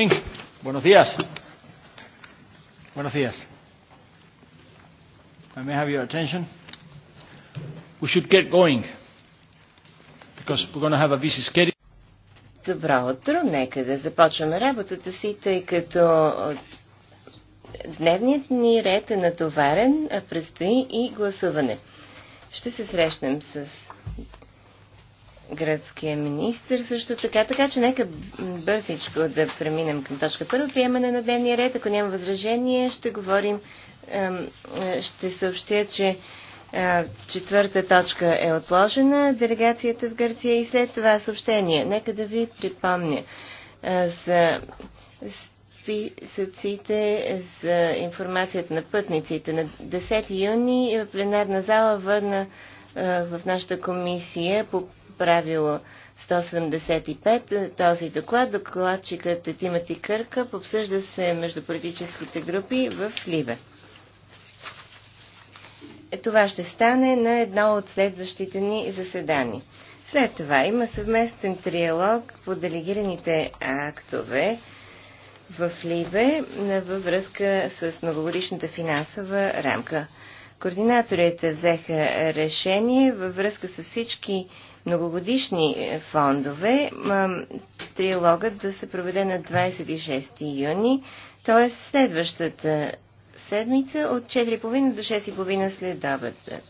Morning. Buenos días. Buenos días. I may have your attention. We should get going because we're going to have a busy schedule. Добро утро, нека да започваме работата си, тъй като дневният ни ред е натоварен, а предстои и гласуване. Ще се срещнем с гръцкия министр също така. Така че нека бързичко да преминем към точка първо. Приемане на дневния ред. Ако няма възражение, ще говорим, ще съобщя, че е, четвърта точка е отложена, делегацията в Гърция и след това съобщение. Нека да ви припомня е, за списъците за информацията на пътниците. На 10 юни пленарна зала върна е, в нашата комисия по правило 175, този доклад, докладчикът е Тимати Кърка обсъжда се между политическите групи в Либе. Е, това ще стане на едно от следващите ни заседания. След това има съвместен триалог по делегираните актове в Либе във връзка с многогодишната финансова рамка. Координаторите взеха решение във връзка с всички многогодишни е, фондове, трилогът да се проведе на 26 юни, т.е. следващата седмица от 4.30 до 6.30 след обед.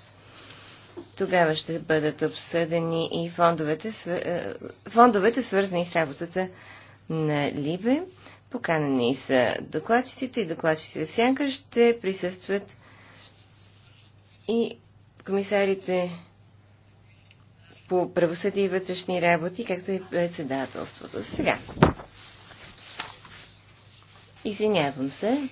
Тогава ще бъдат обсъдени и фондовете, е, фондовете свързани с работата на Либе. Поканени са докладчиците и докладчиците в сянка ще присъстват и комисарите по правосъдие и вътрешни работи, както и председателството. Сега. Извинявам се.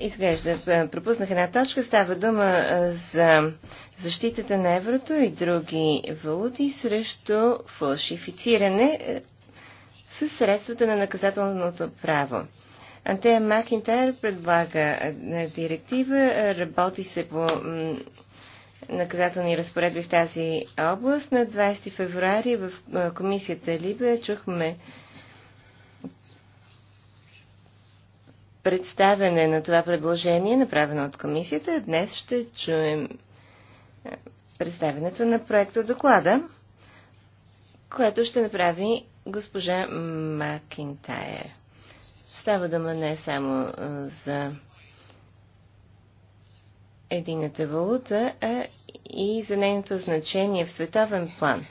Изглежда, пропуснах една точка. Става дума за защитата на еврото и други валути срещу фалшифициране с средствата на наказателното право. Антея Макинтайр предлага е, директива, е, работи се по наказателни разпоредби в тази област. На 20 февруари в е, комисията Либе чухме представяне на това предложение, направено от комисията. Днес ще чуем представянето на проекта доклада, което ще направи госпожа Макинтайер. Става дума не само за едината валута, а и за нейното значение в световен план.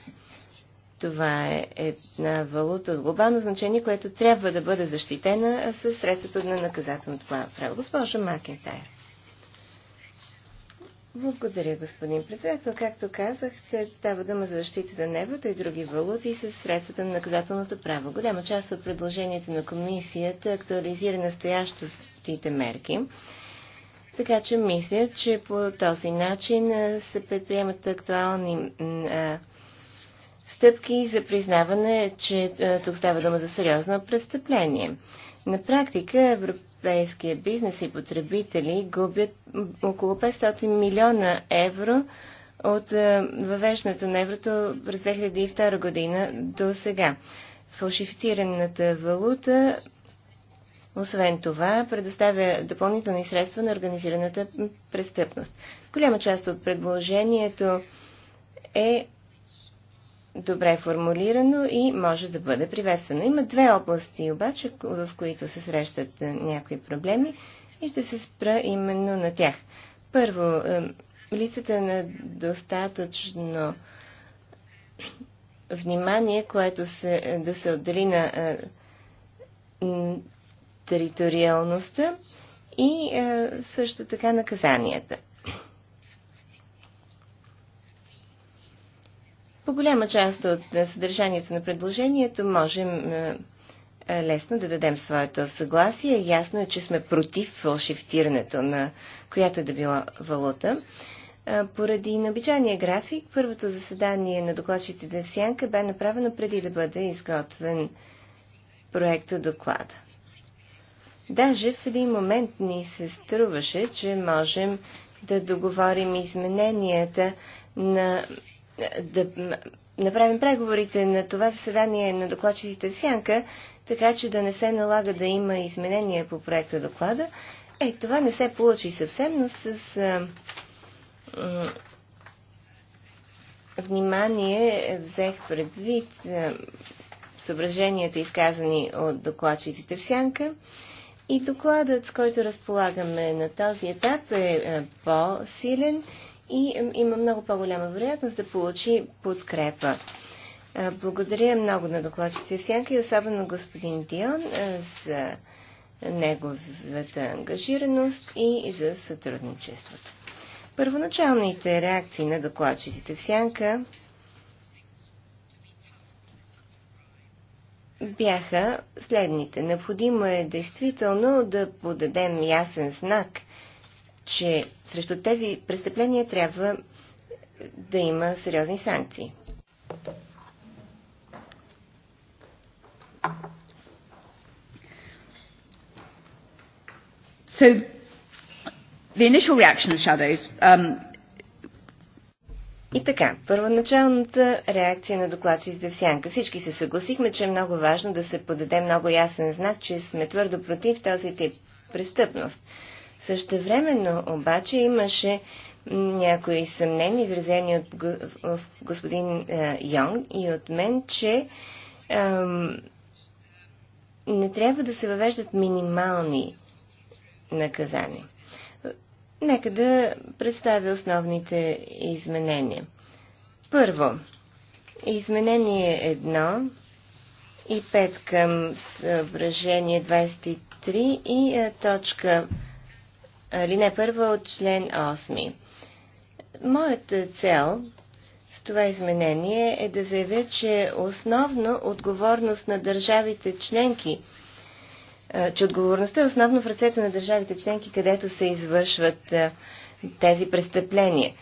Това е една валута от глобално значение, което трябва да бъде защитена със средството на наказателното право. Госпожа Макентайр. Благодаря, господин председател. Както казахте, става дума за защита на еврото и други валути с средствата на наказателното право. Голяма част от предложението на комисията актуализира настоящите мерки. Така че мисля, че по този начин се предприемат актуални стъпки за признаване, че тук става дума за сериозно престъпление. На практика Европейския европейския бизнес и потребители губят около 500 милиона евро от е, въвеждането на еврото през 2002 година до сега. Фалшифицираната валута, освен това, предоставя допълнителни средства на организираната престъпност. Голяма част от предложението е добре формулирано и може да бъде приветствано. Има две области обаче, в които се срещат някои проблеми и ще се спра именно на тях. Първо, лицата на достатъчно внимание, което се, да се отдели на териториалността и също така наказанията. По голяма част от е, съдържанието на предложението можем е, е, лесно да дадем своето съгласие. Ясно е, че сме против фалшифтирането на която да била валута. Поради необичайния график, първото заседание на докладчите в Сянка бе направено преди да бъде изготвен проекта доклада. Даже в един момент ни се струваше, че можем да договорим измененията на да направим преговорите на това заседание на докладчиците в сянка, така че да не се налага да има изменения по проекта доклада. Е, това не се получи съвсем, но с а, а, внимание взех предвид а, съображенията, изказани от докладчиците в сянка. И докладът, с който разполагаме на този етап е по-силен и има много по-голяма вероятност да получи подкрепа. Благодаря много на докладчите Сянка и особено господин Дион за неговата ангажираност и за сътрудничеството. Първоначалните реакции на докладчиците в Сянка бяха следните. Необходимо е действително да подадем ясен знак, че срещу тези престъпления трябва да има сериозни санкции. So the initial reaction of shadows. Um... И така, първоначалната реакция на докладчиците в Сянка. Всички се съгласихме, че е много важно да се подаде много ясен знак, че сме твърдо против този тип престъпност. Същевременно обаче имаше някои съмнени, изразени от господин е, Йонг и от мен, че ам, не трябва да се въвеждат минимални наказания. Нека да представя основните изменения. Първо, изменение едно и 5 към съображение 23 и е, точка алинея първа от член 8. Моята цел с това изменение е да заявя, че основно отговорност на държавите членки, е, че отговорността е основно в ръцете на държавите членки, където се извършват е, тези престъпления.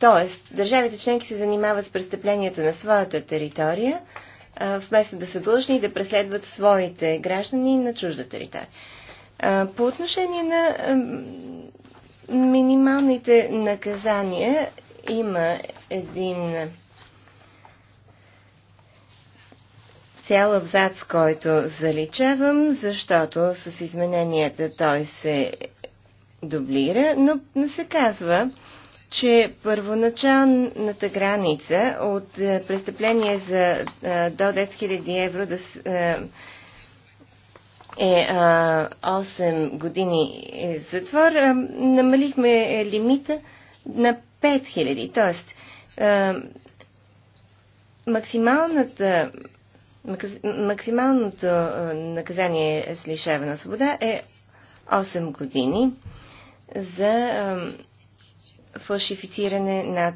Тоест, държавите членки се занимават с престъпленията на своята територия, вместо да са длъжни да преследват своите граждани на чужда територия. По отношение на минималните наказания има един цял абзац, който заличавам, защото с измененията той се дублира, но се казва, че първоначалната граница от престъпление за до 10 000 евро да е 8 години е затвор, намалихме лимита на 5000. Тоест, максималната, максималното наказание с лишаване на свобода е 8 години за фалшифициране над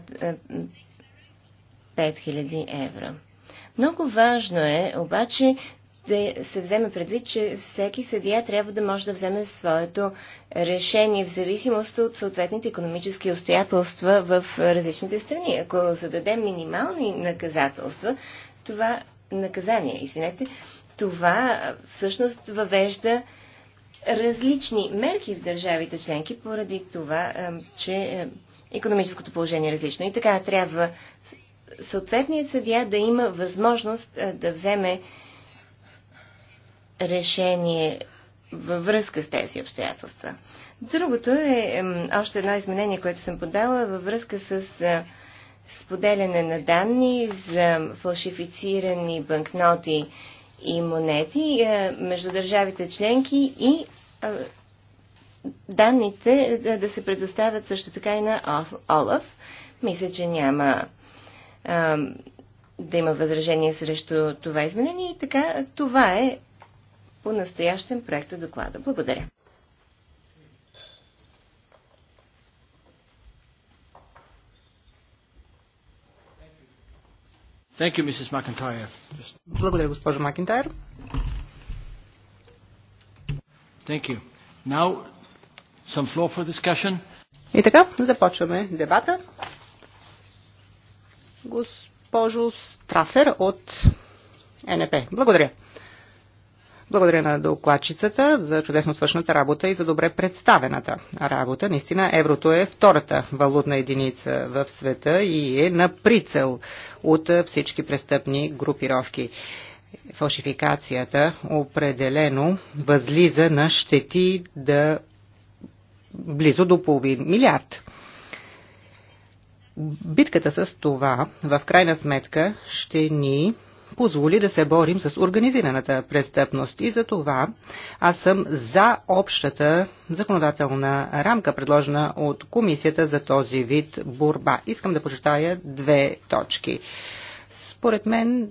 5000 евро. Много важно е обаче да се вземе предвид, че всеки съдия трябва да може да вземе своето решение в зависимост от съответните економически обстоятелства в различните страни. Ако зададем минимални наказателства, това наказание, извинете, това всъщност въвежда различни мерки в държавите членки, поради това, е, че е, економическото положение е различно. И така трябва съответният съдия да има възможност е, да вземе решение във връзка с тези обстоятелства. Другото е още едно изменение, което съм подала във връзка с е, споделяне на данни за фалшифицирани банкноти и монети е, между държавите членки и е, данните да се предоставят също така и на ОЛАФ. Мисля, че няма да има възражение срещу това изменение и така това е по настоящен проект доклада. Благодаря. You, Благодаря, госпожо Макентайр. И така, започваме дебата. Госпожо Страфер от НП. Благодаря. Благодаря на докладчицата за чудесно свършната работа и за добре представената работа. Наистина еврото е втората валутна единица в света и е на прицел от всички престъпни групировки. Фалшификацията определено възлиза на щети да близо до половин милиард. Битката с това в крайна сметка ще ни позволи да се борим с организираната престъпност. И за това аз съм за общата законодателна рамка, предложена от комисията за този вид борба. Искам да почитая две точки. Според мен,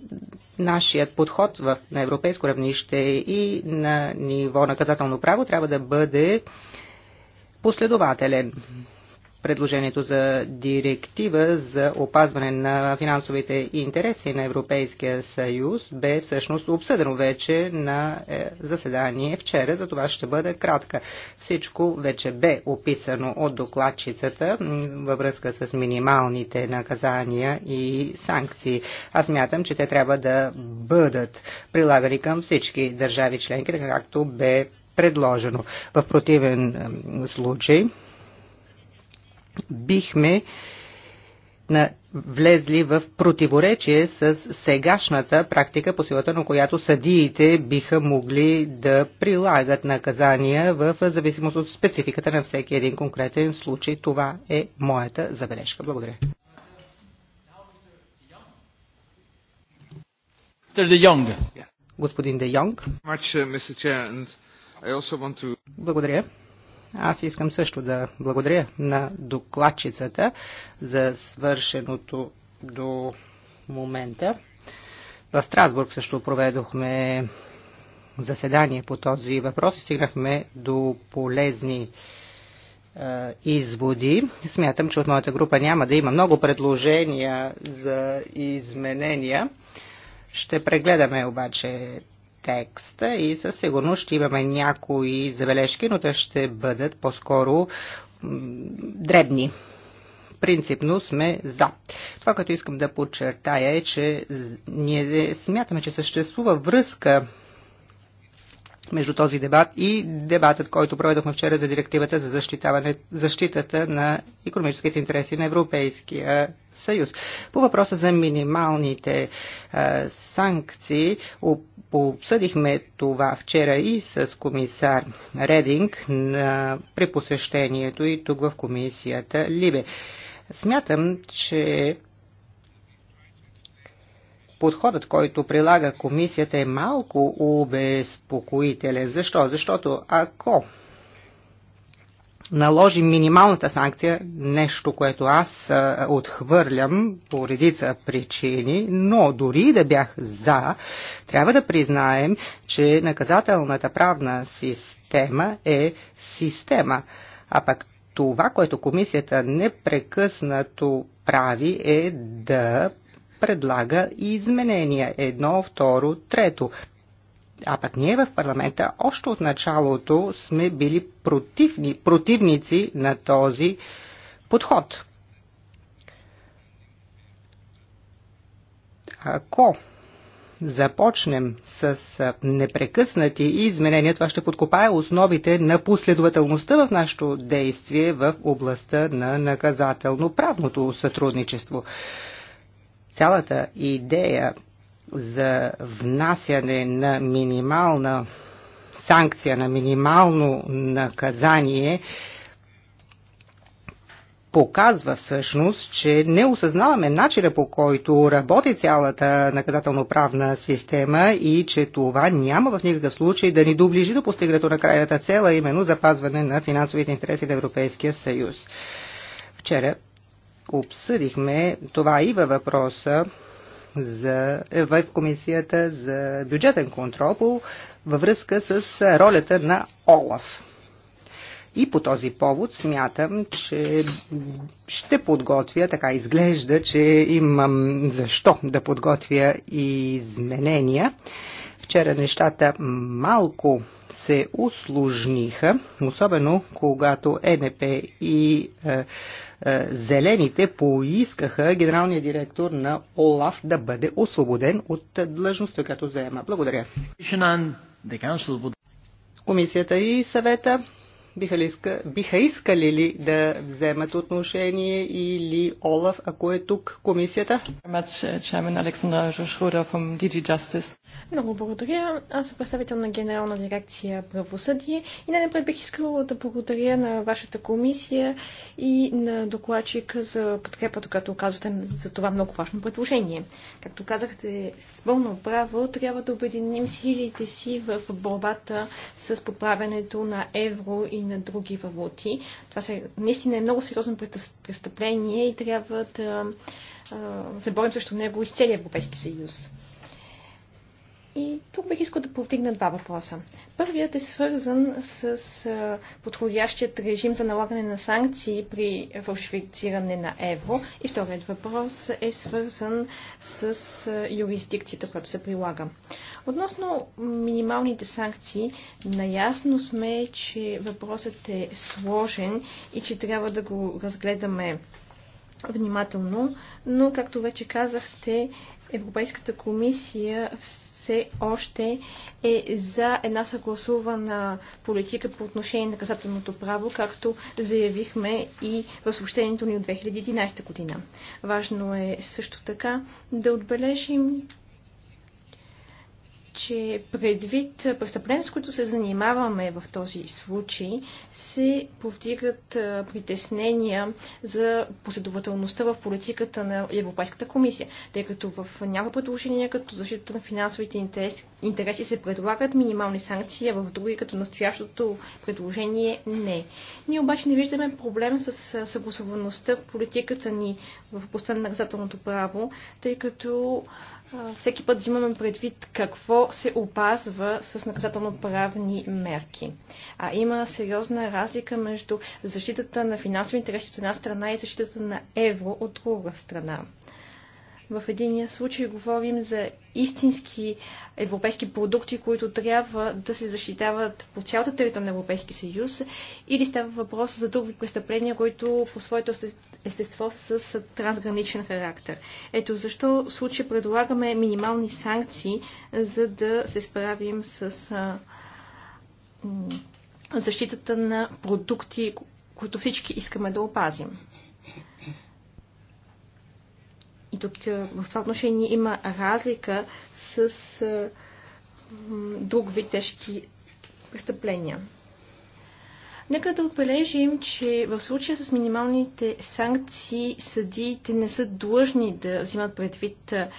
нашият подход в, на европейско равнище и на ниво наказателно право трябва да бъде последователен предложението за директива за опазване на финансовите интереси на Европейския съюз бе всъщност обсъдено вече на е, заседание вчера, за това ще бъде кратка. Всичко вече бе описано от докладчицата във връзка с минималните наказания и санкции. Аз мятам, че те трябва да бъдат прилагани към всички държави членки, така както бе предложено. В противен случай бихме на влезли в противоречие с сегашната практика, по силата на която съдиите биха могли да прилагат наказания в зависимост от спецификата на всеки един конкретен случай. Това е моята забележка. Благодаря. Господин Де Йонг. Uh, Благодаря. Аз искам също да благодаря на докладчицата за свършеното до момента. В Страсбург също проведохме заседание по този въпрос и стигнахме до полезни е, изводи. Смятам, че от моята група няма да има много предложения за изменения. Ще прегледаме обаче текст и със сигурност ще имаме някои забележки, но те ще бъдат по-скоро дребни. Принципно сме за. Това, като искам да подчертая е, че ние смятаме, че съществува връзка между този дебат и дебатът, който проведохме вчера за директивата за защитаване, защитата на економическите интереси на Европейския съюз. По въпроса за минималните а, санкции, обсъдихме това вчера и с комисар Рединг на, при посещението и тук в комисията Либе. Смятам, че подходът, който прилага комисията е малко обезпокоителен. Защо? Защото ако наложи минималната санкция, нещо, което аз отхвърлям по редица причини, но дори да бях за, трябва да признаем, че наказателната правна система е система. А пък това, което комисията непрекъснато прави е да предлага и изменения. Едно, второ, трето. А пък ние в парламента още от началото сме били противни, противници на този подход. Ако започнем с непрекъснати изменения, това ще подкопае основите на последователността в нашето действие в областта на наказателно-правното сътрудничество. Цялата идея за внасяне на минимална санкция, на минимално наказание, показва всъщност, че не осъзнаваме начина по който работи цялата наказателно-правна система и че това няма в никакъв случай да ни доближи до постигането на крайната цела, именно запазване на финансовите интереси на Европейския съюз. Вчера обсъдихме това и във въпроса за, в комисията за бюджетен контрол по, във връзка с ролята на ОЛАФ. И по този повод смятам, че ще подготвя, така изглежда, че имам защо да подготвя изменения. Вчера нещата малко се усложниха, особено когато е НП и е, е, зелените поискаха генералния директор на ОЛАФ да бъде освободен от длъжността, като заема. Благодаря. Комисията и съвета биха, ли иска, биха искали ли да вземат отношение или Олаф, ако е тук комисията? Много благодаря. Аз съм представител на Генерална дирекция правосъдие и най-напред бих искала да благодаря на вашата комисия и на докладчика за подкрепата, която оказвате за това много важно предложение. Както казахте, с пълно право трябва да обединим силите си в борбата с подправянето на евро и на други валути. Това се, наистина е много сериозно престъпление и трябва да се борим срещу него из целия Европейски съюз. И тук бих искал да повдигна два въпроса. Първият е свързан с подходящият режим за налагане на санкции при фалшифициране на евро. И вторият въпрос е свързан с юрисдикцията, която се прилага. Относно минималните санкции, наясно сме, че въпросът е сложен и че трябва да го разгледаме внимателно, но, както вече казахте, Европейската комисия все още е за една съгласувана политика по отношение на наказателното право, както заявихме и в съобщението ни от 2011 година. Важно е също така да отбележим, че предвид престъпления, с които се занимаваме в този случай, се повдигат притеснения за последователността в политиката на Европейската комисия, тъй като в някои предложения, като защита на финансовите интереси, се предлагат минимални санкции, а в други, като настоящото предложение, не. Ние обаче не виждаме проблем с съгласоваността в политиката ни в областта на наказателното право, тъй като всеки път взимаме предвид какво се опазва с наказателно-правни мерки. А има сериозна разлика между защитата на финансови интереси от една страна и защитата на евро от друга страна. В единия случай говорим за истински европейски продукти, които трябва да се защитават по цялата територия на Европейски съюз, или става въпрос за други престъпления, които по своето естество са с трансграничен характер. Ето защо в случай предлагаме минимални санкции, за да се справим с защитата на продукти, които всички искаме да опазим. И тук е, в това отношение има разлика с е, друг вид тежки престъпления. Нека да отбележим, че в случая с минималните санкции съдиите не са длъжни да взимат предвид е,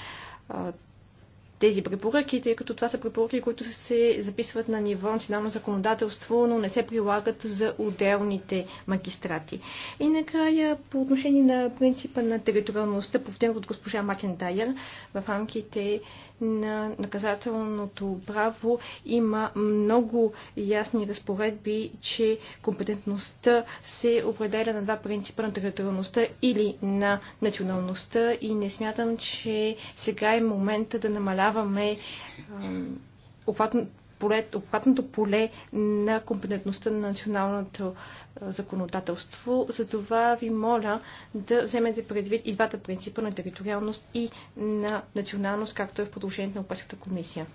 тези препоръки, тъй като това са препоръки, които се записват на ниво национално законодателство, но не се прилагат за отделните магистрати. И накрая, по отношение на принципа на териториалността, повторен от госпожа Макентайер, в рамките на наказателното право има много ясни разпоредби, че компетентността се определя на два принципа на териториалността или на националността и не смятам, че сега е момента да намалява разширяваме обхватното поле на компетентността на националното законодателство. Затова ви моля да вземете предвид и двата принципа на териториалност и на националност, както е в продължението на Европейската комисия.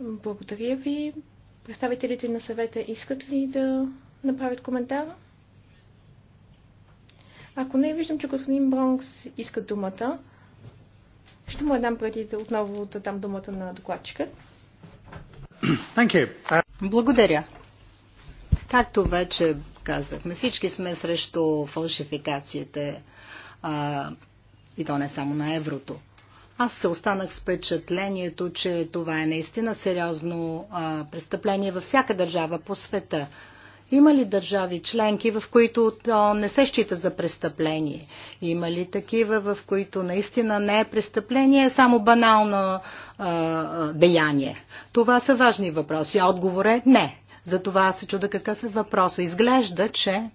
Благодаря ви. Представителите на съвета искат ли да направят коментар? Ако не, виждам, че господин Бронкс иска думата. Ще му е дам преди отново да дам думата на докладчика. Uh, Благодаря. Както вече казахме, всички сме срещу фалшификациите а, и то не само на еврото. Аз се останах с впечатлението, че това е наистина сериозно а, престъпление във всяка държава по света. Има ли държави членки, в които то не се счита за престъпление? Има ли такива, в които наистина не е престъпление, е само банално а, деяние? Това са важни въпроси. Отговор е не. Затова се чуда какъв е въпросът. Изглежда, че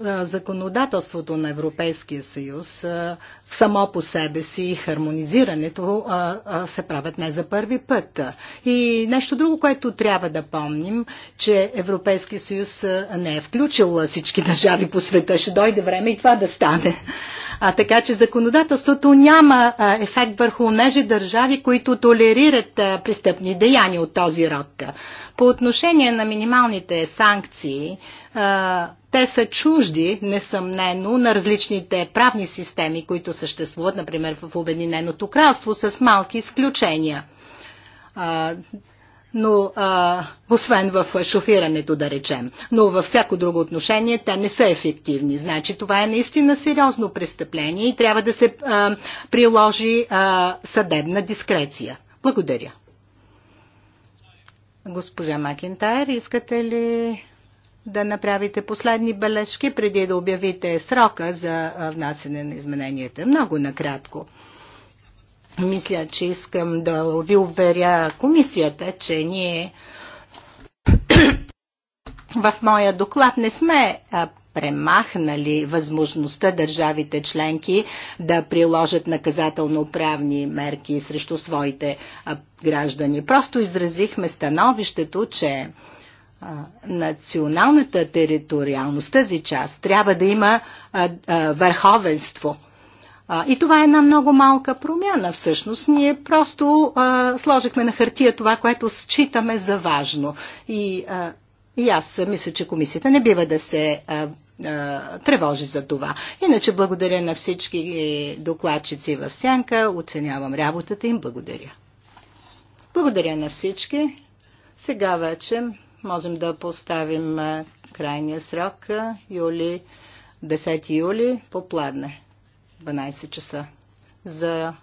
законодателството на Европейския съюз само по себе си и хармонизирането се правят не за първи път. И нещо друго, което трябва да помним, че Европейския съюз не е включил всички държави по света. Ще дойде време и това да стане. А така че законодателството няма ефект върху нежи държави, които толерират престъпни деяния от този род. По отношение на минималните санкции, те са чужди, несъмнено, на различните правни системи, които съществуват, например в Обединеното кралство, с малки изключения. А, но а, освен в шофирането, да речем. Но във всяко друго отношение те не са ефективни. Значи това е наистина сериозно престъпление и трябва да се а, приложи а, съдебна дискреция. Благодаря. Госпожа Макентайр, искате ли да направите последни бележки преди да обявите срока за внасене на измененията. Много накратко. Мисля, че искам да ви уверя комисията, че ние в моя доклад не сме премахнали възможността държавите членки да приложат наказателно-правни мерки срещу своите граждани. Просто изразихме становището, че националната териториалност, тази част, трябва да има върховенство. и това е една много малка промяна всъщност. Ние просто сложихме на хартия това, което считаме за важно. И, и аз мисля, че комисията не бива да се тревожи за това. Иначе благодаря на всички докладчици в Сянка, оценявам работата им, благодаря. Благодаря на всички. Сега вече можем да поставим крайния срок юли, 10 юли по пладне, 12 часа за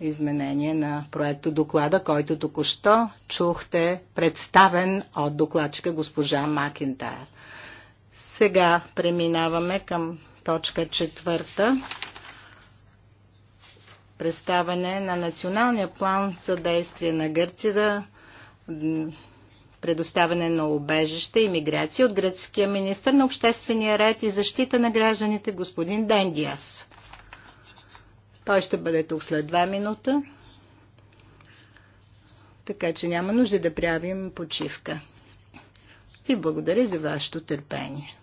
изменение на проекто доклада, който току-що чухте представен от докладчика госпожа Макентайр. Сега преминаваме към точка четвърта. Представяне на националния план за действие на Гърция за предоставяне на обежище и миграция от гръцкия министр на обществения ред и защита на гражданите господин Дендиас. Той ще бъде тук след два минута, така че няма нужда да правим почивка. И благодаря за вашето търпение.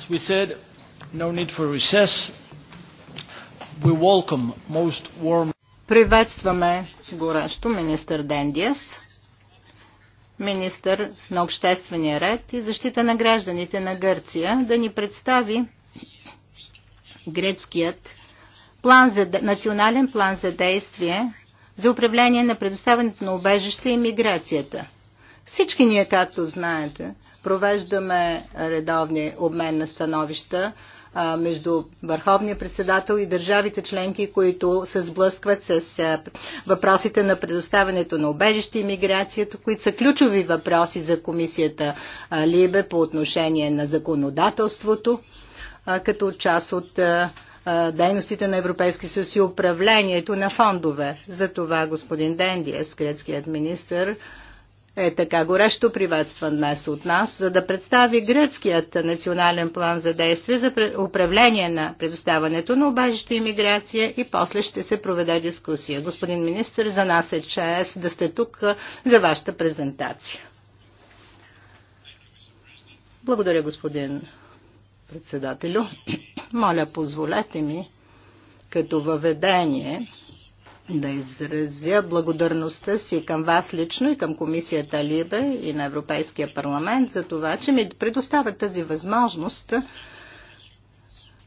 As we said, no need for recess. We welcome most warm... Приветстваме горещо министър Дендиас, министър на обществения ред и защита на гражданите на Гърция, да ни представи грецкият план за, национален план за действие за управление на предоставянето на убежище и миграцията. Всички ние, както знаете, Провеждаме редовни обмен на становища между върховния председател и държавите членки, които се сблъскват с въпросите на предоставянето на обежище и миграцията, които са ключови въпроси за комисията Либе по отношение на законодателството, като част от дейностите на Европейски съюз и управлението на фондове. За това господин Дендиес, гръцкият министр, е така горещо приветстван днес от нас, за да представи гръцкият национален план за действие за управление на предоставането на обажище и миграция и после ще се проведе дискусия. Господин министр, за нас е чест да сте тук за вашата презентация. Благодаря, господин председателю. Моля, позволете ми като въведение да изразя благодарността си към вас лично и към комисията Либе и на Европейския парламент за това, че ми предоставят тази възможност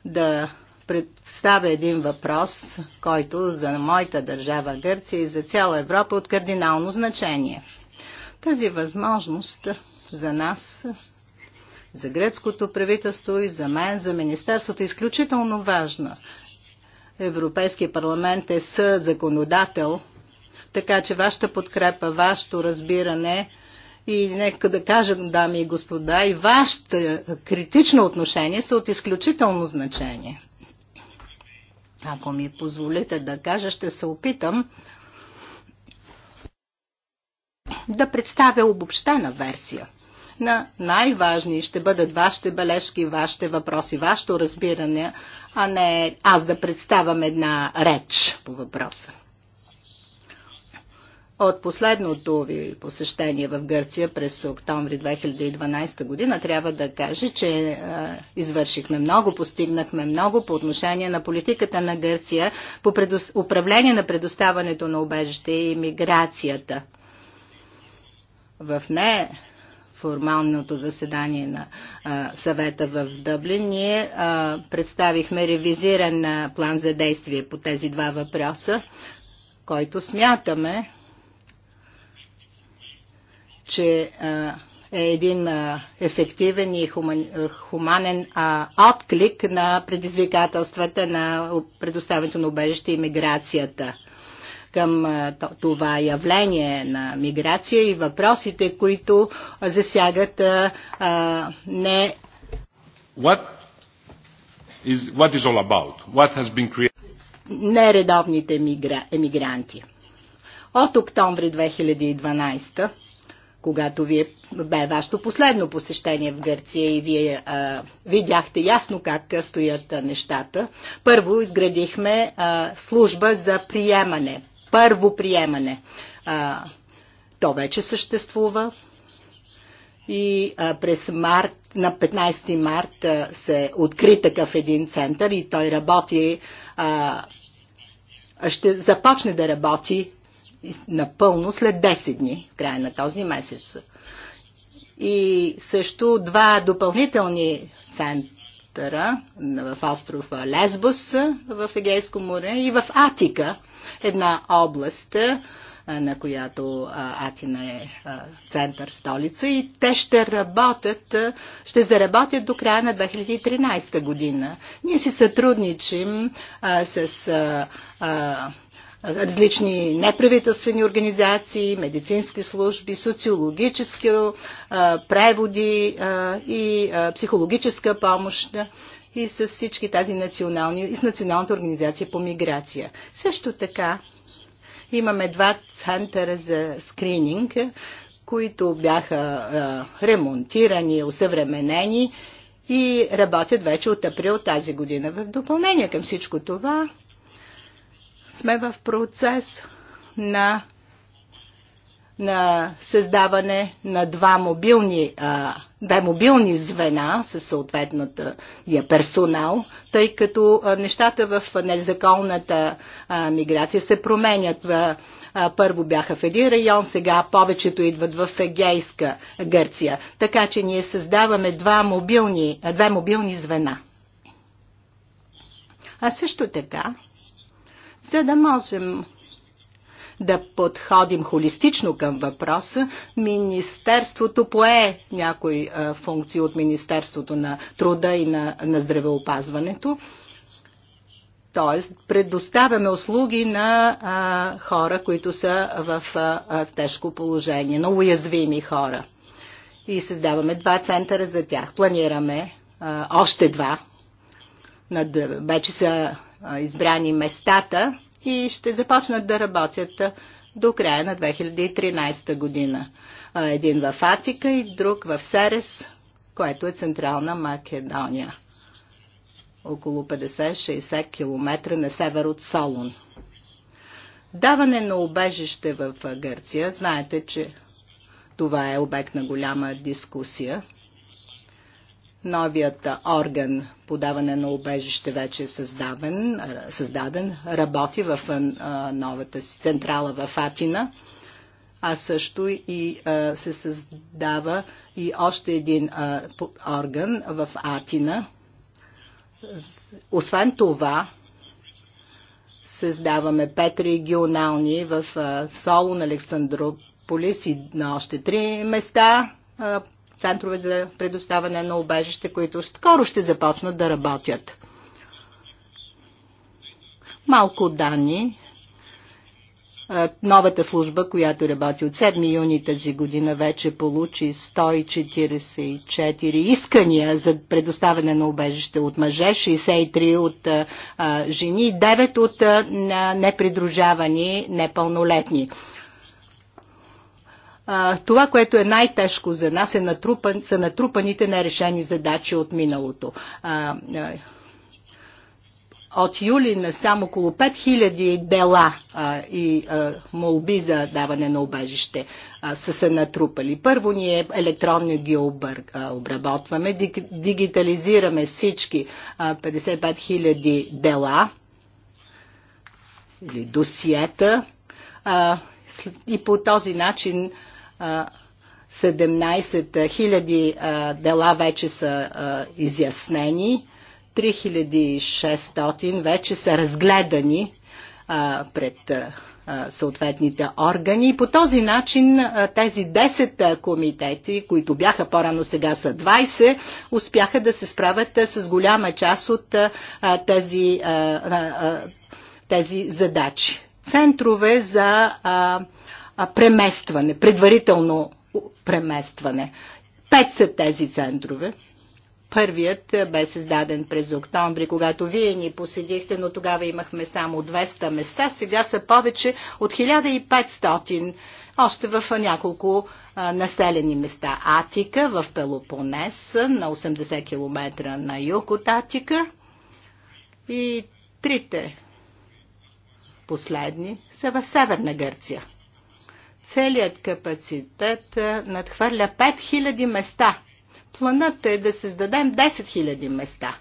да представя един въпрос, който за моята държава Гърция и за цяла Европа е от кардинално значение. Тази възможност за нас, за гръцкото правителство и за мен, за Министерството е изключително важна, Европейския парламент е съзаконодател, така че вашата подкрепа, вашето разбиране и нека да кажа, дами и господа, и вашето критично отношение са от изключително значение. Ако ми позволите да кажа, ще се опитам да представя обобщена версия – на най-важни ще бъдат вашите бележки, вашите въпроси, вашето разбиране, а не аз да представям една реч по въпроса. От последното ви посещение в Гърция през октомври 2012 година трябва да кажа, че е, извършихме много, постигнахме много по отношение на политиката на Гърция по предос... управление на предоставането на убежище и миграцията. В нея формалното заседание на а, съвета в Дъблин, ние а, представихме ревизиран а, план за действие по тези два въпроса, който смятаме, че а, е един а, ефективен и хуман, хуманен а, отклик на предизвикателствата на предоставянето на убежище и миграцията към това явление на миграция и въпросите, които засягат не. What is, all about? What has been created? нередовните емигранти. От октомври 2012 когато вие бе вашето последно посещение в Гърция и вие а, видяхте ясно как стоят нещата. Първо изградихме а, служба за приемане първо приемане. А, то вече съществува и а, през март, на 15 март а, се откри такъв един център и той работи, а, ще започне да работи напълно след 10 дни, в края на този месец. И също два допълнителни центъра Левантера, в остров Лесбос, в Егейско море и в Атика, една област, на която Атина е център, столица и те ще работят, ще заработят до края на 2013 година. Ние си сътрудничим с различни неправителствени организации, медицински служби, социологически преводи и психологическа помощ и с всички тази национални, и с Националната организация по миграция. Също така имаме два центъра за скрининг, които бяха ремонтирани, усъвременени и работят вече от април тази година. В допълнение към всичко това сме в процес на, на създаване на два мобилни, а, две мобилни звена със съответната персонал, тъй като нещата в незаконната а, миграция се променят. А, първо бяха в един район, сега повечето идват в Егейска Гърция. Така че ние създаваме два мобилни, две мобилни звена. А също така за да можем да подходим холистично към въпроса, Министерството пое някои а, функции от Министерството на труда и на, на здравеопазването. Тоест, предоставяме услуги на а, хора, които са в а, тежко положение, на уязвими хора. И създаваме два центъра за тях. Планираме а, още два. вече са избрани местата и ще започнат да работят до края на 2013 година. Един в Атика и друг в Серес, което е Централна Македония. Около 50-60 км на север от Солун. Даване на обежище в Гърция. Знаете, че това е обект на голяма дискусия Новият орган подаване на убежище вече е създаден, създаден работи в новата си централа в Атина, а също и се създава и още един орган в Атина. Освен това, създаваме пет регионални в Солун, Александрополис и на още три места центрове за предоставяне на обежище, които скоро ще започнат да работят. Малко данни. Новата служба, която работи от 7 юни тази година, вече получи 144 искания за предоставяне на обежище от мъже, 63 от а, жени, 9 от непридружавани непълнолетни а, това, което е най-тежко за нас, е натрупан, са натрупаните нерешени задачи от миналото. А, а, от юли на само около 5000 дела а, и а, молби за даване на обежище а, са се натрупали. Първо ние електронно ги обработваме, диг, дигитализираме всички а, 55 000 дела или досиета а, и по този начин а, 17 хиляди дела вече са изяснени, 3600 вече са разгледани пред съответните органи. И по този начин тези 10 комитети, които бяха по-рано сега са 20, успяха да се справят с голяма част от тези, тези задачи. Центрове за преместване, предварително преместване. Пет са тези центрове. Първият е, бе създаден през октомври, когато вие ни поседихте, но тогава имахме само 200 места. Сега са повече от 1500, още в няколко населени места. Атика в Пелопонес, на 80 км на юг от Атика. И трите последни са в Северна Гърция целият капацитет надхвърля 5000 места. Планът е да създадем 10 000 места.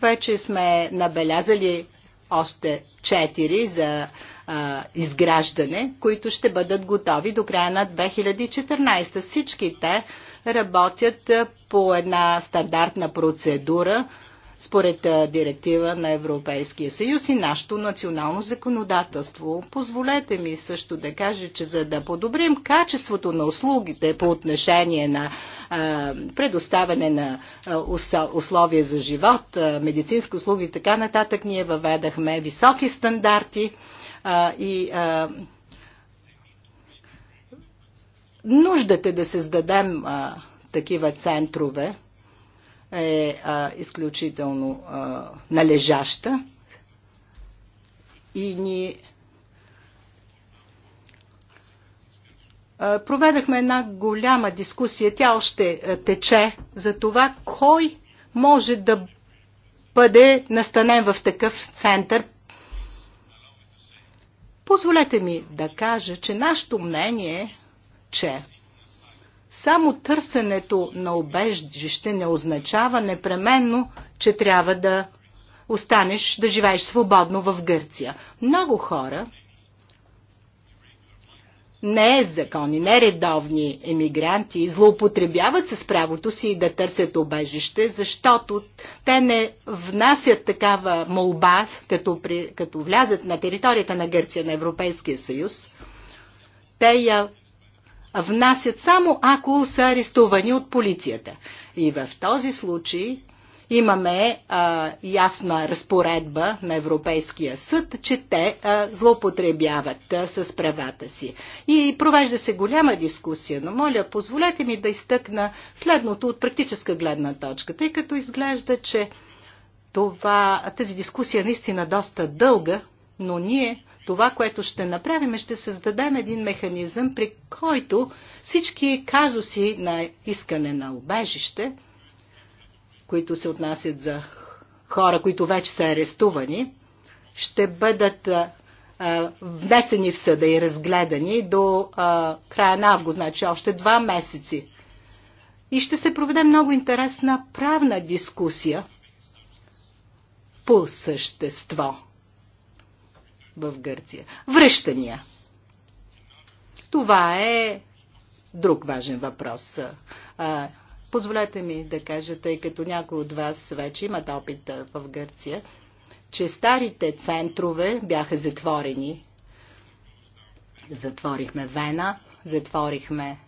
Вече сме набелязали още 4 за а, изграждане, които ще бъдат готови до края на 2014. Всичките работят по една стандартна процедура, според директива на Европейския съюз и нашето национално законодателство. Позволете ми също да кажа, че за да подобрим качеството на услугите по отношение на предоставяне на условия за живот, медицински услуги и така нататък, ние въведахме високи стандарти и нуждата да създадем а, такива центрове е а, изключително а, належаща и ни а, проведахме една голяма дискусия, тя още а, тече, за това кой може да бъде настанен в такъв център. Позволете ми да кажа, че нашето мнение, че само търсенето на обежище не означава непременно, че трябва да останеш да живееш свободно в Гърция. Много хора, не е закони, нередовни емигранти злоупотребяват с правото си да търсят обежище, защото те не внасят такава молба, като, при, като влязат на територията на Гърция на Европейския съюз. Те я внасят само ако са арестувани от полицията. И в този случай имаме а, ясна разпоредба на Европейския съд, че те а, злоупотребяват а, с правата си. И провежда се голяма дискусия, но моля, позволете ми да изтъкна следното от практическа гледна точка, тъй като изглежда, че това, тази дискусия е наистина доста дълга, но ние това, което ще направим, е ще създадем един механизъм, при който всички казуси на искане на убежище, които се отнасят за хора, които вече са арестувани, ще бъдат внесени в съда и разгледани до а, края на август, значи още два месеци. И ще се проведе много интересна правна дискусия по същество в Гърция. Връщания. Това е друг важен въпрос. позволете ми да кажа, тъй като някои от вас вече имат опит в Гърция, че старите центрове бяха затворени. Затворихме Вена, затворихме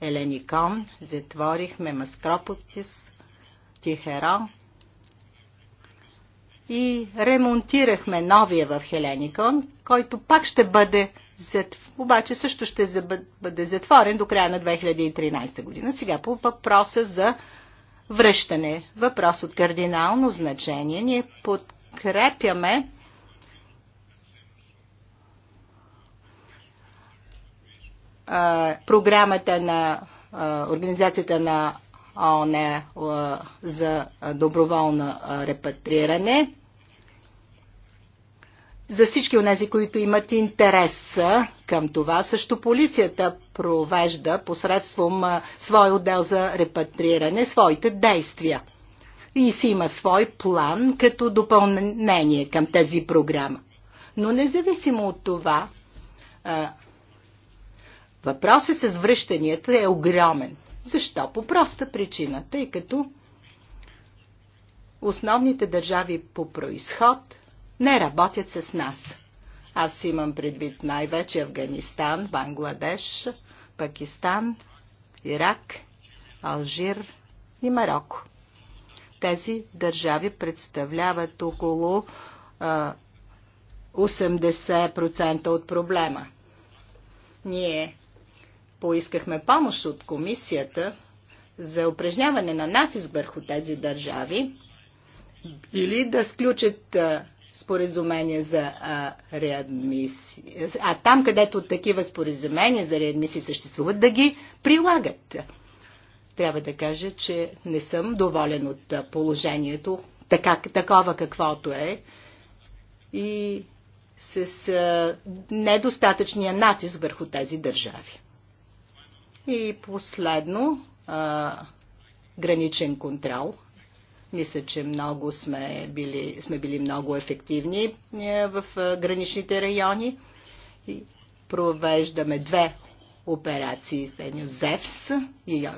Еленикон, затворихме Маскропотис, Тихерон, и ремонтирахме новия в Хеленикон, който пак ще бъде обаче също ще бъде затворен до края на 2013 година. Сега по въпроса за връщане. Въпрос от кардинално значение. Ние подкрепяме а, програмата на а, Организацията на ООН за доброволно репатриране за всички от тези, които имат интерес към това. Също полицията провежда посредством свой отдел за репатриране своите действия и си има свой план като допълнение към тази програма. Но независимо от това, въпросът с връщанията е огромен. Защо? По проста причина, тъй като основните държави по происход – не работят с нас. Аз имам предвид най-вече Афганистан, Бангладеш, Пакистан, Ирак, Алжир и Марокко. Тези държави представляват около 80% от проблема. Ние поискахме помощ от комисията за упражняване на натиск върху тези държави или да сключат споразумения за реадмисия, а там, където такива споразумения за реадмисия съществуват, да ги прилагат. Трябва да кажа, че не съм доволен от положението, така, такова каквото е. И с а, недостатъчния натиск върху тези държави. И последно, а, граничен контрол – мисля, че много сме били, сме били много ефективни е, в е, граничните райони. и Провеждаме две операции с ЗЕВС и е,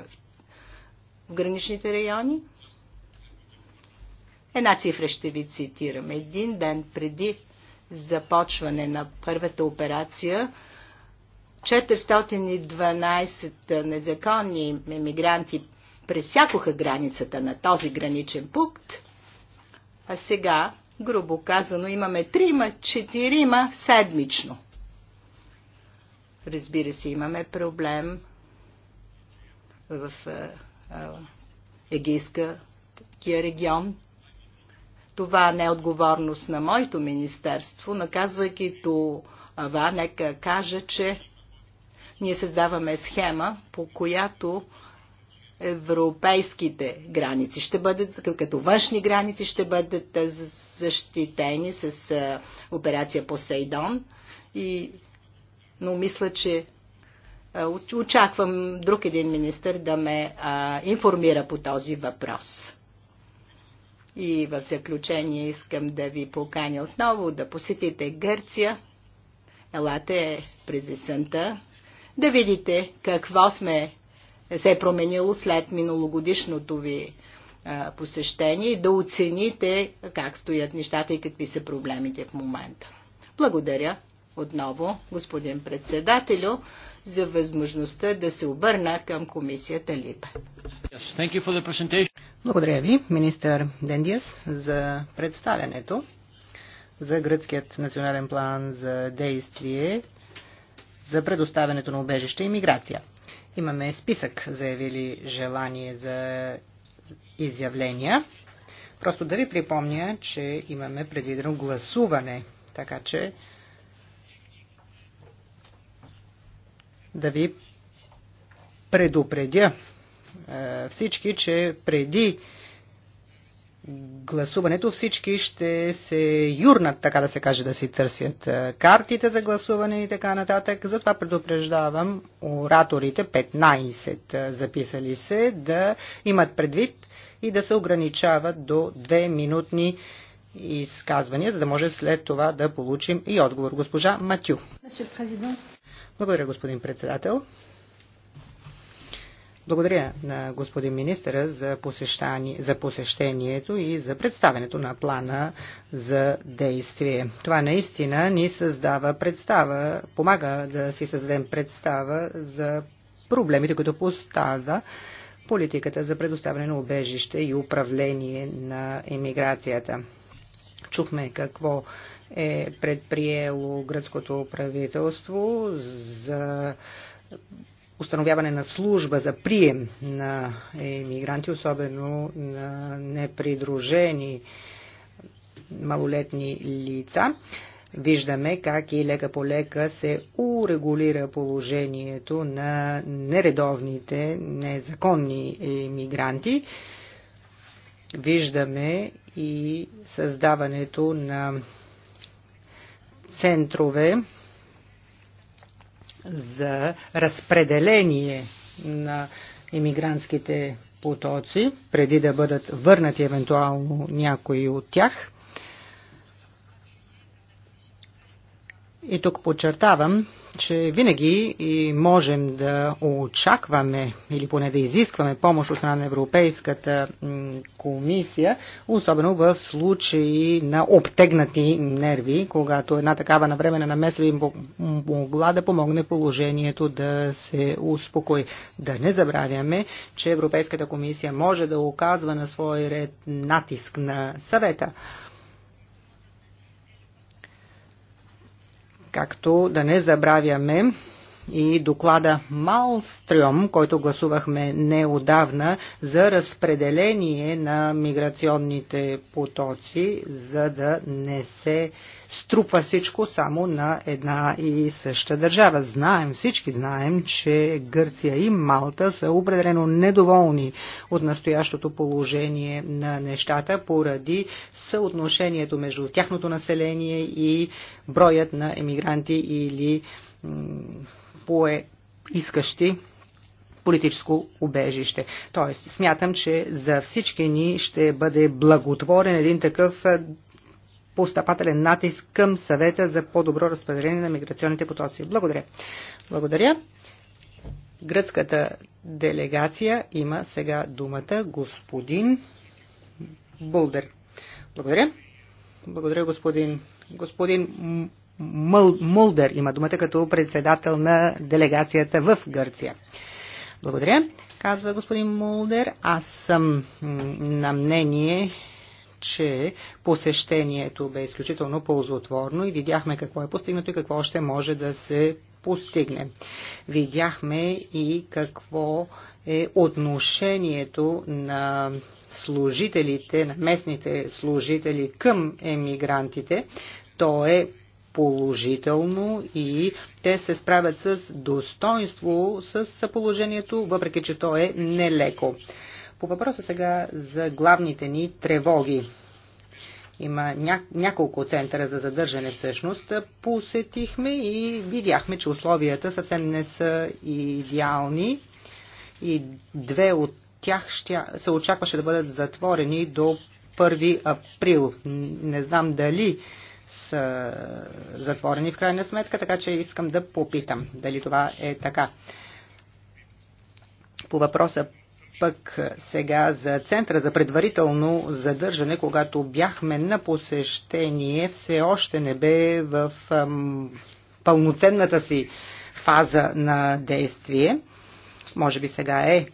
в граничните райони. Една цифра ще ви цитирам. Един ден преди започване на първата операция, 412 незаконни емигранти пресякоха границата на този граничен пункт, а сега, грубо казано, имаме трима, четирима седмично. Разбира се, имаме проблем в Егейския регион. Това не е отговорност на моето министерство, наказвайки това, нека кажа, че ние създаваме схема, по която европейските граници ще бъдат, като външни граници ще бъдат защитени с операция Посейдон. И, но мисля, че очаквам друг един министр да ме а, информира по този въпрос. И в заключение искам да ви поканя отново да посетите Гърция. Елате през есента да видите какво сме не се е променило след миналогодишното ви посещение и да оцените как стоят нещата и какви са проблемите в момента. Благодаря отново, господин председателю, за възможността да се обърна към комисията Либе. Yes, Благодаря ви, министър Дендиас, за представянето за гръцкият национален план за действие за предоставянето на убежище и миграция. Имаме списък заявили желание за изявления. Просто да ви припомня, че имаме предвидено гласуване, така че да ви предупредя е, всички, че преди гласуването всички ще се юрнат, така да се каже, да си търсят картите за гласуване и така нататък. Затова предупреждавам ораторите, 15 записали се, да имат предвид и да се ограничават до 2 минутни изказвания, за да може след това да получим и отговор. Госпожа Матю. Благодаря, господин председател. Благодаря на господин министъра за, за посещението и за представенето на плана за действие. Това наистина ни създава представа, помага да си създадем представа за проблемите, които поставя политиката за предоставяне на убежище и управление на емиграцията. Чухме какво е предприело гръцкото правителство за установяване на служба за прием на иммигранти, особено на непридружени малолетни лица. Виждаме как и лека по лека се урегулира положението на нередовните, незаконни иммигранти, Виждаме и създаването на центрове за разпределение на иммигрантските потоци, преди да бъдат върнати евентуално някои от тях. И тук подчертавам, че винаги и можем да очакваме или поне да изискваме помощ от страна на Европейската комисия, особено в случаи на обтегнати нерви, когато една такава навременна намеса им могла да помогне положението да се успокои. Да не забравяме, че Европейската комисия може да оказва на свой ред натиск на съвета. както да не забравяме и доклада Малстрюм, който гласувахме неодавна за разпределение на миграционните потоци, за да не се струпва всичко само на една и съща държава. Знаем, всички знаем, че Гърция и Малта са определено недоволни от настоящото положение на нещата поради съотношението между тяхното население и броят на емигранти или пое искащи политическо убежище. Тоест, смятам, че за всички ни ще бъде благотворен един такъв постъпателен натиск към съвета за по-добро разпределение на миграционните потоци. Благодаря. Благодаря. Гръцката делегация има сега думата господин Булдер. Благодаря. Благодаря, господин, господин Мулдър има думата като председател на делегацията в Гърция. Благодаря, казва господин Мулдер. Аз съм на мнение, че посещението бе изключително ползотворно и видяхме какво е постигнато и какво още може да се постигне. Видяхме и какво е отношението на служителите, на местните служители към емигрантите. То е положително и те се справят с достоинство с положението, въпреки че то е нелеко. По въпроса сега за главните ни тревоги. Има няколко центъра за задържане всъщност. Посетихме и видяхме, че условията съвсем не са идеални и две от тях ще, се очакваше да бъдат затворени до 1 април. Не знам дали са затворени в крайна сметка, така че искам да попитам дали това е така. По въпроса пък сега за Центъра за предварително задържане, когато бяхме на посещение, все още не бе в ам, пълноценната си фаза на действие. Може би сега е, е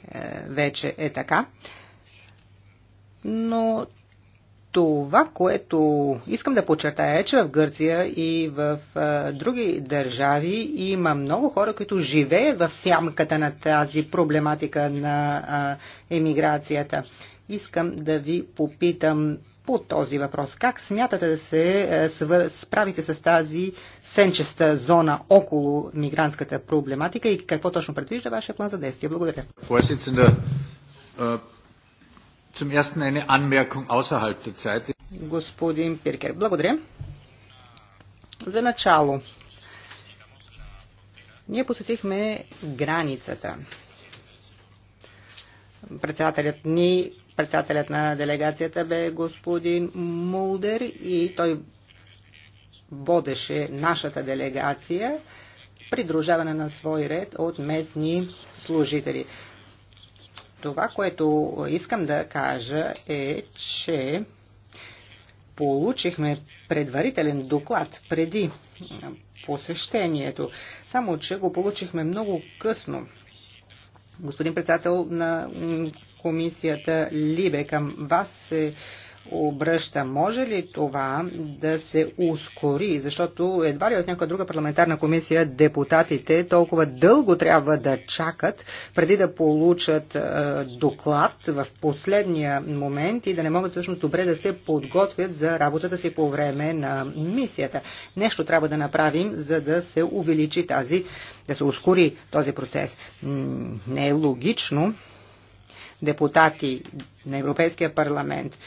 вече е така. Но това, което искам да подчертая е, че в Гърция и в а, други държави има много хора, които живеят в сямката на тази проблематика на а, емиграцията. Искам да ви попитам по този въпрос. Как смятате да се справите с тази сенчеста зона около мигрантската проблематика и какво точно предвижда вашия план за действие? Благодаря. Zum ersten eine Anmerkung außerhalb der Zeit. Господин Пиркер, благодаря. За начало, ние посетихме границата. Председателят ни, председателят на делегацията бе господин Мулдер и той водеше нашата делегация придружаване на свой ред от местни служители. Това, което искам да кажа е, че получихме предварителен доклад преди посещението, само че го получихме много късно. Господин председател на комисията Либе, към вас се обръща. Може ли това да се ускори? Защото едва ли от някаква друга парламентарна комисия депутатите толкова дълго трябва да чакат преди да получат доклад в последния момент и да не могат всъщност добре да се подготвят за работата си по време на мисията. Нещо трябва да направим, за да се увеличи тази, да се ускори този процес. Не е логично депутати на Европейския парламент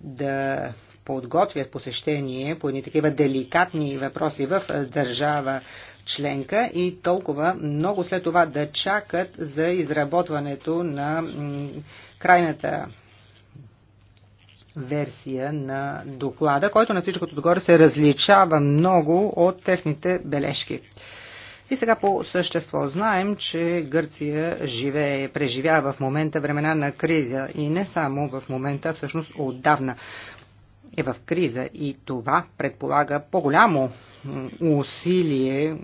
да подготвят посещение по едни такива деликатни въпроси в държава членка и толкова много след това да чакат за изработването на крайната версия на доклада, който на всичкото отгоре се различава много от техните бележки. И сега по същество знаем, че Гърция живее, преживява в момента времена на криза и не само в момента, всъщност отдавна е в криза и това предполага по-голямо усилие,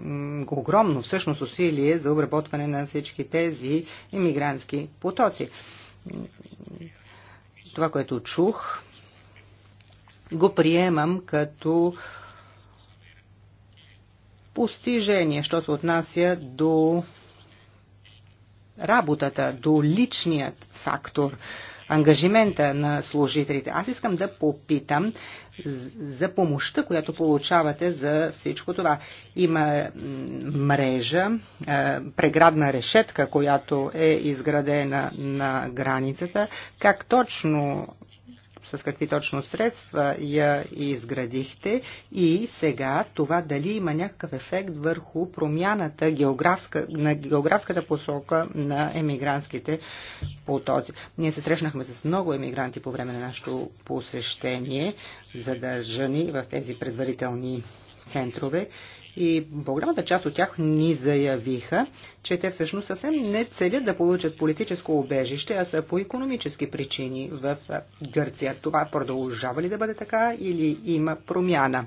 огромно всъщност усилие за обработване на всички тези иммигрантски потоци. Това, което чух, го приемам като постижение, що се отнася до работата, до личният фактор, ангажимента на служителите. Аз искам да попитам за помощта, която получавате за всичко това. Има мрежа, преградна решетка, която е изградена на границата. Как точно с какви точно средства я изградихте и сега това дали има някакъв ефект върху промяната географска, на географската посока на емигрантските потоци. Ние се срещнахме с много емигранти по време на нашето посещение, задържани в тези предварителни центрове и по-голямата част от тях ни заявиха, че те всъщност съвсем не целят да получат политическо убежище, а са по економически причини в Гърция. Това продължава ли да бъде така или има промяна?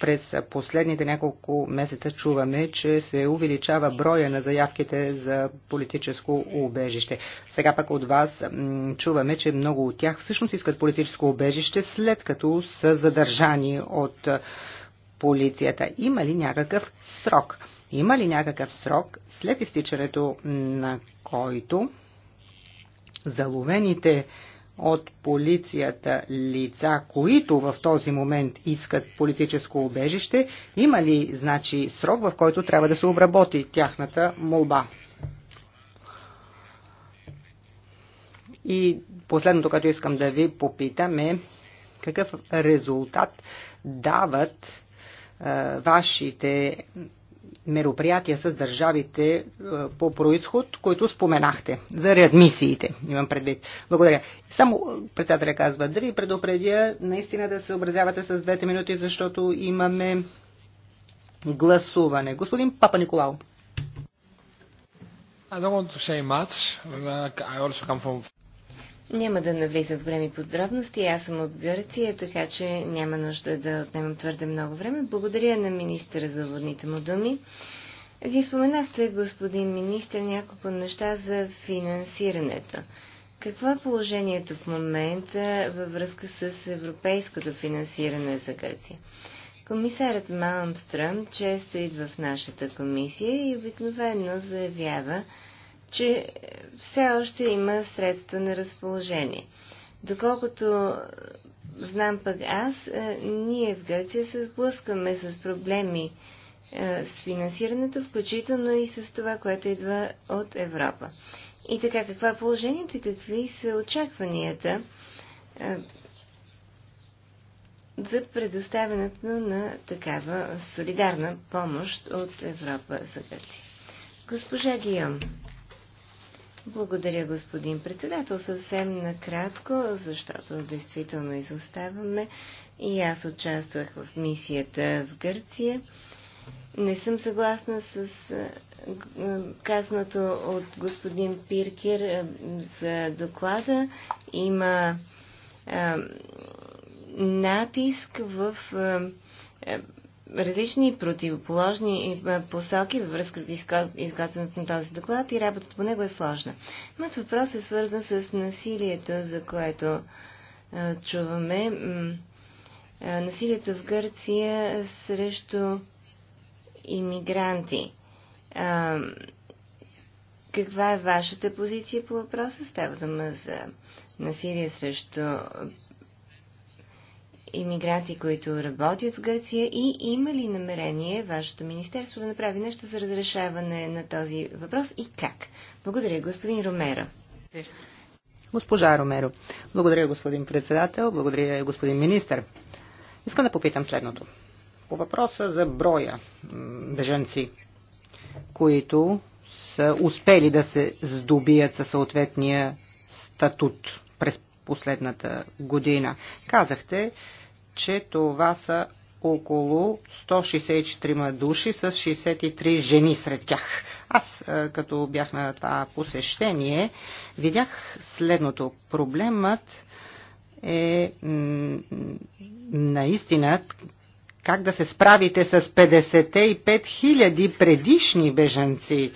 През последните няколко месеца чуваме, че се увеличава броя на заявките за политическо убежище. Сега пък от вас чуваме, че много от тях всъщност искат политическо убежище, след като са задържани от полицията? Има ли някакъв срок? Има ли някакъв срок, след изтичането на който заловените от полицията лица, които в този момент искат политическо убежище, има ли значи срок, в който трябва да се обработи тяхната молба? И последното, което искам да ви попитам е какъв резултат дават е, вашите мероприятия с държавите е, по происход, които споменахте за реадмисиите, имам предвид. Благодаря. Само е, председателя казва, да ви предупредя наистина да се образявате с двете минути, защото имаме гласуване. Господин Папа Николао. I don't want to say much. I also come from няма да навлизам в големи подробности. Аз съм от Гърция, така че няма нужда да отнемам твърде много време. Благодаря на министъра за водните му думи. Вие споменахте, господин министр, няколко неща за финансирането. Какво е положението в момента във връзка с европейското финансиране за Гърция? Комисарът Малмстръм често идва в нашата комисия и обикновено заявява, че все още има средства на разположение. Доколкото знам пък аз, е, ние в Гърция се сблъскваме с проблеми е, с финансирането, включително и с това, което идва от Европа. И така, какво е положението и какви са очакванията е, за предоставянето на такава солидарна помощ от Европа за Гърция? Госпожа Гион. Благодаря, господин председател. Съвсем накратко, защото действително изоставаме. И аз участвах в мисията в Гърция. Не съм съгласна с казаното от господин Пиркер за доклада. Има натиск в различни противоположни е, посоки във връзка с изготвянето на този доклад и работата по него е сложна. Моят въпрос е свързан с насилието, за което е, чуваме. Е, насилието в Гърция срещу иммигранти. каква е вашата позиция по въпроса? Става дума за насилие срещу иммигранти, които работят в Гърция и има ли намерение вашето министерство да направи нещо за разрешаване на този въпрос и как? Благодаря, господин Ромеро. Госпожа Ромеро. Благодаря, господин председател. Благодаря, господин министр. Искам да попитам следното. По въпроса за броя беженци, които са успели да се здобият със съответния статут последната година. Казахте, че това са около 164 души с 63 жени сред тях. Аз, е, като бях на това посещение, видях следното. Проблемът е наистина как да се справите с 55 000 предишни бежанци.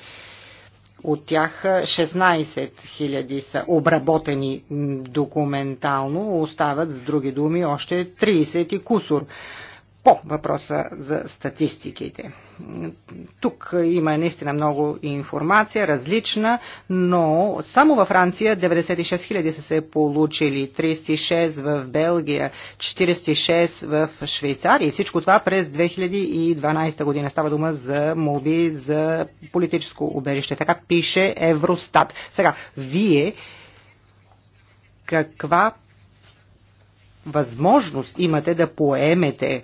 От тях 16 000 са обработени документално, остават с други думи още 30 кусор по въпроса за статистиките. Тук има наистина много информация, различна, но само във Франция 96 000 са се получили, 36 в Белгия, 46 в Швейцария. И всичко това през 2012 година. Става дума за моби за политическо убежище. Така пише Евростат. Сега, вие каква възможност имате да поемете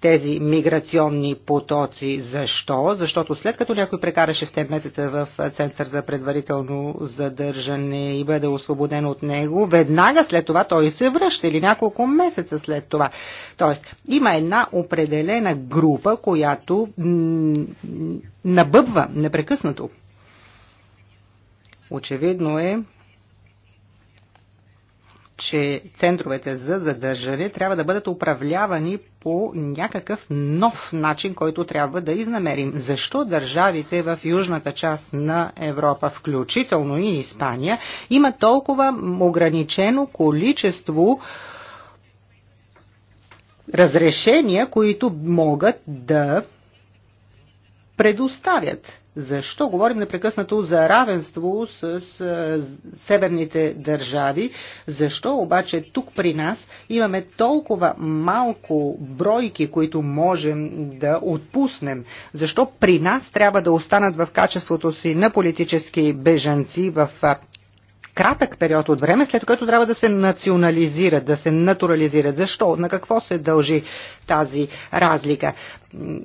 тези миграционни потоци. Защо? Защото след като някой прекара 6 месеца в Център за предварително задържане и бъде освободен от него, веднага след това той се връща или няколко месеца след това. Тоест, има една определена група, която набъбва непрекъснато. Очевидно е, че центровете за задържане трябва да бъдат управлявани по някакъв нов начин, който трябва да изнамерим. Защо държавите в южната част на Европа, включително и Испания, има толкова ограничено количество разрешения, които могат да предоставят. Защо говорим непрекъснато за равенство с, с северните държави? Защо обаче тук при нас имаме толкова малко бройки, които можем да отпуснем? Защо при нас трябва да останат в качеството си на политически бежанци в кратък период от време, след което трябва да се национализират, да се натурализират. Защо? На какво се дължи тази разлика?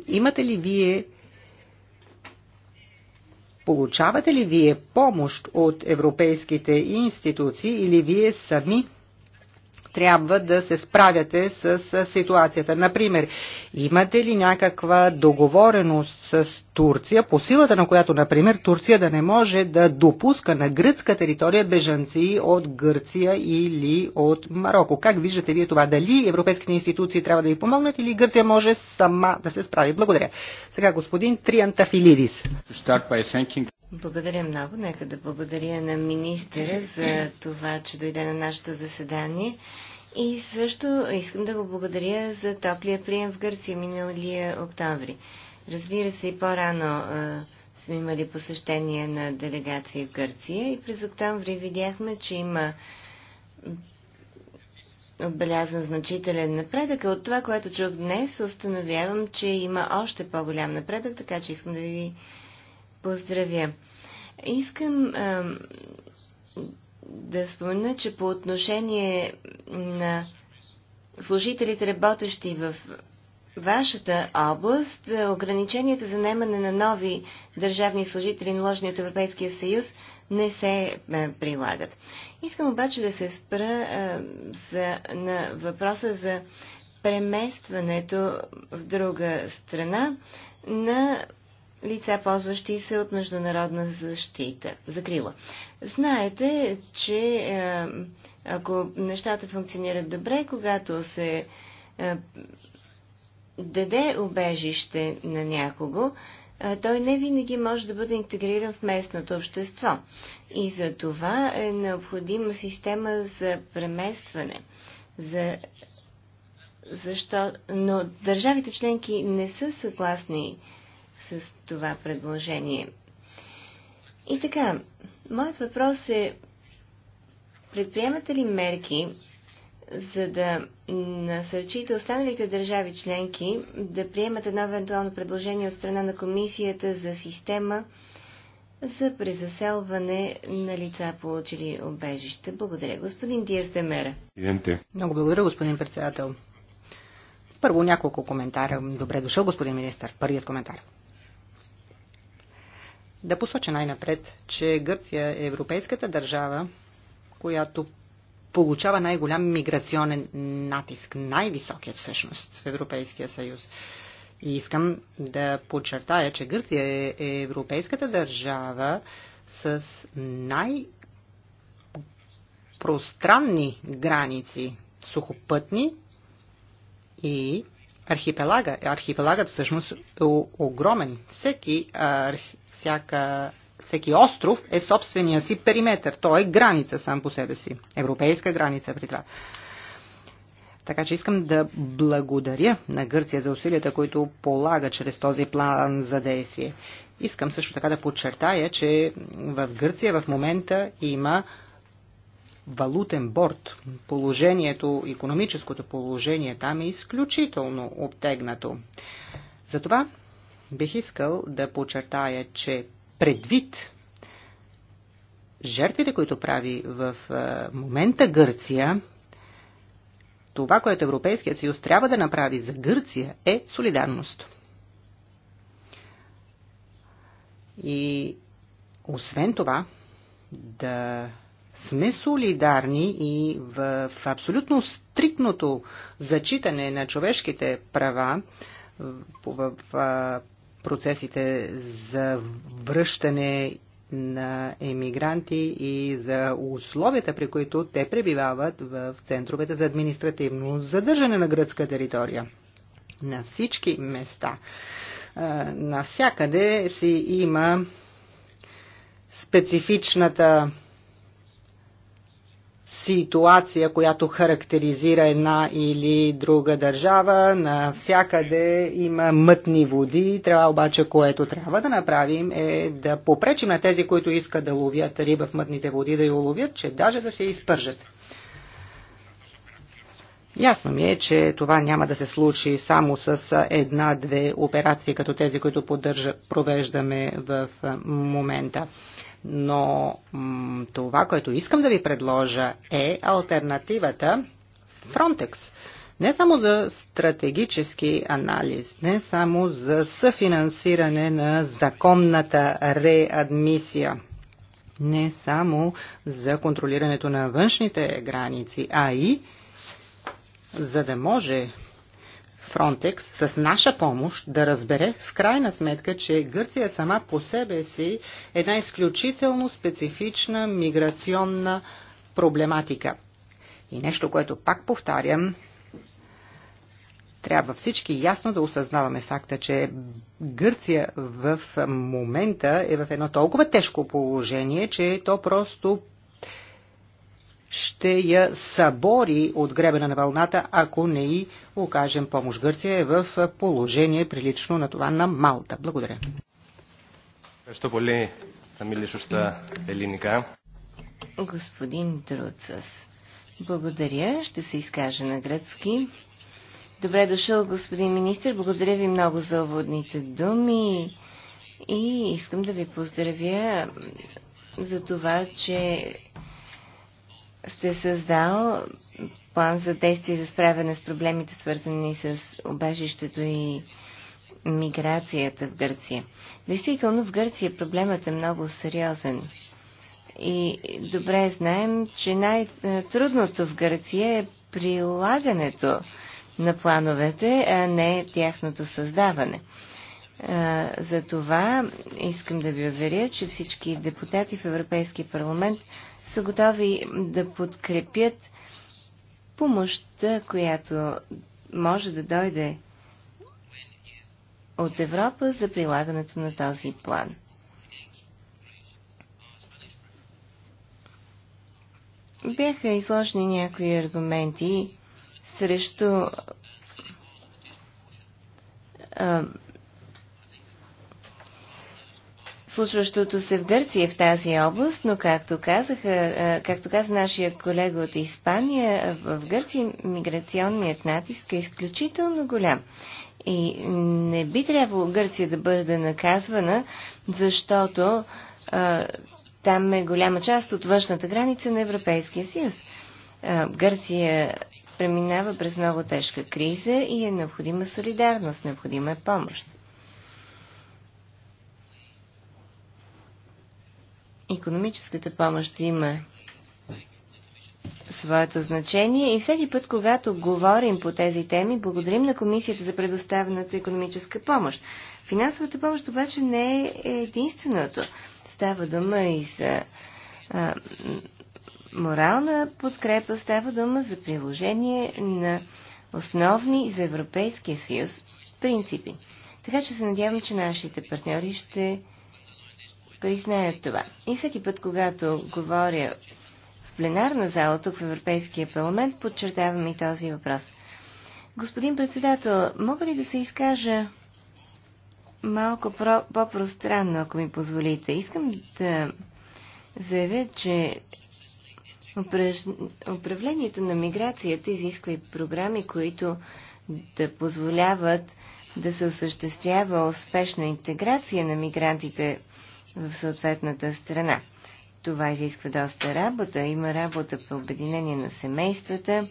Имате ли вие Получавате ли вие помощ от европейските институции или вие сами трябва да се справяте с ситуацията. Например, имате ли някаква договореност с Турция, по силата на която, например, Турция да не може да допуска на гръцка територия бежанци от Гърция или от Марокко? Как виждате вие това? Дали европейските институции трябва да ви помогнат или Гърция може сама да се справи? Благодаря. Сега господин Трианта Филидис. Благодаря много. Нека да благодаря на министъра за това, че дойде на нашето заседание. И също искам да го благодаря за топлия прием в Гърция миналия октомври. Разбира се, и по-рано сме имали посещение на делегации в Гърция и през октомври видяхме, че има отбелязан значителен напредък. От това, което чух днес, установявам, че има още по-голям напредък, така че искам да ви поздравя. Искам а, да спомена, че по отношение на служителите, работещи в вашата област, ограниченията за наемане на нови държавни служители, наложени от Европейския съюз, не се е, прилагат. Искам обаче да се спра е, за, на въпроса за преместването в друга страна на лица, ползващи се от международна защита, закрила. Знаете, че е, ако нещата функционират добре, когато се е, даде обежище на някого, е, той не винаги може да бъде интегриран в местното общество. И за това е необходима система за преместване. За... Защо... Но държавите членки не са съгласни с това предложение. И така, моят въпрос е, предприемате ли мерки, за да насърчите останалите държави членки да приемат едно евентуално предложение от страна на комисията за система за презаселване на лица, получили обежище. Благодаря. Господин Диас Демера. Много благодаря, господин председател. Първо няколко коментара. Добре дошъл, господин министър. Първият коментар. Да посоча най-напред, че Гърция е европейската държава, която получава най-голям миграционен натиск, най-високият всъщност в Европейския съюз. И искам да подчертая, че Гърция е европейската държава с най-пространни граници, сухопътни и архипелага. Архипелагът всъщност е огромен. Всеки арх всяка, всеки остров е собствения си периметр. Той е граница сам по себе си. Европейска граница при това. Така че искам да благодаря на Гърция за усилията, които полага чрез този план за действие. Искам също така да подчертая, че в Гърция в момента има валутен борт. Положението, економическото положение там е изключително обтегнато. Затова Бих искал да подчертая, че предвид жертвите, които прави в е, момента Гърция, това, което Европейският съюз трябва да направи за Гърция е солидарност. И освен това, да сме солидарни и в, абсолютно стрикното зачитане на човешките права в, в процесите за връщане на емигранти и за условията, при които те пребивават в центровете за административно задържане на гръцка територия. На всички места. Навсякъде си има специфичната ситуация, която характеризира една или друга държава. Навсякъде има мътни води. Трябва обаче, което трябва да направим е да попречим на тези, които искат да ловят риба в мътните води, да я ловят, че даже да се изпържат. Ясно ми е, че това няма да се случи само с една-две операции, като тези, които поддържа, провеждаме в момента. Но това, което искам да ви предложа е альтернативата Frontex. Не само за стратегически анализ, не само за съфинансиране на законната реадмисия не само за контролирането на външните граници, а и за да може Фронтекс с наша помощ да разбере в крайна сметка, че Гърция сама по себе си е една изключително специфична миграционна проблематика. И нещо, което пак повтарям, трябва всички ясно да осъзнаваме факта, че Гърция в момента е в едно толкова тежко положение, че то просто ще я събори от гребена на вълната, ако не й окажем помощ. Гърция е в положение прилично на това на Малта. Благодаря. Господин Друцас, благодаря. Ще се изкаже на гръцки. Добре дошъл, господин министр. Благодаря ви много за уводните думи и искам да ви поздравя за това, че сте създал план за действие за справяне с проблемите, свързани с обежището и миграцията в Гърция. Действително в Гърция проблемът е много сериозен. И добре знаем, че най-трудното в Гърция е прилагането на плановете, а не тяхното създаване. За това искам да ви уверя, че всички депутати в Европейския парламент са готови да подкрепят помощта, която може да дойде от Европа за прилагането на този план. Бяха изложени някои аргументи срещу случващото се в Гърция в тази област, но както, казаха, както каза нашия колега от Испания, в Гърция миграционният натиск е изключително голям. И не би трябвало Гърция да бъде наказвана, защото а, там е голяма част от външната граница на Европейския съюз. А, Гърция преминава през много тежка криза и е необходима солидарност, необходима е помощ. економическата помощ има своето значение и всеки път, когато говорим по тези теми, благодарим на Комисията за предоставената економическа помощ. Финансовата помощ обаче не е единственото. Става дума и за а, морална подкрепа, става дума за приложение на основни за Европейския съюз принципи. Така че се надявам, че нашите партньори ще признаят това. И всеки път, когато говоря в пленарна зала тук в Европейския парламент, подчертавам и този въпрос. Господин председател, мога ли да се изкажа малко по-пространно, ако ми позволите? Искам да заявя, че управлението на миграцията изисква и програми, които да позволяват да се осъществява успешна интеграция на мигрантите в съответната страна. Това изисква доста работа. Има работа по обединение на семействата,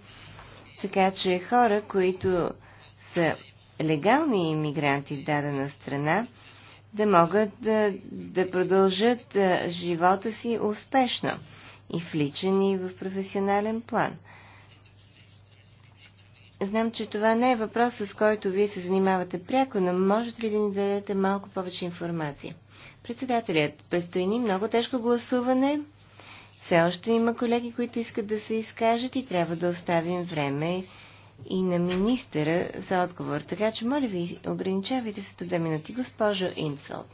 така че хора, които са легални иммигранти в дадена страна, да могат да, да продължат живота си успешно и в личен и в професионален план. Знам, че това не е въпрос, с който вие се занимавате пряко, но можете ли да ни дадете малко повече информация? Председателят, предстои ни много тежко гласуване. Все още има колеги, които искат да се изкажат и трябва да оставим време и на министъра за отговор. Така че, моля ви, ограничавайте се до две минути, госпожо Инфелд.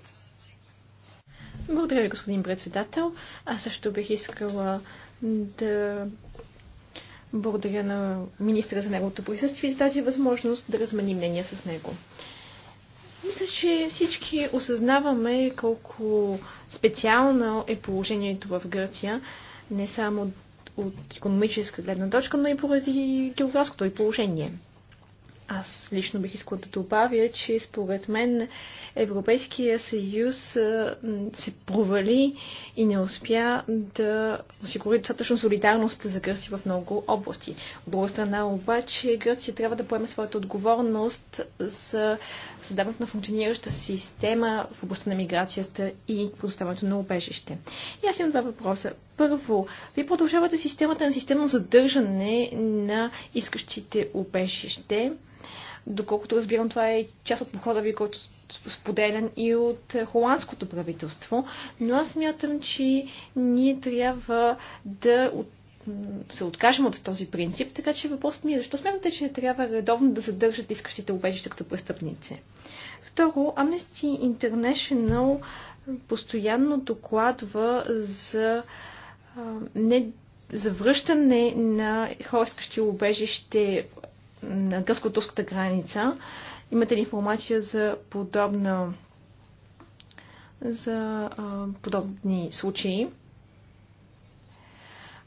Благодаря ви, господин председател. Аз също бих искала да благодаря на министра за неговото присъствие и за тази възможност да размени мнения с него. Мисля, че всички осъзнаваме колко специално е положението в Гърция, не само от, економическа гледна точка, но и поради географското и положение. Аз лично бих искала да добавя, че според мен Европейския съюз се провали и не успя да осигури достатъчно солидарност за Гърция в много области. От друга страна обаче Гърция трябва да поеме своята отговорност за създаването на функционираща система в областта на миграцията и предоставянето на убежище. И аз имам два въпроса. Първо, вие продължавате системата на системно задържане на искащите убежище Доколкото разбирам, това е част от похода ви, който споделен и от е, холандското правителство. Но аз смятам, че ние трябва да от се откажем от този принцип, така че въпросът ми е защо смятате, че не трябва редовно да задържат искащите убежища като престъпници? Второ, Amnesty International постоянно докладва за а, не завръщане на хора, искащи убежище на гръцко-турската граница. Имате ли информация за подобна за а, подобни случаи?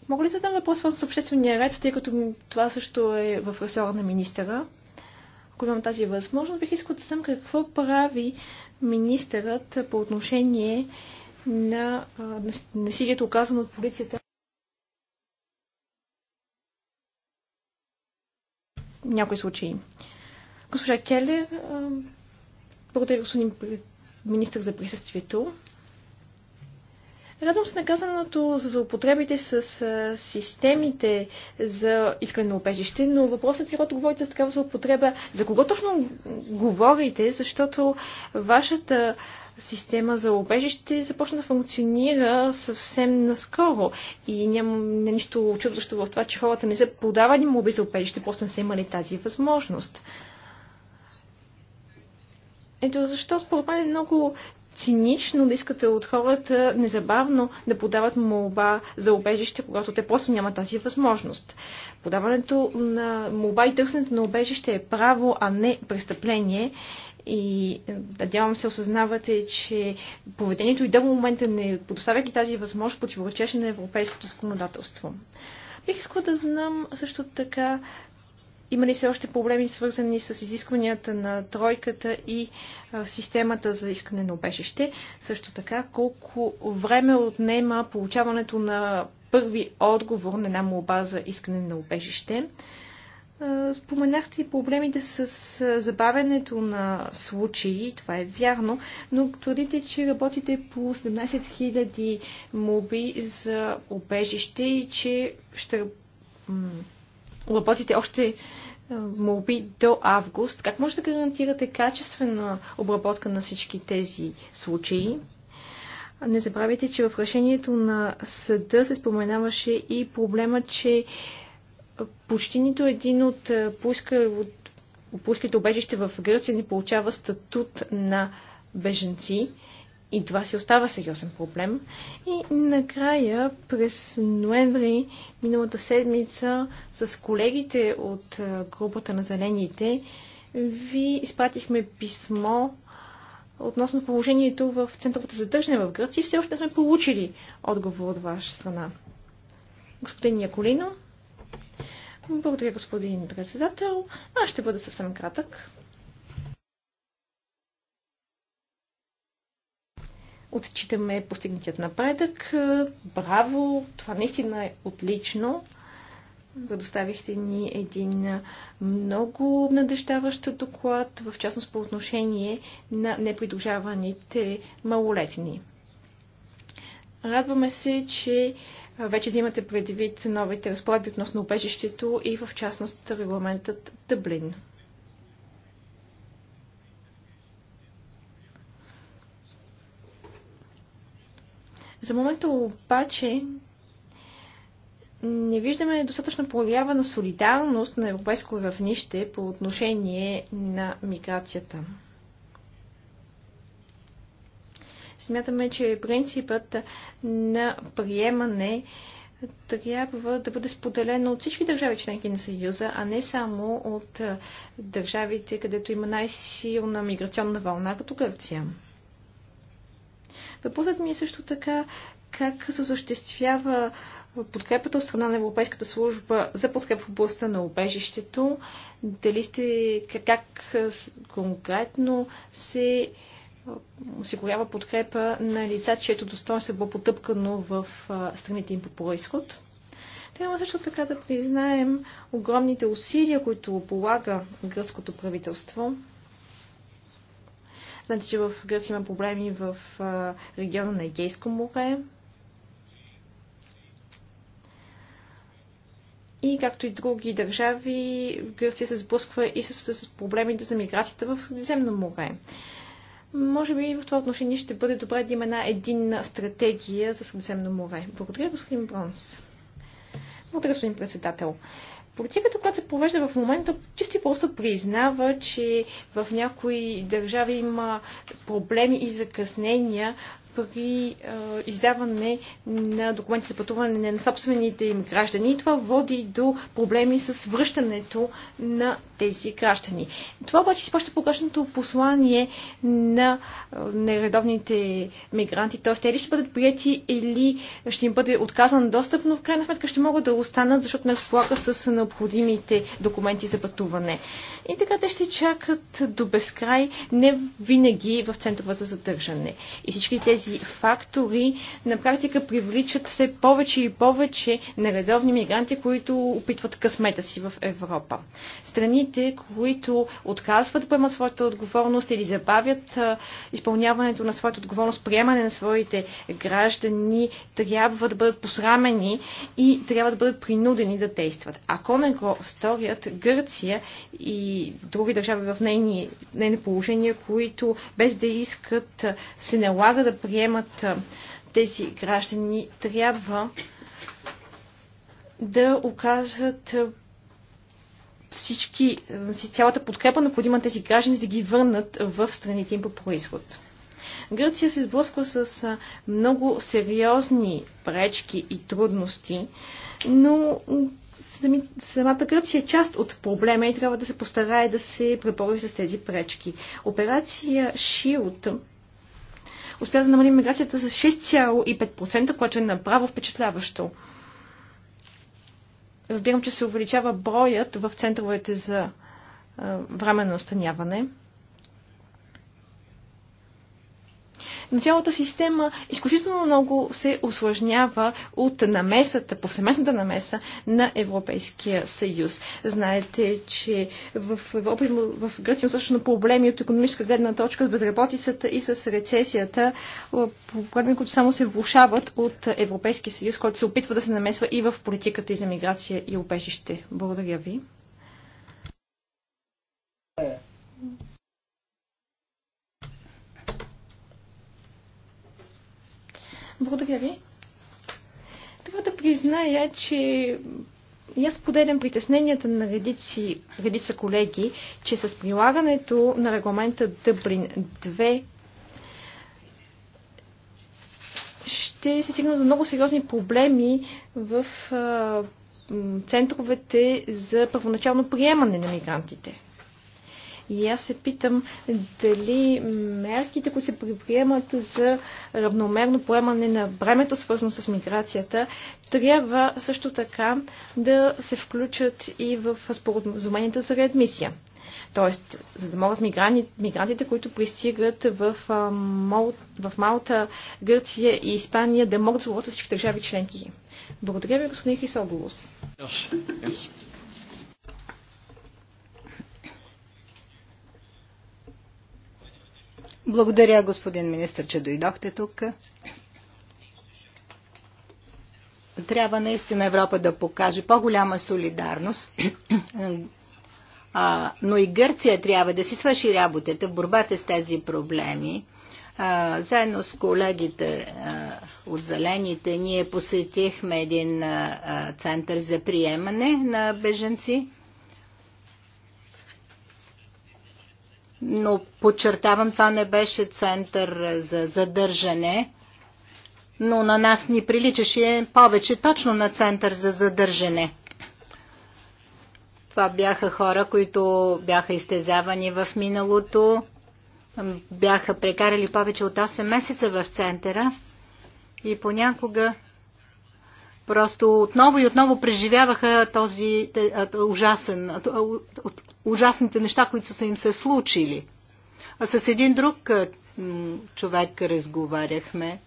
Мога ли да задам въпрос с обществения ред, тъй като това също е в ресора на министъра? Ако имам тази възможност, бих искал да знам какво прави министърът по отношение на насилието, оказано от полицията някои случаи. Госпожа Келер, благодаря господин министр за присъствието. Радвам се наказаното за злоупотребите с а, системите за искане на убежище, но въпросът е, когато говорите за такава злоупотреба, за кого точно говорите, защото вашата система за обежище започна да функционира съвсем наскоро и няма нищо очудващо в това, че хората не са подавали моби за убежище, просто не са имали тази възможност. Ето защо според мен е много цинично да искате от хората незабавно да подават молба за обежище, когато те просто нямат тази възможност. Подаването на молба и търсенето на обежище е право, а не престъпление и е, надявам се осъзнавате, че поведението и до момента не подоставяки тази възможност противоречеше на европейското законодателство. Бих искала да знам също така има ли все още проблеми свързани с изискванията на тройката и системата за искане на обежище? Също така, колко време отнема получаването на първи отговор на една молба за искане на обежище? Споменахте и проблемите с забавянето на случаи, това е вярно, но твърдите, че работите по 17 000 моби за обежище и че ще обработите още е, молби до август, как може да гарантирате качествена обработка на всички тези случаи? Не забравяйте, че в решението на съда се споменаваше и проблема, че почти нито един от е, поиска обежище в Гърция не получава статут на беженци. И това си остава сериозен проблем. И накрая, през ноември миналата седмица, с колегите от групата на зелените, ви изпратихме писмо относно положението в центровата за тържане в Гърция и все още сме получили отговор от ваша страна. Господин Яколино. Благодаря, господин председател. Аз ще бъда съвсем кратък. отчитаме постигнатият напредък. Е, браво! Това наистина е отлично. Предоставихте ни един много надеждаващ доклад, в частност по отношение на непридружаваните малолетни. Радваме се, че вече взимате предвид новите разпоредби относно убежището и в частност регламентът Дъблин. За момента обаче не виждаме достатъчно проява на солидарност на европейско равнище по отношение на миграцията. Смятаме, че принципът на приемане трябва да бъде споделен от всички държави членки на Съюза, а не само от държавите, където има най-силна миграционна вълна, като Гърция. Въпросът ми е също така как се осъществява подкрепата от страна на Европейската служба за подкреп в областта на убежището, Дали сте, как конкретно се осигурява подкрепа на лица, чието достоинство е било потъпкано в страните им по происход. Трябва също така да признаем огромните усилия, които полага гръцкото правителство Знаете, че в Гърция има проблеми в региона на Егейско море. И както и други държави, Гърция се сблъсква и с, с проблемите за миграцията в Средиземно море. Може би в това отношение ще бъде добре да има една единна стратегия за Средиземно море. Благодаря, господин Бронс. Благодаря, господин председател. Политиката, която се провежда в момента, чисто и просто признава, че в някои държави има проблеми и закъснения при издаване на документи за пътуване на собствените им граждани. Това води до проблеми с връщането на тези граждани. Това обаче изпраща погрешното послание на нередовните мигранти, т.е. те ли ще бъдат прияти или ще им бъде отказан достъп, но в крайна сметка ще могат да останат, защото не сплакат с необходимите документи за пътуване. И така те ще чакат до безкрай, не винаги в центъра за задържане. И всички тези тези фактори на практика привличат все повече и повече нередовни мигранти, които опитват късмета си в Европа. Страните, които отказват да поемат своята отговорност или забавят изпълняването на своята отговорност, приемане на своите граждани, трябва да бъдат посрамени и трябва да бъдат принудени да действат. Ако не го сторят Гърция и други държави в нейни, нейни положения, които без да искат се налага да приемат тези граждани, трябва да окажат всички, цялата подкрепа необходима тези граждани, за да ги върнат в страните им по происход. Гърция се сблъсква с много сериозни пречки и трудности, но сами, самата Гърция е част от проблема и трябва да се постарае да се пребори с тези пречки. Операция Шилт успя да намали миграцията с 6,5%, което е направо впечатляващо. Разбирам, че се увеличава броят в центровете за временно настаняване. но цялата система изключително много се осложнява от намесата, повсеместната намеса на Европейския съюз. Знаете, че в Европа и в има също проблеми от економическа гледна точка с безработицата и с рецесията, проблеми, които само се влушават от Европейския съюз, който се опитва да се намесва и в политиката и за миграция и убежище. Благодаря ви. Благодаря ви. Трябва да призная, че и аз поделям притесненията на редици, редица колеги, че с прилагането на регламента Дъблин 2 ще се стигна до много сериозни проблеми в а, центровете за първоначално приемане на мигрантите. И аз се питам дали мерките, които се предприемат за равномерно поемане на бремето, свързано с миграцията, трябва също така да се включат и в споразуменията за реадмисия. Тоест, за да могат мигрантите, които пристигат в, Мол, в Малта, Гърция и Испания, да могат да работят всички държави членки. Благодаря ви, господин Хрисоголос. Yes. Yes. Благодаря, господин министр, че дойдохте тук. Трябва наистина Европа да покаже по-голяма солидарност, но и Гърция трябва да си свърши работата в борбата с тези проблеми. заедно с колегите от Зелените ние посетихме един център за приемане на беженци но подчертавам, това не беше център за задържане, но на нас ни приличаше повече точно на център за задържане. Това бяха хора, които бяха изтезявани в миналото, бяха прекарали повече от 8 месеца в центъра и понякога просто отново и отново преживяваха този ужасен, ужасните неща, които са им се случили. А с един друг човек разговаряхме.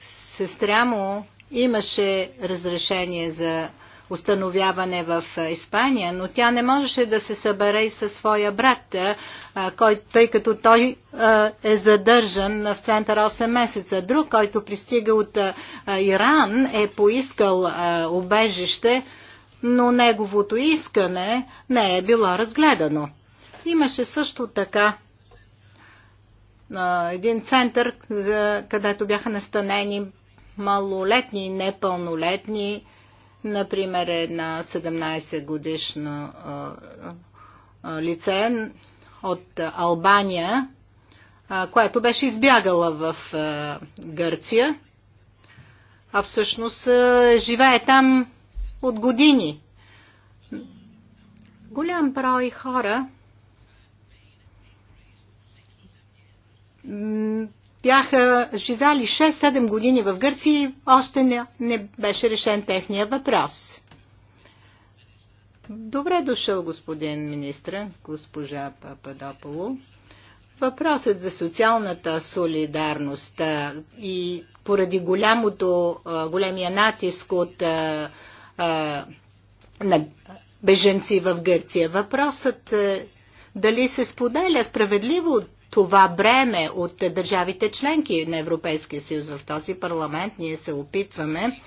Сестря му имаше разрешение за установяване в Испания, но тя не можеше да се събере и със своя брат, тъй като той е задържан в център 8 месеца. Друг, който пристига от Иран, е поискал убежище, но неговото искане не е било разгледано. Имаше също така а, един център, за, където бяха настанени малолетни и непълнолетни, например една 17 годишна а, а, лице от Албания, а, която беше избягала в а, Гърция, а всъщност а, живее там от години. Голям брой хора бяха живяли 6-7 години в Гърция и още не, не беше решен техния въпрос. Добре дошъл, господин министр, госпожа Пападополо. Въпросът за социалната солидарност и поради голямото, големия натиск от а, на беженци в Гърция. Въпросът е дали се споделя справедливо това бреме от държавите членки на Европейския съюз в този парламент. Ние се опитваме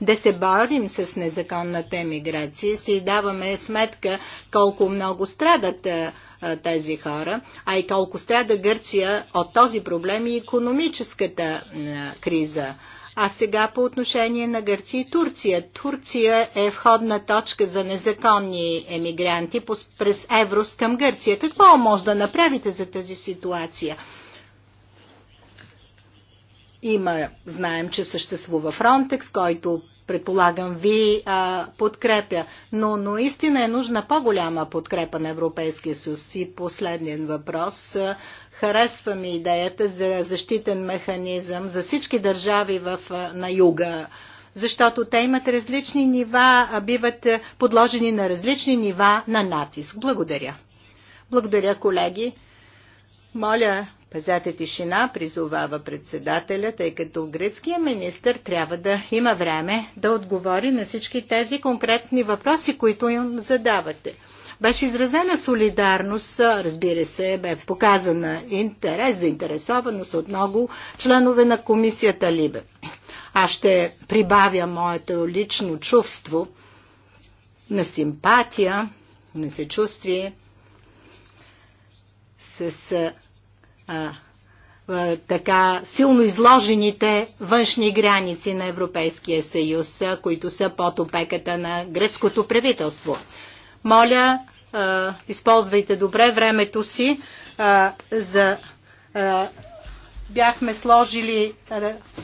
да се борим с незаконната емиграция, си даваме сметка колко много страдат а, е, е, тези хора, а и колко страда Гърция от този проблем и економическата а, е, криза. А сега по отношение на Гърция и Турция. Турция е входна точка за незаконни емигранти през Еврос към Гърция. Какво може да направите за тази ситуация? Има, знаем, че съществува Фронтекс, който предполагам, ви а, подкрепя. Но, но истина е нужна по-голяма подкрепа на Европейския съюз. И последният въпрос. Харесва ми идеята за защитен механизъм за всички държави в, на юга защото те имат различни нива, а биват подложени на различни нива на натиск. Благодаря. Благодаря, колеги. Моля, Пазете тишина, призовава председателя, тъй като гръцкият министр трябва да има време да отговори на всички тези конкретни въпроси, които им задавате. Беше изразена солидарност, разбира се, бе показана интерес, заинтересованост от много членове на комисията Либе. Аз ще прибавя моето лично чувство на симпатия, на съчувствие с а, а, така силно изложените външни граници на Европейския съюз, а, които са под опеката на гръцкото правителство. Моля, а, използвайте добре времето си а, за. А, бяхме сложили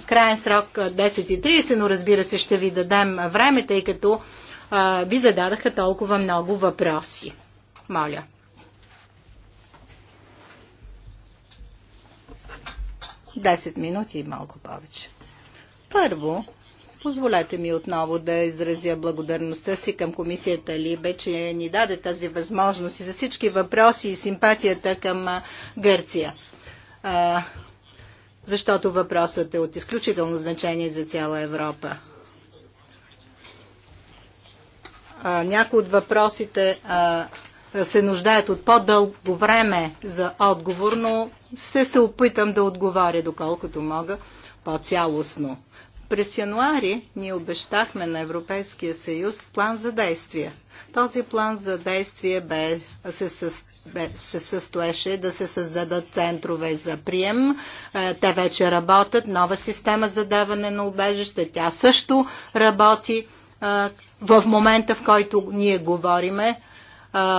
крайен срок 10.30, но разбира се ще ви дадем време, тъй като а, ви зададаха толкова много въпроси. Моля. 10 минути и малко повече. Първо, позволете ми отново да изразя благодарността си към комисията Либе, че ни даде тази възможност и за всички въпроси и симпатията към Гърция. Защото въпросът е от изключително значение за цяла Европа някои от въпросите а, се нуждаят от по-дълго време за отговор, но ще се опитам да отговаря доколкото мога по-цялостно. През януари ние обещахме на Европейския съюз план за действие. Този план за действие бе, се, със, бе, се състоеше да се създадат центрове за прием. Е, те вече работят. Нова система за даване на убежище. Тя също работи е, в момента, в който ние говориме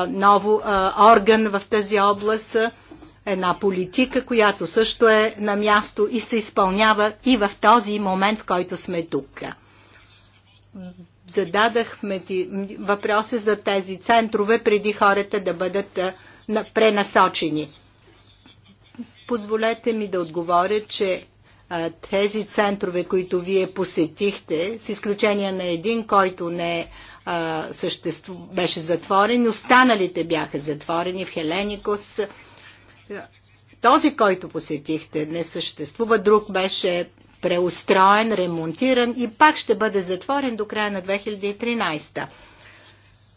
ново орган в тази област, една политика, която също е на място и се изпълнява и в този момент, в който сме тук. Зададахме ти въпроси за тези центрове преди хората да бъдат пренасочени. Позволете ми да отговоря, че тези центрове, които вие посетихте, с изключение на един, който не е а, съществу, беше затворен, останалите бяха затворени в Хеленикос. Този, който посетихте, не съществува, друг беше преустроен, ремонтиран и пак ще бъде затворен до края на 2013.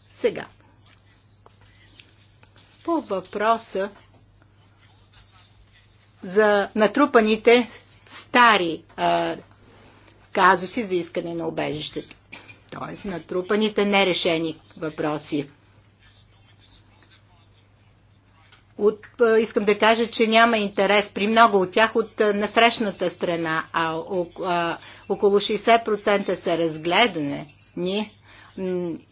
Сега. По въпроса за натрупаните стари а, казуси за искане на убежището т.е. натрупаните нерешени въпроси. От, искам да кажа, че няма интерес при много от тях от насрещната страна, а, а около 60% са разгледани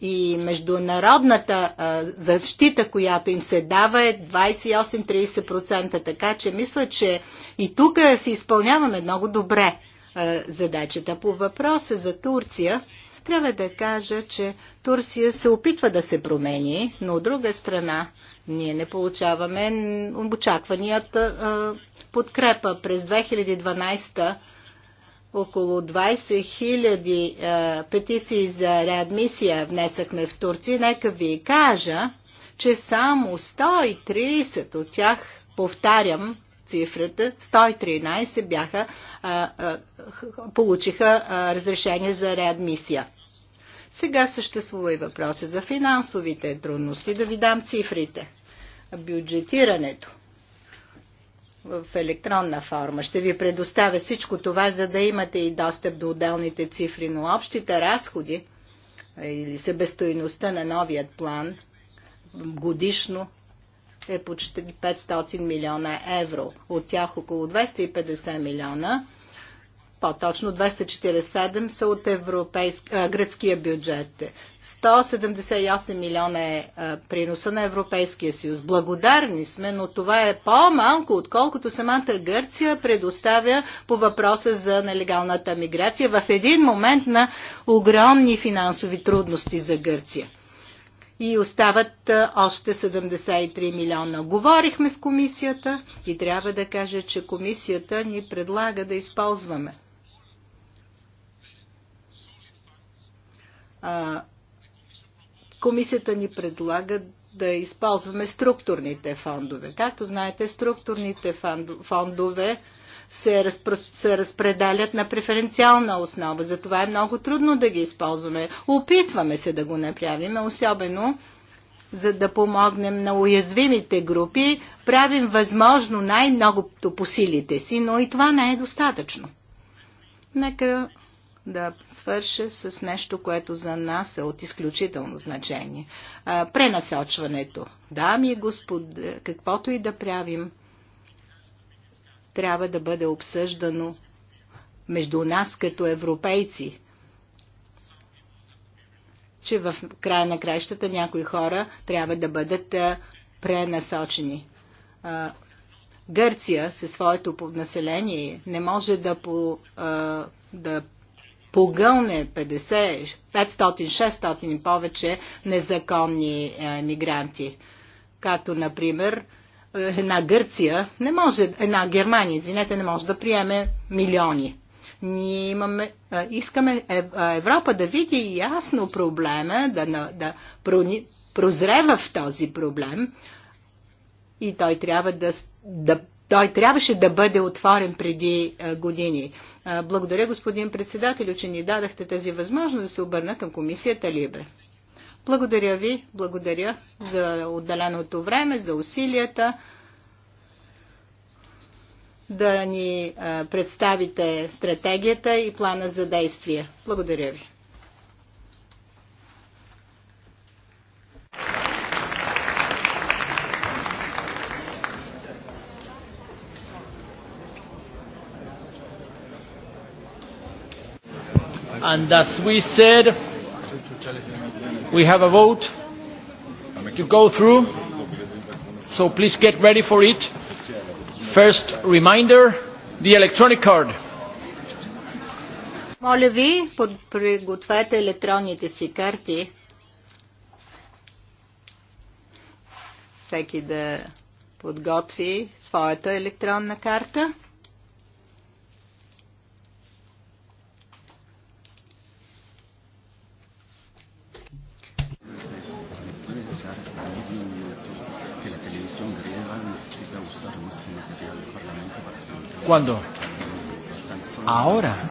и международната защита, която им се дава е 28-30%, така че мисля, че и тук си изпълняваме много добре задачата. По въпроса за Турция, трябва да кажа, че Турция се опитва да се промени, но от друга страна ние не получаваме очакванията подкрепа. През 2012 около 20 000 петиции за реадмисия внесахме в Турция. Нека ви кажа, че само 130 от тях, повтарям, цифрата. 113 бяха, а, а, получиха а, разрешение за реадмисия. Сега съществува и въпроса за финансовите трудности. Да ви дам цифрите. Бюджетирането в електронна форма. Ще ви предоставя всичко това, за да имате и достъп до отделните цифри, но общите разходи или себестойността на новият план годишно е почти 500 милиона евро. От тях около 250 милиона, по-точно 247 са от европейск, а, гръцкия бюджет. 178 милиона е а, приноса на Европейския съюз. Благодарни сме, но това е по-малко, отколкото самата Гърция предоставя по въпроса за нелегалната миграция в един момент на огромни финансови трудности за Гърция и остават още 73 милиона. Говорихме с комисията и трябва да кажа, че комисията ни предлага да използваме комисията ни предлага да използваме структурните фондове. Както знаете, структурните фондове се, разпр... се разпределят на преференциална основа. Затова е много трудно да ги използваме. Опитваме се да го направим, особено за да помогнем на уязвимите групи, правим възможно най-многото по силите си, но и това не е достатъчно. Нека да свърша с нещо, което за нас е от изключително значение. Пренасочването. Дами и господа, каквото и да правим, трябва да бъде обсъждано между нас като европейци, че в края на краищата някои хора трябва да бъдат пренасочени. Гърция със своето население не може да, по, да погълне 50, 500, 600 и повече незаконни мигранти. Като, например, една Гърция не може, една Германия, извинете, не може да приеме милиони. Ние имаме, искаме Европа да види ясно проблема, да, да прозрева в този проблем и той трябва да, да той трябваше да бъде отворен преди години. Благодаря, господин председател, че ни дадахте тази възможност да се обърна към комисията Либе. Благодаря ви, благодаря за отделеното време, за усилията да ни представите стратегията и плана за действие. Благодаря ви. And as we said, We have a vote to go through, so please get ready for it. First reminder, the electronic card. Моля ви, пригответе електронните си карти. Всеки да подготви своята електронна карта. ¿Cuándo? Ahora.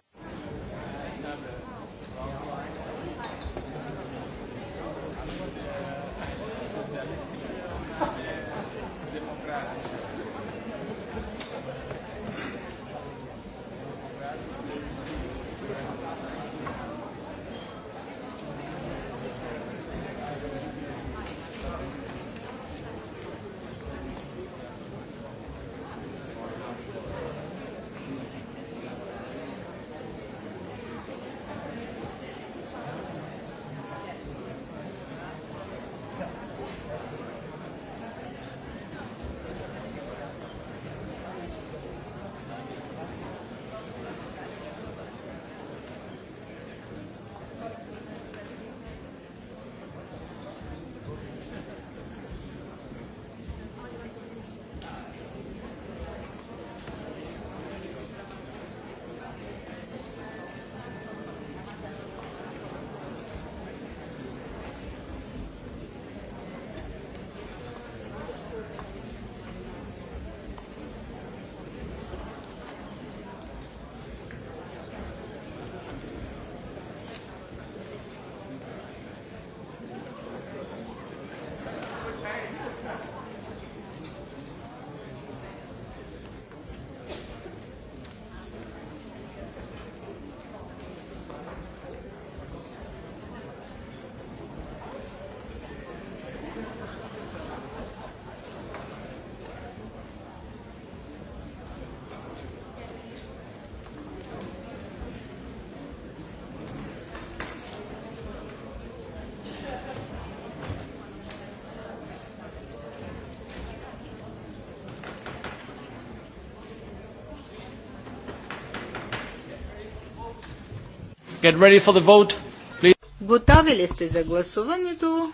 Get ready for the vote. Please. Готови ли сте за гласуването?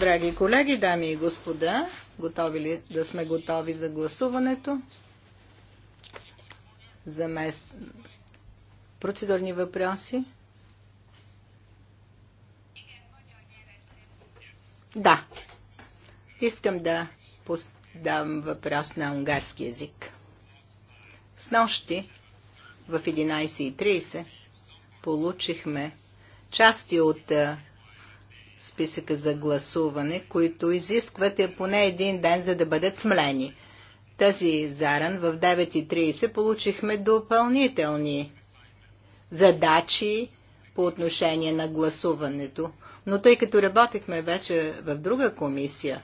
Драги колеги, дами и господа, готови ли да сме готови за гласуването? За мест... Процедурни въпроси? Да. Искам да дам въпрос на унгарски язик. С нощи в 11.30 получихме части от списъка за гласуване, които изискват е поне един ден, за да бъдат смлени. Тази заран в 9.30 получихме допълнителни задачи по отношение на гласуването. Но тъй като работихме вече в друга комисия,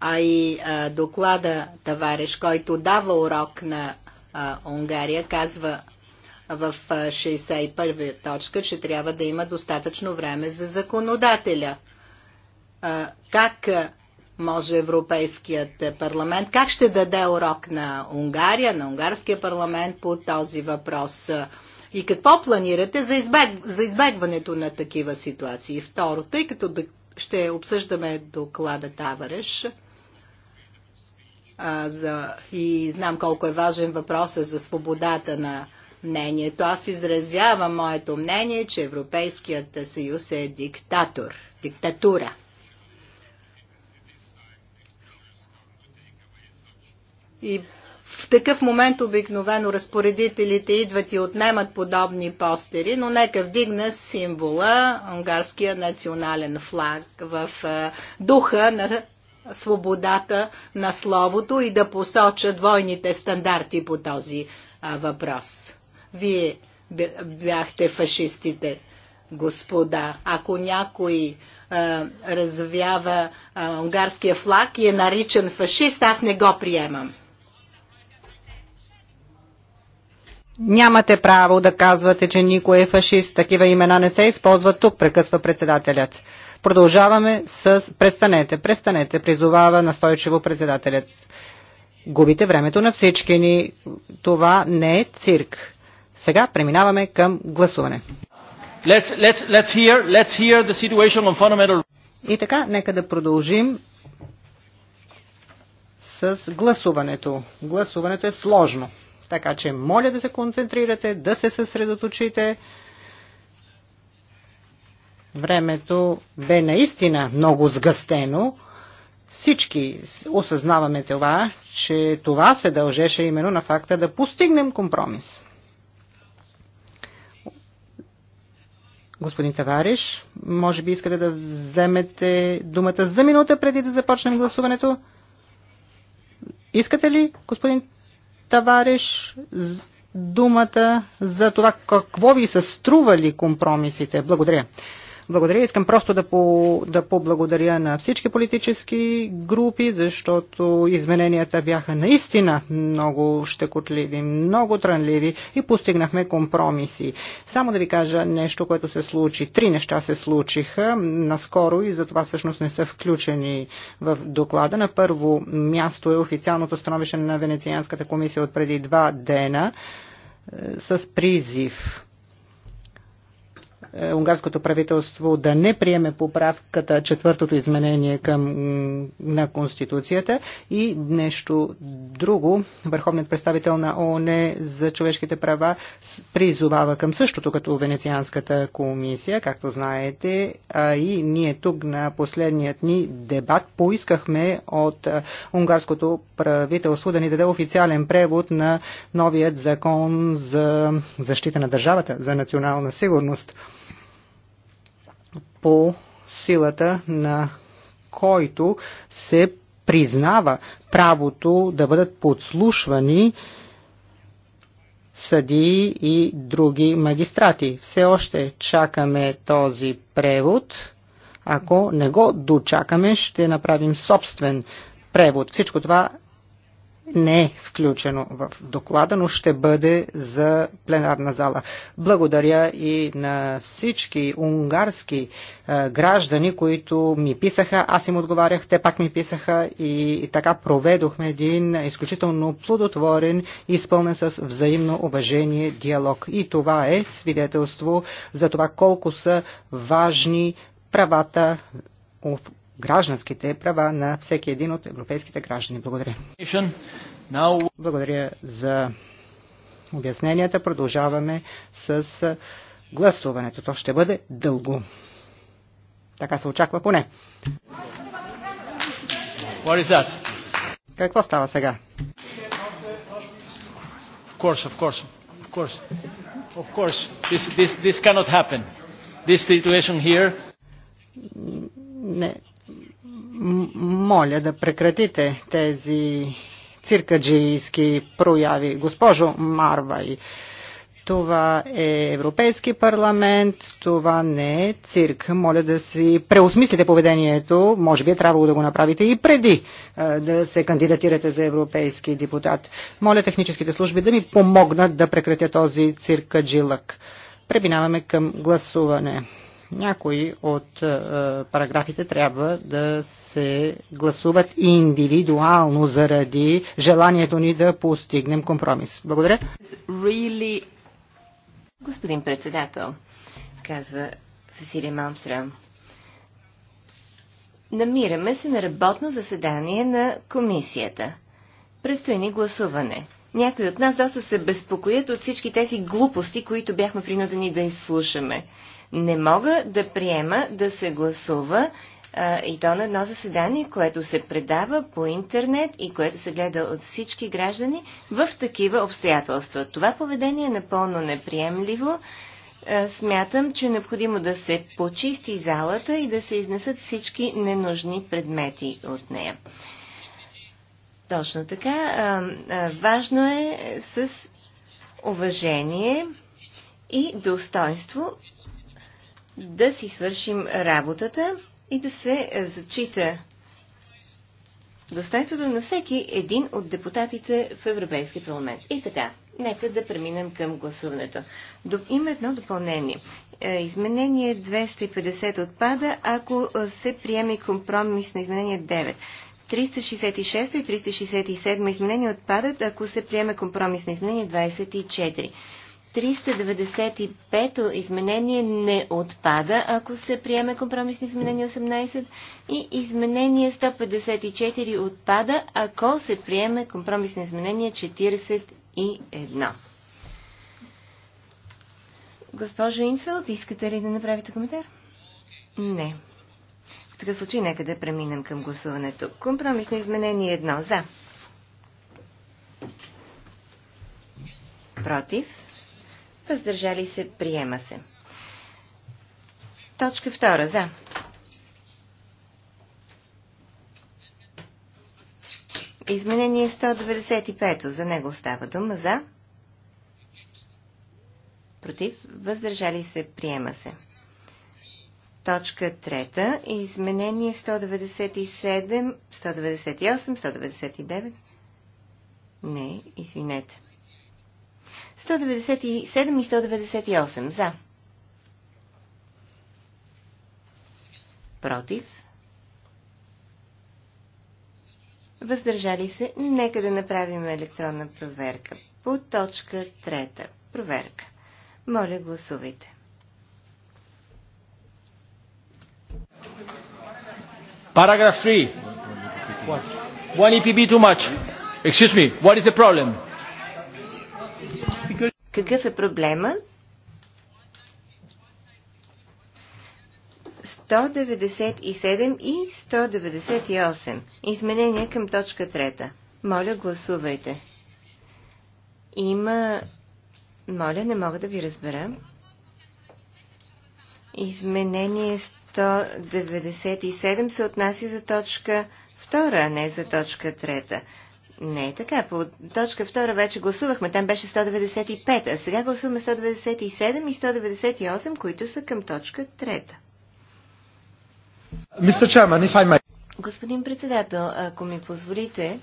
а и а, доклада Товариш, който дава урок на а, Унгария, казва в 61 точка, че трябва да има достатъчно време за законодателя. Как може Европейският парламент, как ще даде урок на Унгария, на Унгарския парламент по този въпрос? И какво планирате за, избег... за избегването на такива ситуации? Второ, тъй като ще обсъждаме доклада Тавареш, за, и знам колко е важен въпросът за свободата на мнението. Аз изразявам моето мнение, че Европейският съюз е диктатор, диктатура. И в такъв момент обикновено разпоредителите идват и отнемат подобни постери, но нека вдигна символа, унгарския национален флаг, в е, духа на свободата на словото и да посоча двойните стандарти по този въпрос. Вие бяхте фашистите, господа. Ако някой а, е, развява а, е, унгарския флаг и е наричан фашист, аз не го приемам. Нямате право да казвате, че никой е фашист. Такива имена не се използват тук, прекъсва председателят. Продължаваме с престанете, престанете, призовава настойчиво председателят. Губите времето на всички ни. Това не е цирк. Сега преминаваме към гласуване. И така, нека да продължим с гласуването. Гласуването е сложно. Така че моля да се концентрирате, да се съсредоточите. Времето бе наистина много сгъстено. Всички осъзнаваме това, че това се дължеше именно на факта да постигнем компромис. Господин Тавариш, може би искате да вземете думата за минута преди да започнем гласуването. Искате ли, господин Тавариш, думата за това какво ви са стрували компромисите? Благодаря. Благодаря. Искам просто да, по, да поблагодаря на всички политически групи, защото измененията бяха наистина много щекотливи, много трънливи и постигнахме компромиси. Само да ви кажа нещо, което се случи. Три неща се случиха наскоро и затова всъщност не са включени в доклада. На първо място е официалното становище на Венецианската комисия от преди два дена е, с призив е, унгарското правителство да не приеме поправката четвъртото изменение към, на Конституцията и нещо друго. Върховният представител на ООН за човешките права призовава към същото като Венецианската комисия, както знаете, а и ние тук на последният ни дебат поискахме от е, унгарското правителство да ни даде официален превод на новият закон за защита на държавата, за национална сигурност по силата на който се признава правото да бъдат подслушвани съдии и други магистрати. Все още чакаме този превод. Ако не го дочакаме, ще направим собствен превод. Всичко това не е включено в доклада, но ще бъде за пленарна зала. Благодаря и на всички унгарски е, граждани, които ми писаха, аз им отговарях, те пак ми писаха и така проведохме един изключително плодотворен, изпълнен с взаимно уважение диалог. И това е свидетелство за това колко са важни правата гражданските права на всеки един от европейските граждани. Благодаря. Благодаря за обясненията. Продължаваме с гласуването. То ще бъде дълго. Така се очаква поне. Какво става сега? Of course, of course, of course, of course. This, this, this cannot happen. This situation here. Не, моля да прекратите тези циркаджийски прояви. Госпожо Марвай, това е Европейски парламент, това не е цирк. Моля да си преосмислите поведението, може би е трябвало да го направите и преди да се кандидатирате за европейски депутат. Моля техническите служби да ми помогнат да прекратя този циркаджилък. Пребинаваме към гласуване. Някои от е, параграфите трябва да се гласуват индивидуално заради желанието ни да постигнем компромис. Благодаря. Really... Господин председател, казва Сесилия Малмстрам, намираме се на работно заседание на комисията. Предстои ни гласуване. Някои от нас доста се безпокоят от всички тези глупости, които бяхме принудени да изслушаме. Не мога да приема да се гласува а, и то на едно заседание, което се предава по интернет и което се гледа от всички граждани в такива обстоятелства. Това поведение е напълно неприемливо. А, смятам, че е необходимо да се почисти залата и да се изнесат всички ненужни предмети от нея. Точно така. А, а, важно е с уважение и достоинство да си свършим работата и да се зачита достойството на всеки един от депутатите в Европейския парламент. И така, нека да преминем към гласуването. Има едно допълнение. Е, изменение 250 отпада, ако се приеме компромис на изменение 9. 366 и 367 изменения отпадат, ако се приеме компромисно изменение 24. 395-то изменение не отпада, ако се приеме компромисни изменение 18 и изменение 154 отпада, ако се приеме компромисно изменение 41. Госпожо Инфилд, искате ли да направите коментар? Не. В такъв случай нека да преминем към гласуването. Компромисно изменение 1 за. Против въздържали се, приема се. Точка втора за. Изменение 195 за него става дума за. Против, въздържали се, приема се. Точка 3. Изменение 197, 198, 199. Не, извинете. 197 и 198 за. Против. Въздържали се, нека да направим електронна проверка. По точка трета. Проверка. Моля, гласувайте. Параграф 3. One be too much. Excuse me, what is the problem? Какъв е проблема? 197 и 198. Изменения към точка 3. Моля, гласувайте. Има... Моля, не мога да ви разбера. Изменение 197 се отнася за точка 2, а не за точка не е така. По точка 2 вече гласувахме. Там беше 195, а сега гласуваме 197 и 198, които са към точка 3. Мистер Чаман, if I may. Господин председател, ако ми позволите,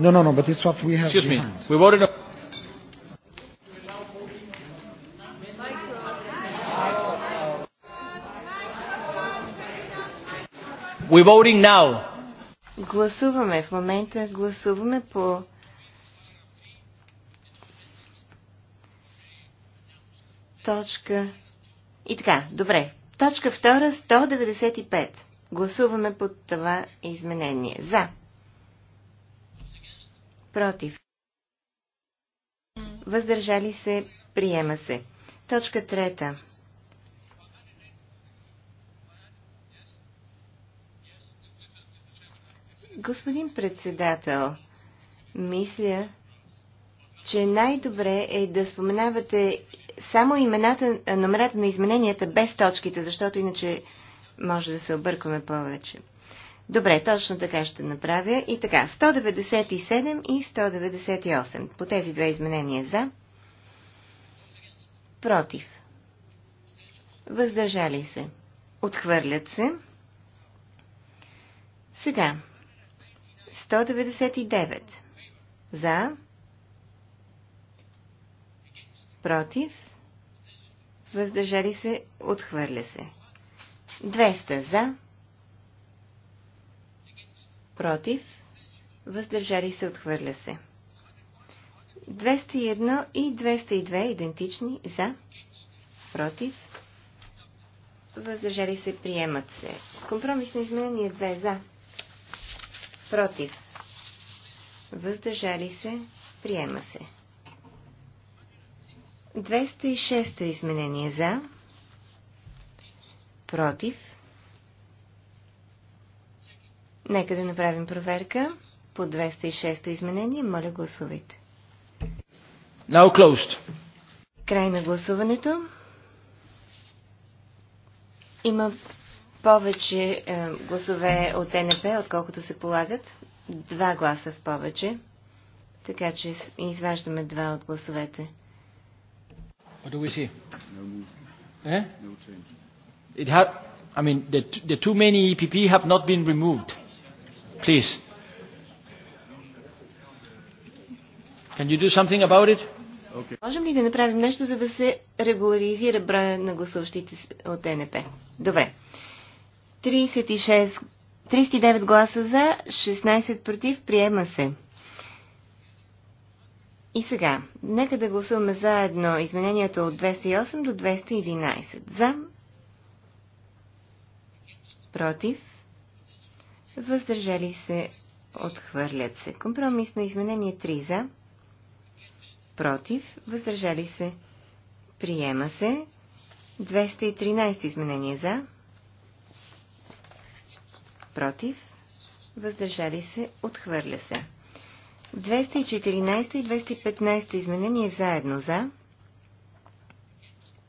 No, no, no, but it's what we have. Excuse behind. me. We voted. We're voting now. Гласуваме в момента, гласуваме по точка. И така, добре. Точка втора, 195. Гласуваме по това изменение. За. Против. Въздържали се, приема се. Точка трета. Господин председател, мисля, че най-добре е да споменавате само имената, номерата на измененията без точките, защото иначе може да се объркваме повече. Добре, точно така ще направя. И така, 197 и 198. По тези две изменения за. Против. Въздържали се. Отхвърлят се. Сега, 199. За. Против. Въздържали се. Отхвърля се. 200. За. Против. Въздържали се. Отхвърля се. 201 и 202 идентични. За. Против. Въздържали се. Приемат се. Компромисно изменение 2. За против, въздържали се, приема се. 206-то изменение за, против. Нека да направим проверка по 206-то изменение. Моля, гласувайте. Now closed. Край на гласуването. Има повече е, гласове от НП, отколкото се полагат. Два гласа в повече. Така че изваждаме два от гласовете. What do we see? No Eh? No change. It I mean, the, the too many EPP have not been removed. Please. Can you do something about it? Okay. Можем ли да направим нещо, за да се регуларизира броя на гласуващите от НП? Добре. 36, 39 гласа за, 16 против, приема се. И сега, нека да гласуваме заедно измененията от 208 до 211. За, против, въздържали се, отхвърлят се. Компромис на изменение 3 за, против, въздържали се, приема се. 213 изменение за, против, въздържали се, отхвърля се. 214 и 215 изменение заедно за,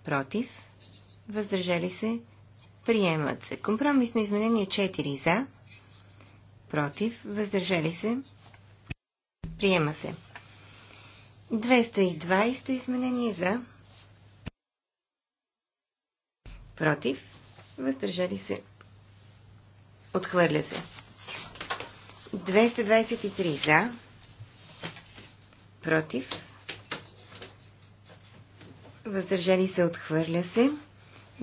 против, въздържали се, приемат се. Компромисно изменение 4 за, против, въздържали се, приема се. 220 изменение за, против, въздържали се, Отхвърля се. 223 за. Против. Въздържани се. Отхвърля се.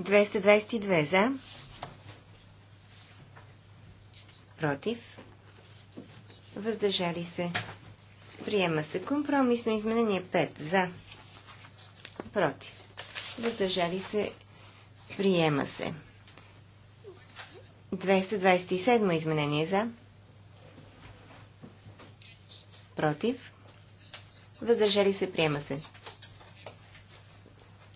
222 за. Против. Въздържали се. Приема се компромисно изменение 5 за. Против. Въздържали се. Приема се. 227 изменение за. Против. Въздържали се, приема се.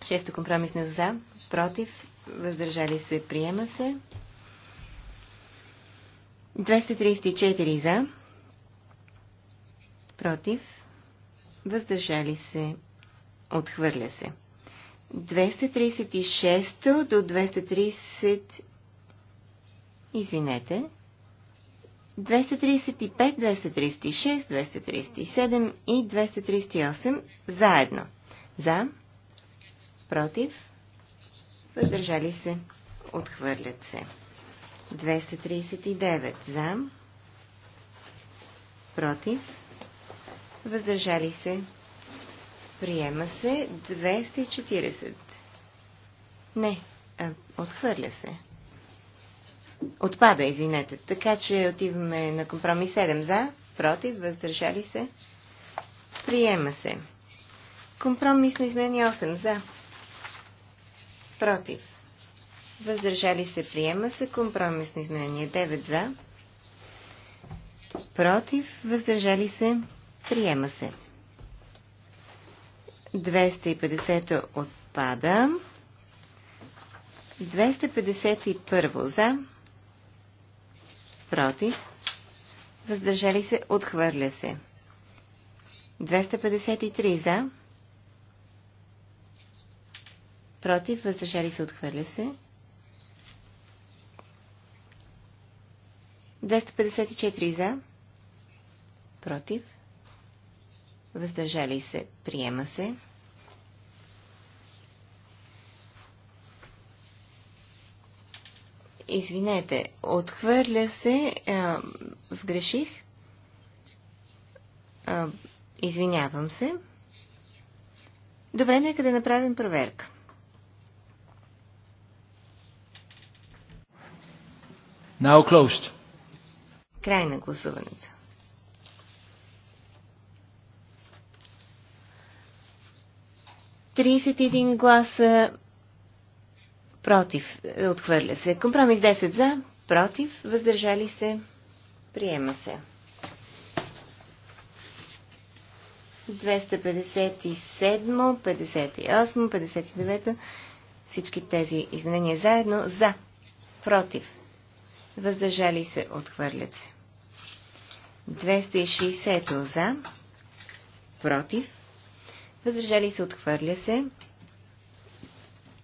Шесто на за. Против. Въздържали се, приема се. 234 за. Против. Въздържали се. Отхвърля се. 236 до 230 Извинете. 235, 236, 237 и 238 заедно. За, против, въздържали се, отхвърлят се. 239 за, против, въздържали се, приема се 240. Не, а, отхвърля се. Отпада, извинете. Така че отиваме на компромис 7 за, против, въздържали се. Приема се. Компромисно измени 8 за. Против. Въздържали се. Приема се. Компромисно изменение 9 за. Против. Въздържали се. Приема се. 250 отпада. 251 за против, въздържали се, отхвърля се. 253 за, против, въздържали се, отхвърля се. 254 за, против, въздържали се, приема се. извинете, отхвърля се, а, сгреших, а, извинявам се. Добре, нека да направим проверка. Now closed. Край на гласуването. Тридесет един гласа против, отхвърля се. Компромис 10 за, против, въздържали се, приема се. 257, 58, 59, всички тези изменения заедно, за, против, въздържали се, отхвърлят се. 260 за, против, въздържали се, отхвърля се.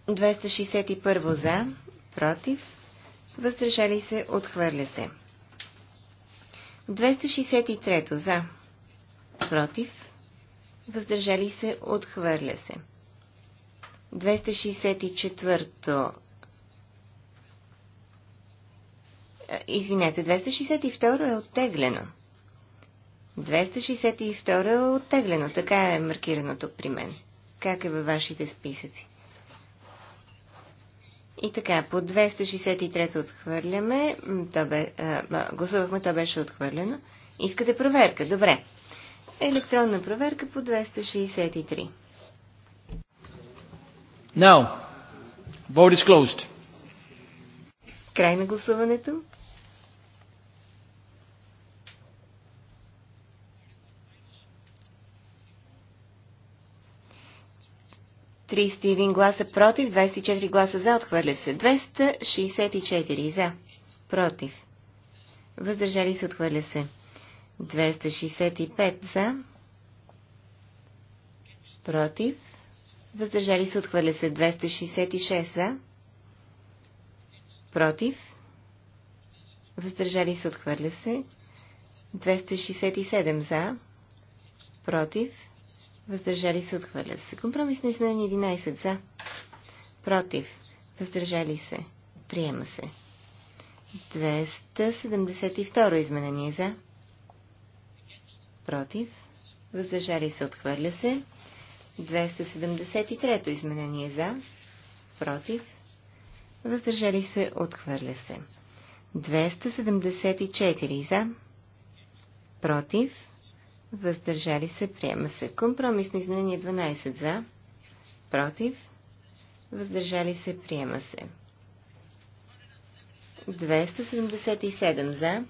261 за, против, въздържали се, отхвърля се. 263 за, против, въздържали се, отхвърля се. 264 Извинете, 262 е оттеглено. 262 е оттеглено, така е маркираното при мен. Как е във вашите списъци? И така, по 263 отхвърляме. То бе, а, гласувахме, то беше отхвърлено. Искате проверка? Добре. Електронна проверка по 263. Now, vote is closed. Край на гласуването. 31 гласа против, 24 гласа за, отхвърля се. 264 за, против. Въздържали се, отхвърля се. 265 за, против. Въздържали се, отхвърля се. 266 за, против. Въздържали се, отхвърля се. 267 за, против въздържали се, отхвърля се. Компромисно изменение 11 за, против, въздържали се, приема се. 272 изменение за, против, въздържали се, отхвърля се. 273 изменение за, против, въздържали се, отхвърля се. 274 за, против, въздържали се, приема се. Компромисно изменение 12 за, против, въздържали се, приема се. 277 за,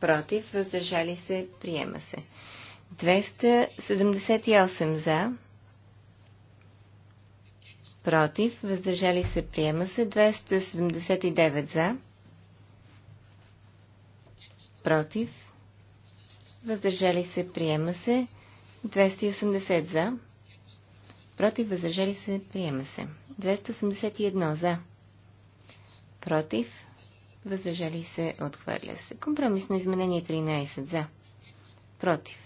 против, въздържали се, приема се. 278 за, против, въздържали се, приема се. 279 за, против, въздържали се, приема се. 280 за, против, въздържали се, приема се. 281 за, против, въздържали се, отхвърля се. Компромисно изменение 13 за, против,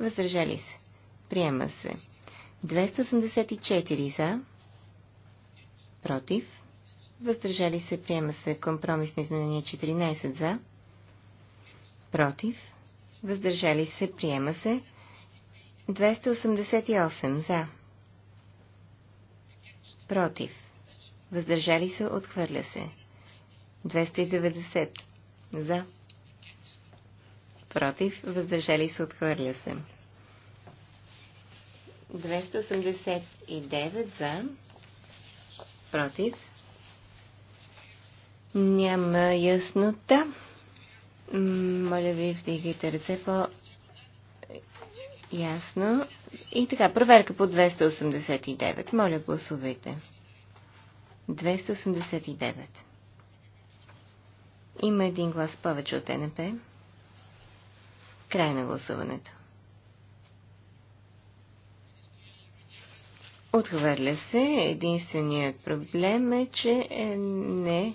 въздържали се, приема се. 284 за, против, въздържали се, приема се. Компромисно изменение 14 за, против, въздържали се, приема се. 288 за, против, въздържали се, отхвърля се. 290 за, против, въздържали се, отхвърля се. 289 за, против, няма яснота. Моля ви, вдигайте ръце по... Ясно. И така, проверка по 289. Моля, гласувайте. 289. Има един глас повече от НП. Край на гласуването. Отхвърля се. Единственият проблем е, че не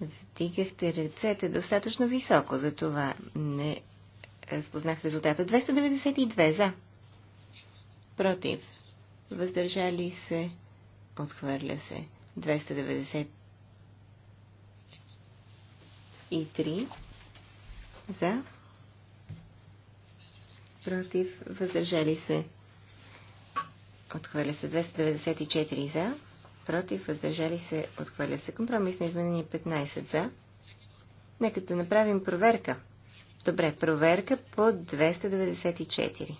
Вдигахте ръцете достатъчно високо, за това не разпознах резултата. 292 за. Против. Въздържали се. Отхвърля се. 293 за. Против. Въздържали се. Отхвърля се. 294 за против, въздържали се, отхвърля се. Компромисно изменение 15 за. Нека да направим проверка. Добре, проверка по 294.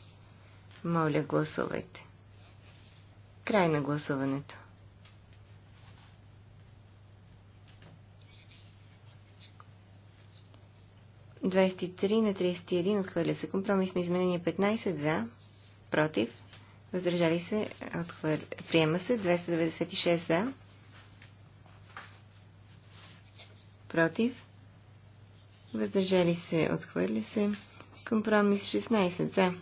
Моля, гласувайте. Край на гласуването. Двадесет на 31 отхвърля се компромисно изменение 15 за, против, Въздържали се. Отхвър... Приема се. 296 за. Против. Въздържали се. Отхвърли се. Компромис 16 за.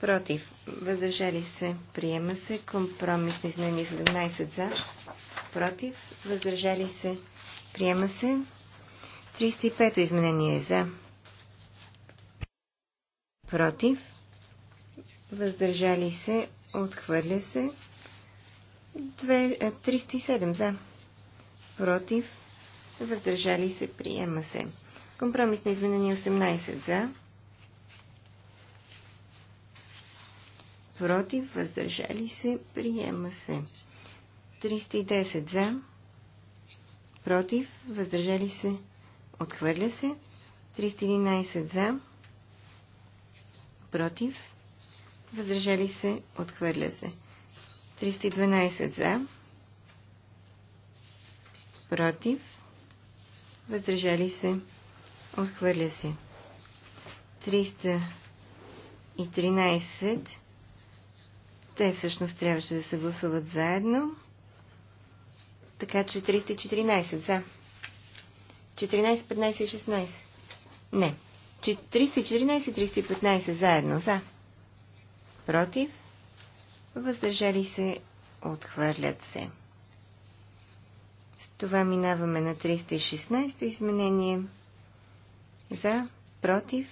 Против. Въздържали се. Приема се. Компромис на изменение 17 за. Против. Въздържали се. Приема се. 35 изменение за. Против въздържали се, отхвърля се. 307 за, против, въздържали се, приема се. Компромис на изменение 18 за, против, въздържали се, приема се. 310 за, против, въздържали се, отхвърля се. 311 за, против, въздържали се, отхвърля се. 312 за, против, въздържали се, отхвърля се. 313, те всъщност трябваше да се гласуват заедно, така че 314 за. 14, 15 и 16. Не. 314 и 315 заедно за против, въздържали се, отхвърлят се. С това минаваме на 316 изменение. За, против,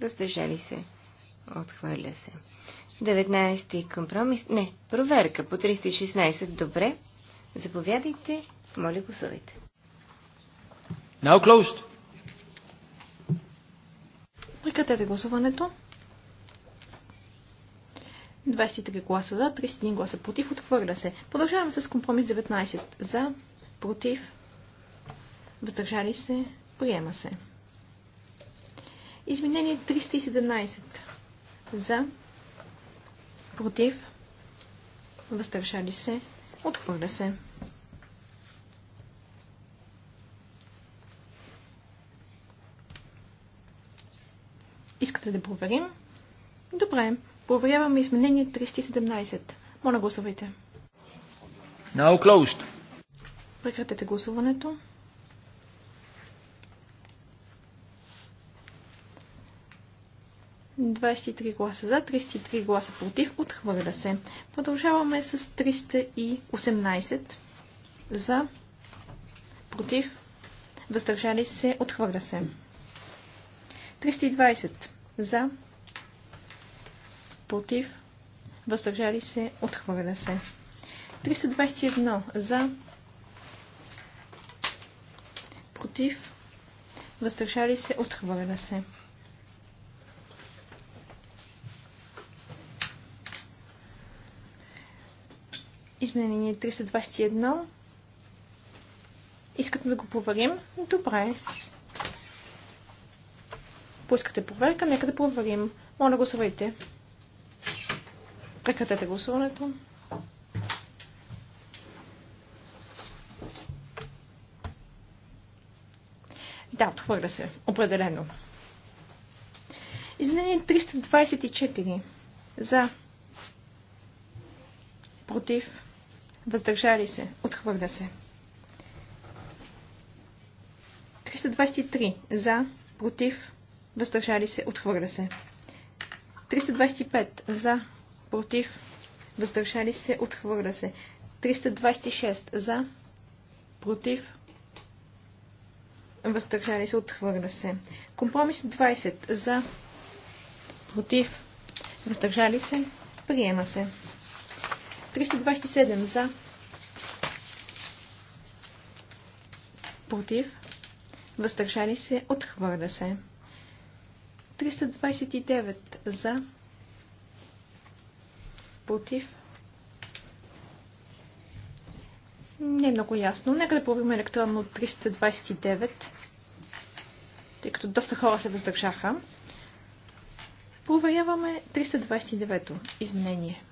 въздържали се, отхвърля се. 19 компромис. Не, проверка по 316. Добре. Заповядайте. Моля, гласувайте. Now closed. Прекратете гласуването. 23 гласа за, 31 гласа против, отхвърля се. Продължаваме с компромис 19 за, против, въздържали се, приема се. Изменение 317 за, против, въздържали се, отхвърля се. Искате да проверим? Добре. Проверяваме изменение 317. Моля гласувайте. Now closed. Прекратете гласуването. три гласа за, 33 гласа против, отхвърля се. Продължаваме с 318 за, против, въздържали се, отхвърля се. 320 за, против, въздържали се, отхвърля се. 321 за, против, въздържали се, отхвърля се. Изменение 321. Искате да го проверим? Добре. Поискате проверка, нека да проверим. Моля, гласувайте. Да Прекратете гласуването. Да, отхвърля се. Определено. Изменение 324. За. Против. Въздържали се. Отхвърля се. 323. За. Против. Въздържали се. Отхвърля се. 325. За против, въздържали се, отхвърля се. 326 за, против, въздържали се, отхвърля се. Компромис 20 за, против, въздържали се, приема се. 327 за, против, въздържали се, отхвърля се. 329 за, Против? Не е много ясно. Нека да пробваме електронно 329, тъй като доста хора се въздържаха. Проверяваме 329-то изменение.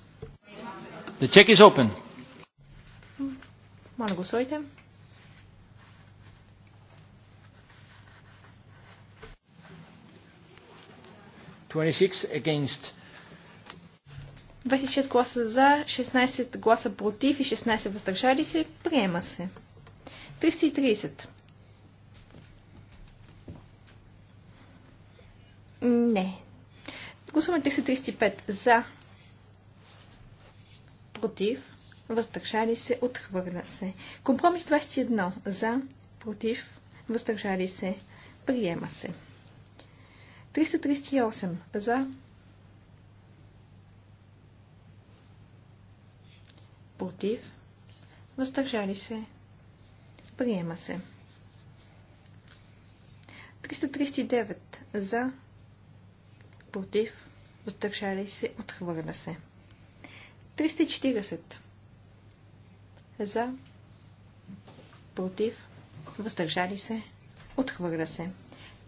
The check is open. Моля, Twenty-six against 26 гласа за, 16 гласа против и 16 въздържали се. Приема се. 330. Не. Гласуваме 335 за, против, въздържали се, отхвърля се. Компромис 21 за, против, въздържали се, приема се. 338 за, против, въздържали се, приема се. 339 за, против, въздържали се, отхвърля се. 340 за, против, въздържали се, отхвърля се.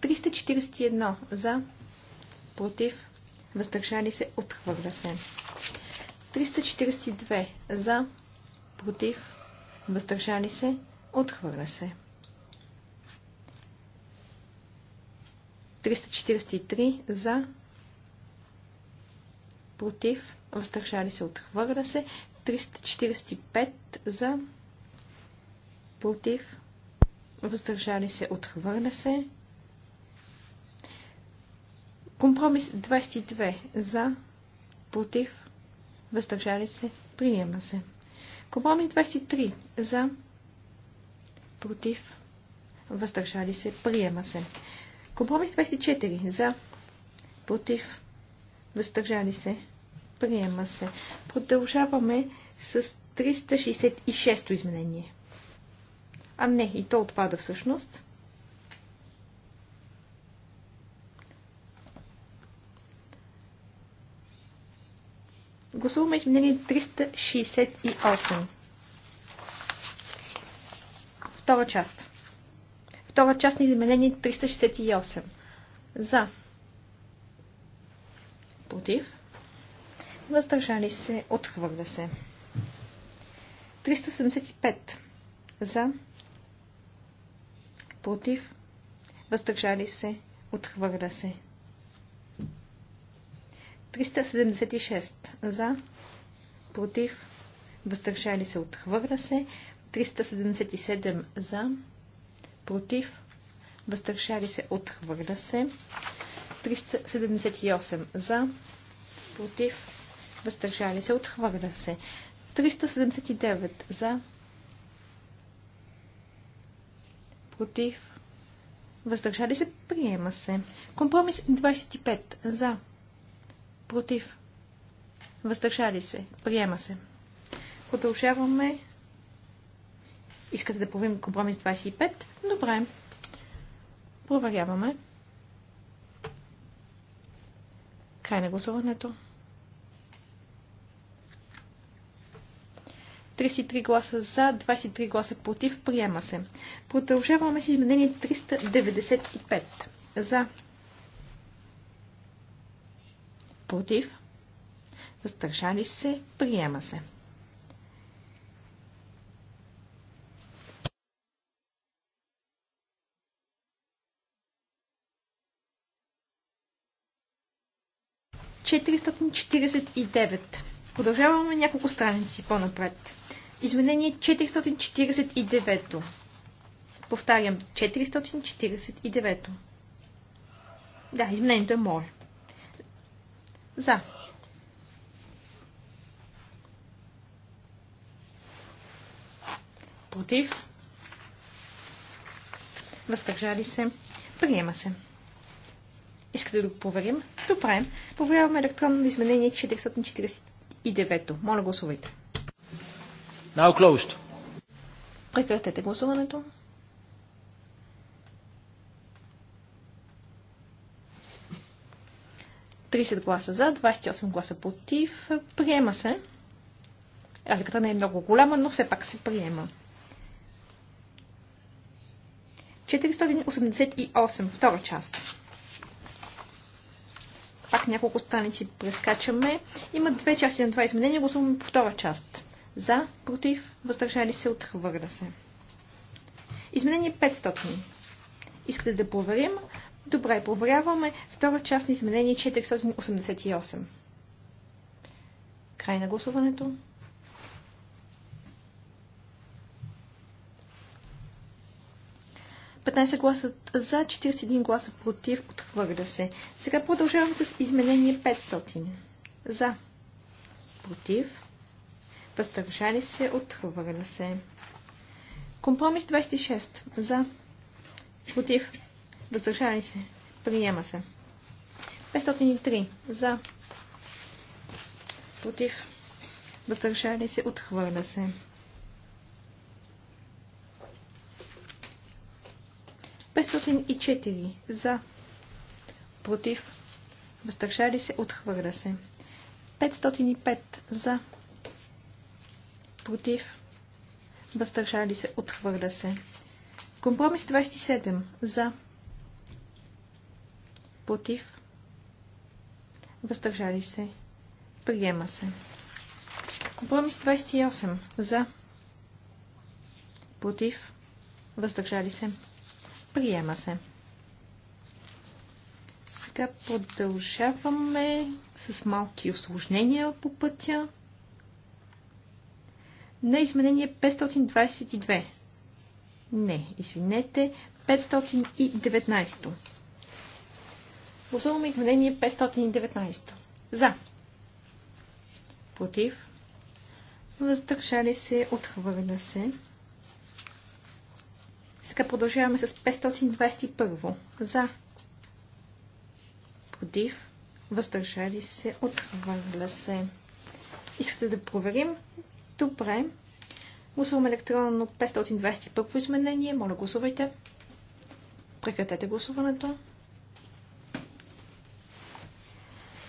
341 за, против, въздържали се, отхвърля се. 342 за, против, въздържали се, отхвърля се. 343 за, против, въздържали се, отхвърля се. 345 за, против, въздържали се, отхвърля се. Компромис 22 за, против, въздържали се, приема се. Компромис 23 за, против, въздържали се, приема се. Компромис 24 за, против, въздържали се, приема се. Продължаваме с 366 изменение. А не, и то отпада всъщност. Гласуваме изменение 368. Втора част. Втора част на изменение 368. За. Против. Въздържали се. Отхвърля се. 375. За. Против. Въздържали се. Отхвърля се. 376 за, против, въздържали се, отхвърля се. 377 за, против, въздържали се, отхвърля се. 378 за, против, въздържали се, отхвърля се. 379 за, против, въздържали се, приема се. Компромис 25 за, Против. Въздържали се. Приема се. Продължаваме. Искате да проверим компромис 25? Добре. Проверяваме. Край на гласуването. 33 гласа за, 23 гласа против. Приема се. Продължаваме с изменение 395. За против, въздържали се, приема се. Продължаваме няколко страници по-напред. Изменение 449. Повтарям, 449. Да, изменението е мое. За. Против. Въздържали се. Приема се. Искате да го проверим? Добре. Проверяваме електронно изменение 449. Моля гласувайте. Now closed. Прекратете гласуването. 30 гласа за, 28 гласа против. Приема се. Разликата не е много голяма, но все пак се приема. 488, втора част. Пак няколко страници прескачаме. Има две части на това изменение. Гласуваме по втора част. За, против, въздържали се, отхвърля се. Изменение 500. Искате да проверим? Добре, проверяваме втора част на изменение 488. Край на гласуването. Петнайсет гласа за, 41 гласа против, отхвърля се. Сега продължаваме с изменение 500. За, против, въздържали се, отхвърля се. Компромис 26. За, против, Въздържали се. Приема се. 503. За. Против. Въздържали се. Отхвърля се. 504. За. Против. Въздържали се. Отхвърля се. 505. За. Против. Въздържали се. Отхвърля се. Компромис 27. За. Против против, въздържали се, приема се. Компромис 28 за, против, въздържали се, приема се. Сега продължаваме с малки осложнения по пътя на изменение 522. Не, извинете, 519. Гласуваме изменение 519. За. Против. Въздържали се. Отхвърля се. Сега продължаваме с 521. За. Против. Въздържали се. Отхвърля се. Искате да проверим? Добре. Гласуваме електронно 521 изменение. Моля, гласувайте. Прекратете гласуването.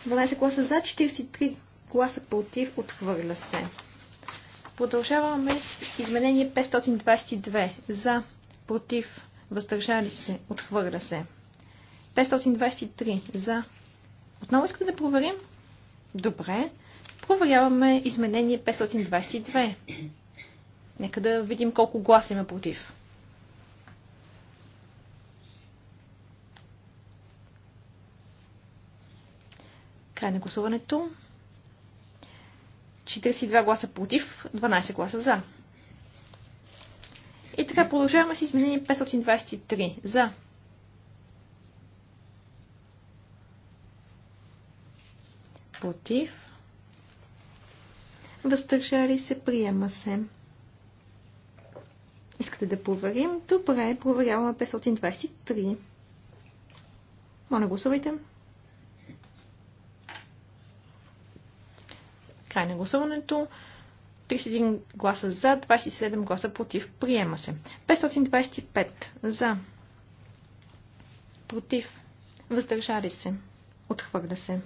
12 гласа за, 43 гласа против, отхвърля се. Продължаваме с изменение 522. За, против, въздържали се, отхвърля се. 523. За. Отново искате да проверим? Добре. Проверяваме изменение 522. Нека да видим колко гласа има против. Край на гласуването. 42 гласа против, 12 гласа за. И така продължаваме с изменение 523 за. Против. Въздържали се, приема се. Искате да проверим? Добре, проверяваме 523. Моля, гласувайте. 523. Край на гласуването. 31 гласа за, 27 гласа против. Приема се. 525 за. Против. Въздържали се. Отхвърля се.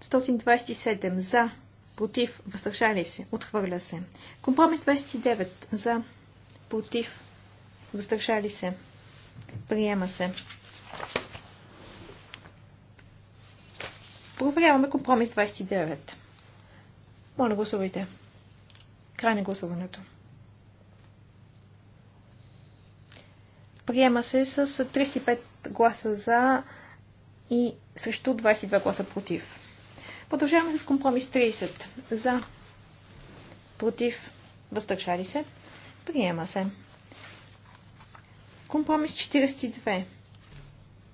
527 за. Против. Въздържали се. Отхвърля се. Компромис 29 за. Против. Въздържали се. Приема се. Проверяваме компромис 29. Моля, гласувайте. Край на гласуването. Приема се с 35 гласа за и срещу 22 гласа против. Продължаваме с компромис 30. За, против, въздържали се. Приема се. Компромис 42.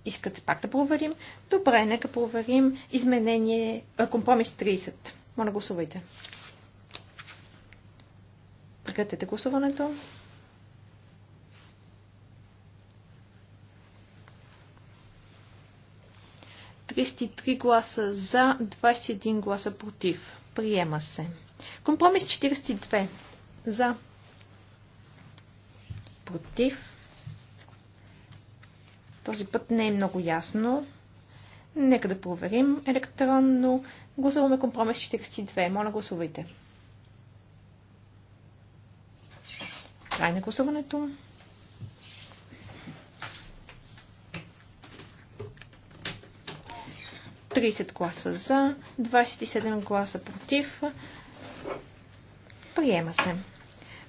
Искате пак да проверим? Добре, нека проверим изменение, компромис 30. Моля, гласувайте. Прекратете гласуването. три гласа за, 21 гласа против. Приема се. Компромис 42. За. Против този път не е много ясно. Нека да проверим електронно. Гласуваме компромис 42. Моля, гласувайте. Край на гласуването. Тридесет гласа за, 27 гласа против. Приема се.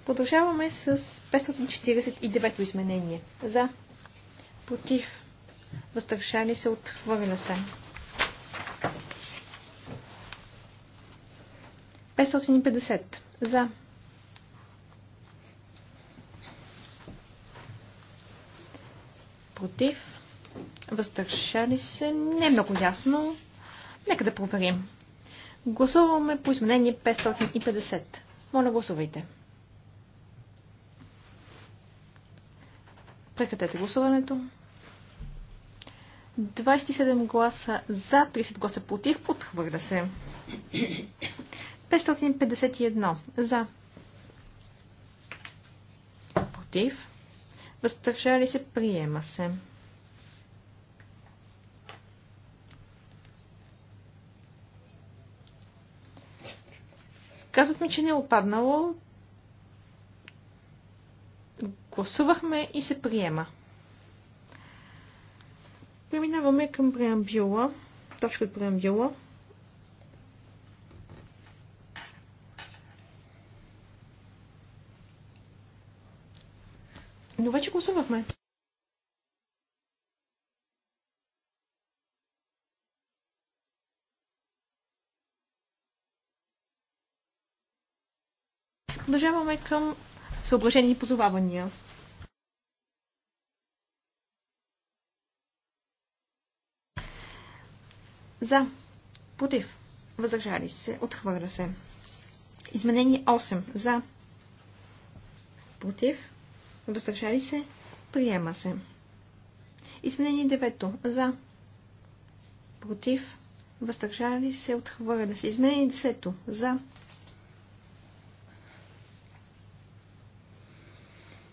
Продължаваме с 549 изменение. За против, въздържали се, отхвърля се. 550 за. Против, въздържали се, не е много ясно. Нека да проверим. Гласуваме по изменение 550. Моля, гласувайте. Прекратете гласуването. 27 гласа за, 30 гласа против, отхвърля се. 551 за. Против. Въздържали се, приема се. Казват ми, че не е опаднало. Гласувахме и се приема. Преминаваме към преамбюла, точка от преамбюла. Но вече гласувахме. Продължаваме към съображения и позовавания. За. Против. Въздържали се. Отхвърля се. Изменение 8. За. Против. Въздържали се. Приема се. Изменение 9. За. Против. Въздържали се. Отхвърля се. Изменение 10. За.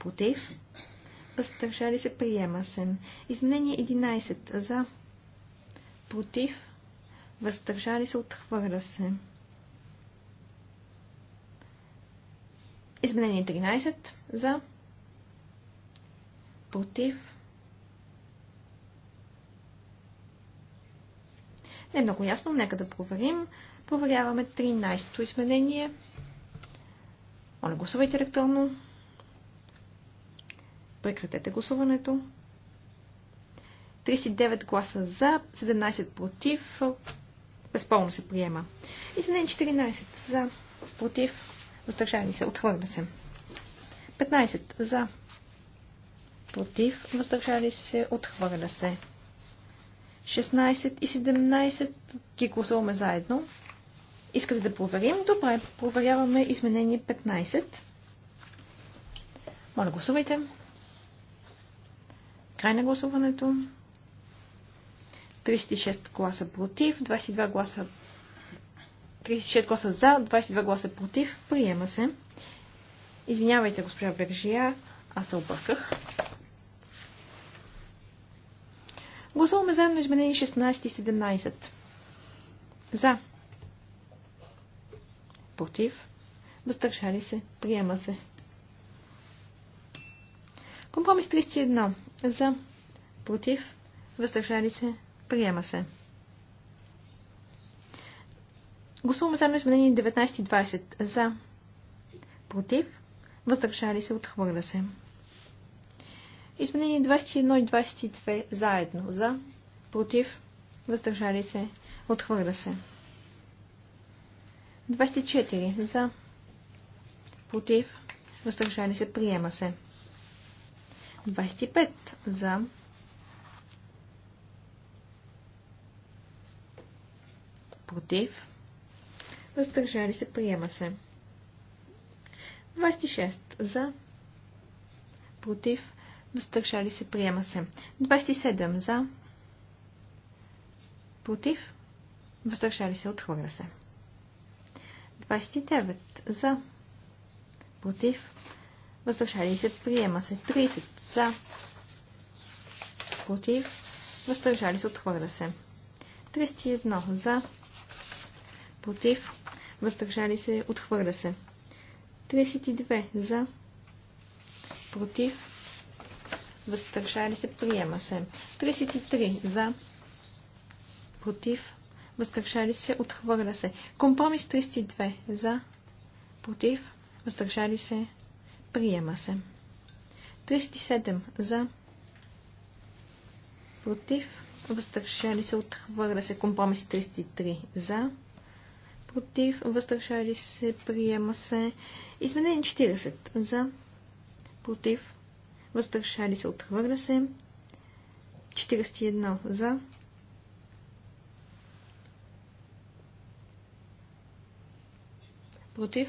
против, въздържали се, приема се. Изменение 11 за, против, въздържали се, отхвърля се. Изменение 13 за, против, Не е много ясно, нека да проверим. Проверяваме 13-то изменение. Моля, гласувайте електронно. Прекратете гласуването. 39 гласа за, 17 против. Безпълно се приема. Извинен 14 за, против. Въздържали се. Отхвърля се. 15 за, против. Въздържали се. Отхвърля се. 16 и 17 ги гласуваме заедно. Искате да проверим? Добре, проверяваме изменение 15. Моля, Гласувайте. Край на гласуването. 36 гласа против, 22 гласа 36 гласа за, 22 гласа против. Приема се. Извинявайте, госпожа Бержия, аз се обърках. Гласуваме заедно изменение 16 и 17. За. Против. Въздържали се. Приема се. Компромис 31 за, против, въздържали се, приема се. Гласуваме заедно изменение 19 20 за, против, въздържали се, отхвърля се. Изменение 21 и 22 заедно за, против, въздържали се, отхвърля се. 24 за, против, въздържали се, приема се. 25 за. Против. Въздържали се, приема се. 26 за. Против. Въздържали се, приема се. 27 за. Против. Въздържали се, отхвърля се. 29 за. Против въздържали се, приема се. 30 за, против, въздържали се, отхвърля се. 31 за, против, въздържали се, отхвърля се. 32 за, против, въздържали се, приема се. 33 за, против, въздържали се, отхвърля се. Компромис 32 за, против, въздържали се, Приема се. 37 за. Против. Въздържали се. Отхвърля се. Компромис 33 за. Против. Въздържали се. Приема се. Изменение 40 за. Против. Въздържали се. Отхвърля се. 41 за. Против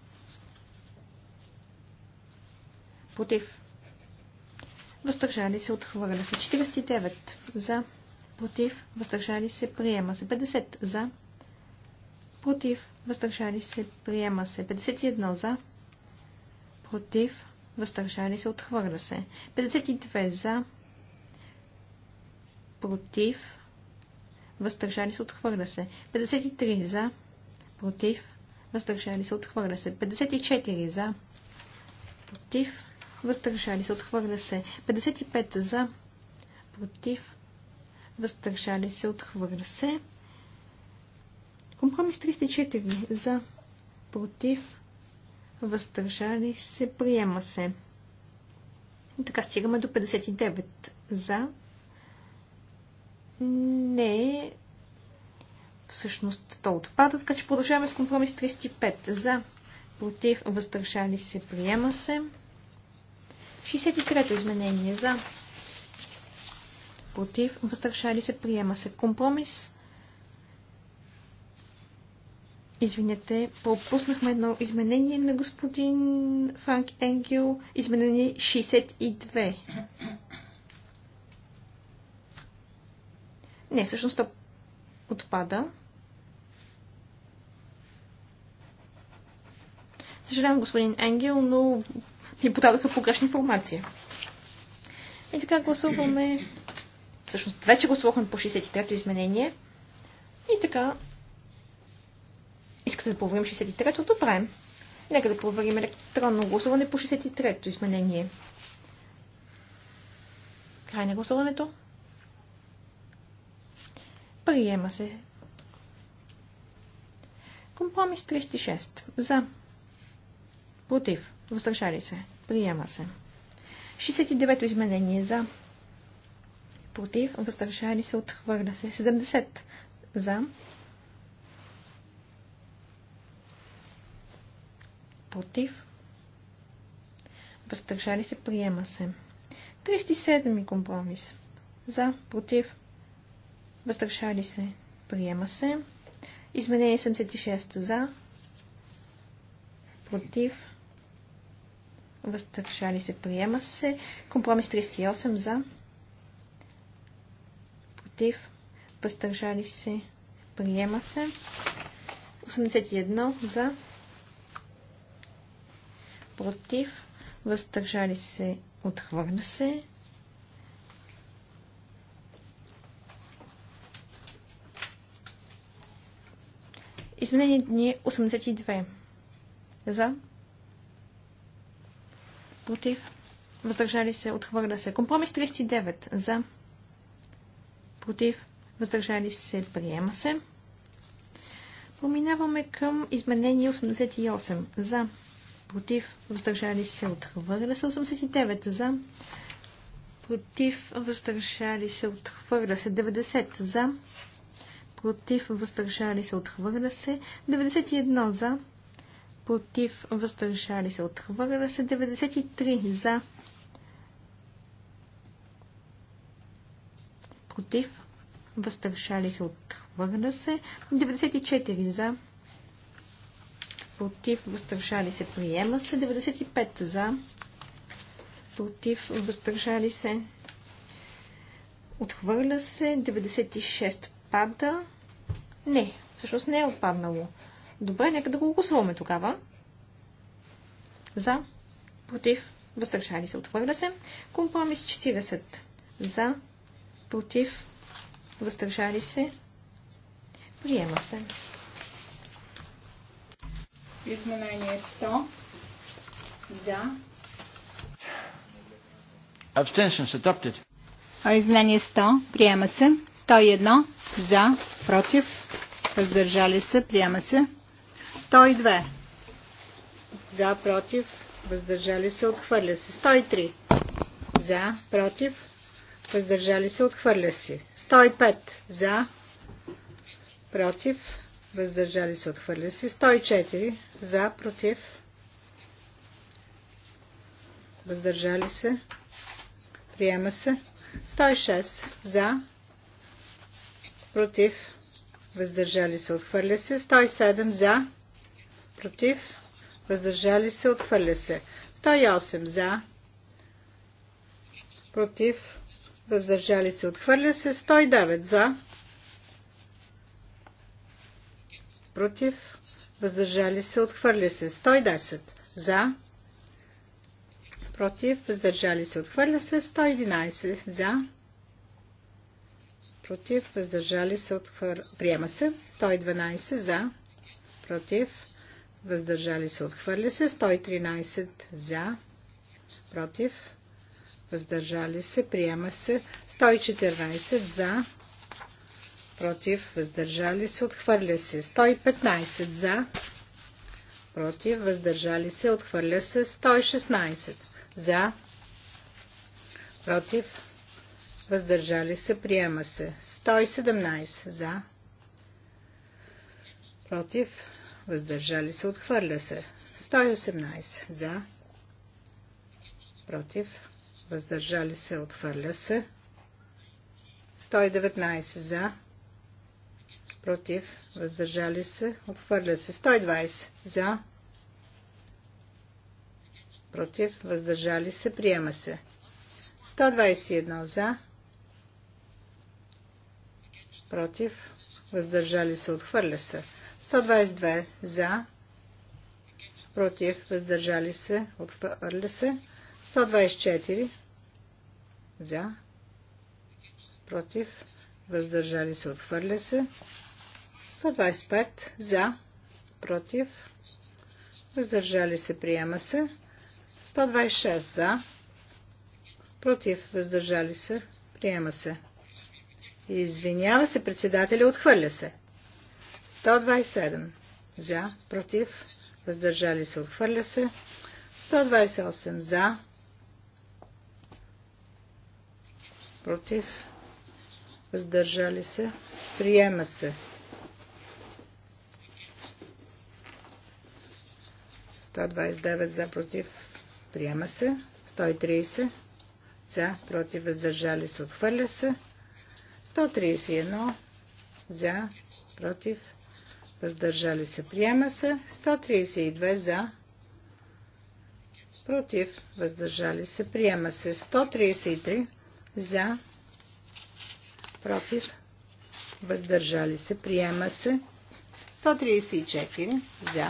Против. Въздържали се. Отхвърля се. 49. За. Против. Въздържали се. Приема се. 50. За. Против. Въздържали се. Приема се. 51. За. Против. Въздържали се. Отхвърля се. 52. За. Против. Въздържали се. Отхвърля се. 53. За. Против. Въздържали се. Отхвърля се. 54. За. Против въздържали се, отхвърля се. 55 за, против, въздържали се, отхвърля се. Компромис 304 за, против, въздържали се, приема се. И така стигаме до 59 за. Не. Всъщност то отпада, така че продължаваме с компромис 35 за. Против, въздържали се, приема се. 63-то изменение за. Против. Въздържали се. Приема се. Компромис. Извинете, пропуснахме едно изменение на господин Франк Енгел. Изменение 62. Не, всъщност то отпада. Съжалявам, господин Енгел, но и подадоха погрешна информация. И така гласуваме, всъщност вече гласувахме по 63-то изменение. И така, искате да проверим 63-то? Добре. Нека да проверим електронно гласуване по 63-то изменение. Край на гласуването. Приема се. Компромис 36. За. Против. Въздържали се. Приема се. 69-то изменение за. Против. Въздържали се. Отхвърля се. 70 за. Против. Въздържали се. Приема се. 37 компромис. За. Против. Въздържали се. Приема се. Изменение 76 за. Против въздържали се, приема се. Компромис 38 за, против, въздържали се, приема се. 81 за, против, въздържали се, отхвърля се. Изменение дни 82 е за, против, въздържали се, отхвърля се. Компромис 39 за, против, въздържали се, приема се. Проминаваме към изменение 88 за, против, въздържали се, отхвърля се. 89 за, против, въздържали се, отхвърля се. 90 за, против, въздържали се, отхвърля се. 91 за, против, въздържали се, отхвърля се 93 за, против, въздържали се, отхвърля се 94 за, против, въздържали се, приема се 95 за, против, въздържали се, отхвърля се 96 пада, не, всъщност не е отпаднало. Добре, нека да го гласуваме тогава. За, против, въздържали се, отхвърля се. Компромис 40. За, против, въздържали се, приема се. Изменение 100. За. Abstentions adopted. Изменение 100. Приема се. 101. За. Против. Въздържали се. Приема се. 102. За, против, въздържали се, отхвърля се. 103. За, против, въздържали се, отхвърля се. 105. За, против, въздържали се, отхвърля се. 104. За, против, въздържали се, приема се. 106. За, против, въздържали се, отхвърля се. 107. За, против, против, въздържали се, отхвърля се. 108 за, против, въздържали се, отхвърля се. 109 за, против, въздържали се, отхвърля се. 110 за, против, въздържали се, отхвърля се. 111 за, против, въздържали се, отхвърля. се. Приема се. 112 за, против, въздържали се, отхвърля се. 113 за, против, въздържали се, приема се. 114 за, против, въздържали се, отхвърля се. 115 за, против, въздържали се, отхвърля се. 116 за, против, въздържали се, приема се. 117 за, против, въздържали се, отхвърля се. 118 за, против, въздържали се, отхвърля се. 119 за, против, въздържали се, отхвърля се. 120 за, против, въздържали се, приема се. 121 за, против, въздържали се, отхвърля се. 122 за, против, въздържали се, отхвърля се. 124 за, против, въздържали се, отхвърля се. 125 за, против, въздържали се, приема се. 126 за, против, въздържали се, приема се. Извинява се, председателя, отхвърля се. 127 за, против, въздържали се, отхвърля се. 128 за, против, въздържали се, приема се. 129 за, против, приема се. 130 за, против, въздържали се, отхвърля се. 131 за, против, въздържали се, приема се. 132 за, против, въздържали се, приема се. 133 за, против, въздържали се, приема се. 134 за,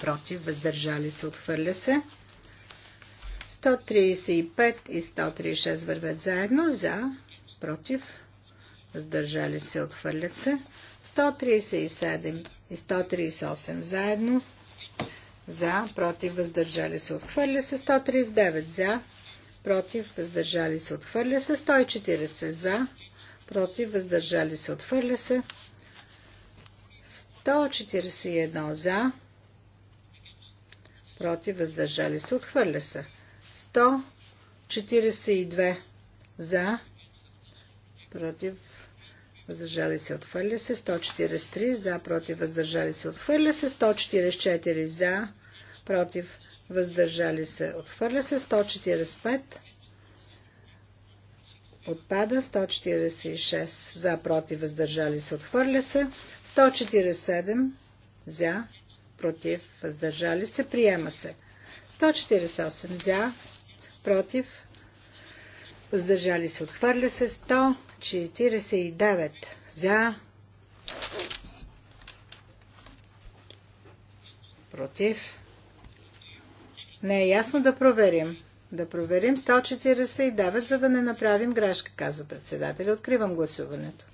против, въздържали се, отхвърля се. 135 и 136 вървят заедно за, против, въздържали се, отхвърлят се. 137 и 138 заедно, за, против, въздържали се, отхвърля се. 139 за, против, въздържали се, отхвърля се. 140 за, против, въздържали се, отхвърля се. 141 за, против, въздържали се, отхвърля се. 142 за, против, въздържали се, отхвърля се, 143 за, против, въздържали се, отхвърля се, 144 за, против, въздържали се, отхвърля се, 145 отпада, 146 за, против, въздържали се, отхвърля се, 147 за, против, въздържали се, приема се, 148 за, против, въздържали се, отхвърля се 149 за, против. Не е ясно да проверим. Да проверим 149, за да не направим грешка, казва председателя. Откривам гласуването.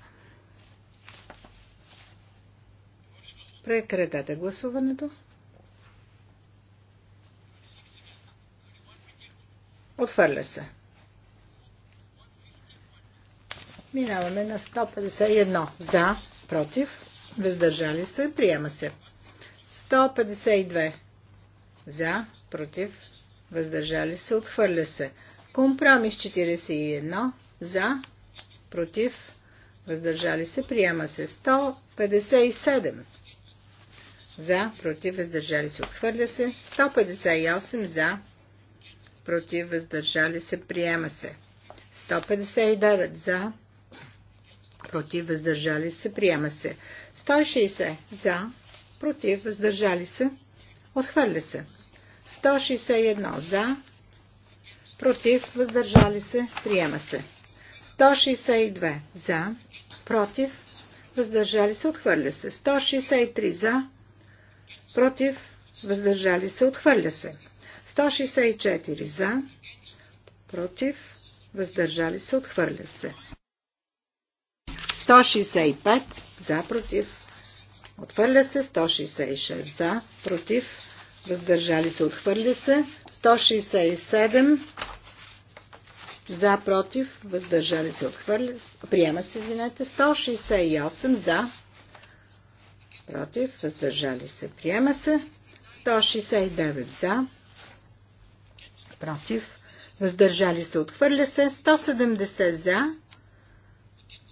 Прекратете гласуването. Отвърля се. Минаваме на 151 за, против, въздържали се, приема се. 152 за, против, въздържали се, отхвърля се. Компромис 41 за, против, въздържали се, приема се. 157 за, против, въздържали се, отхвърля се. 158 за, против, въздържали се, приема се. 159 за, против, въздържали се, приема се. 160 за, против, въздържали се, отхвърля се. 161 за, против, въздържали се, приема се. 162 за, против, въздържали се, отхвърля се. 163 за, против, въздържали се, отхвърля се. 164 за, против, въздържали се, отхвърля се. 165 за, против. Отхвърля се 166 за, против. Въздържали се, отхвърля се. 167 за, против. Въздържали се, отхвърля се. Приема се, извинете. 168 за, против. Въздържали се, приема се. 169 за, против. Въздържали се, отхвърля се. 170 за,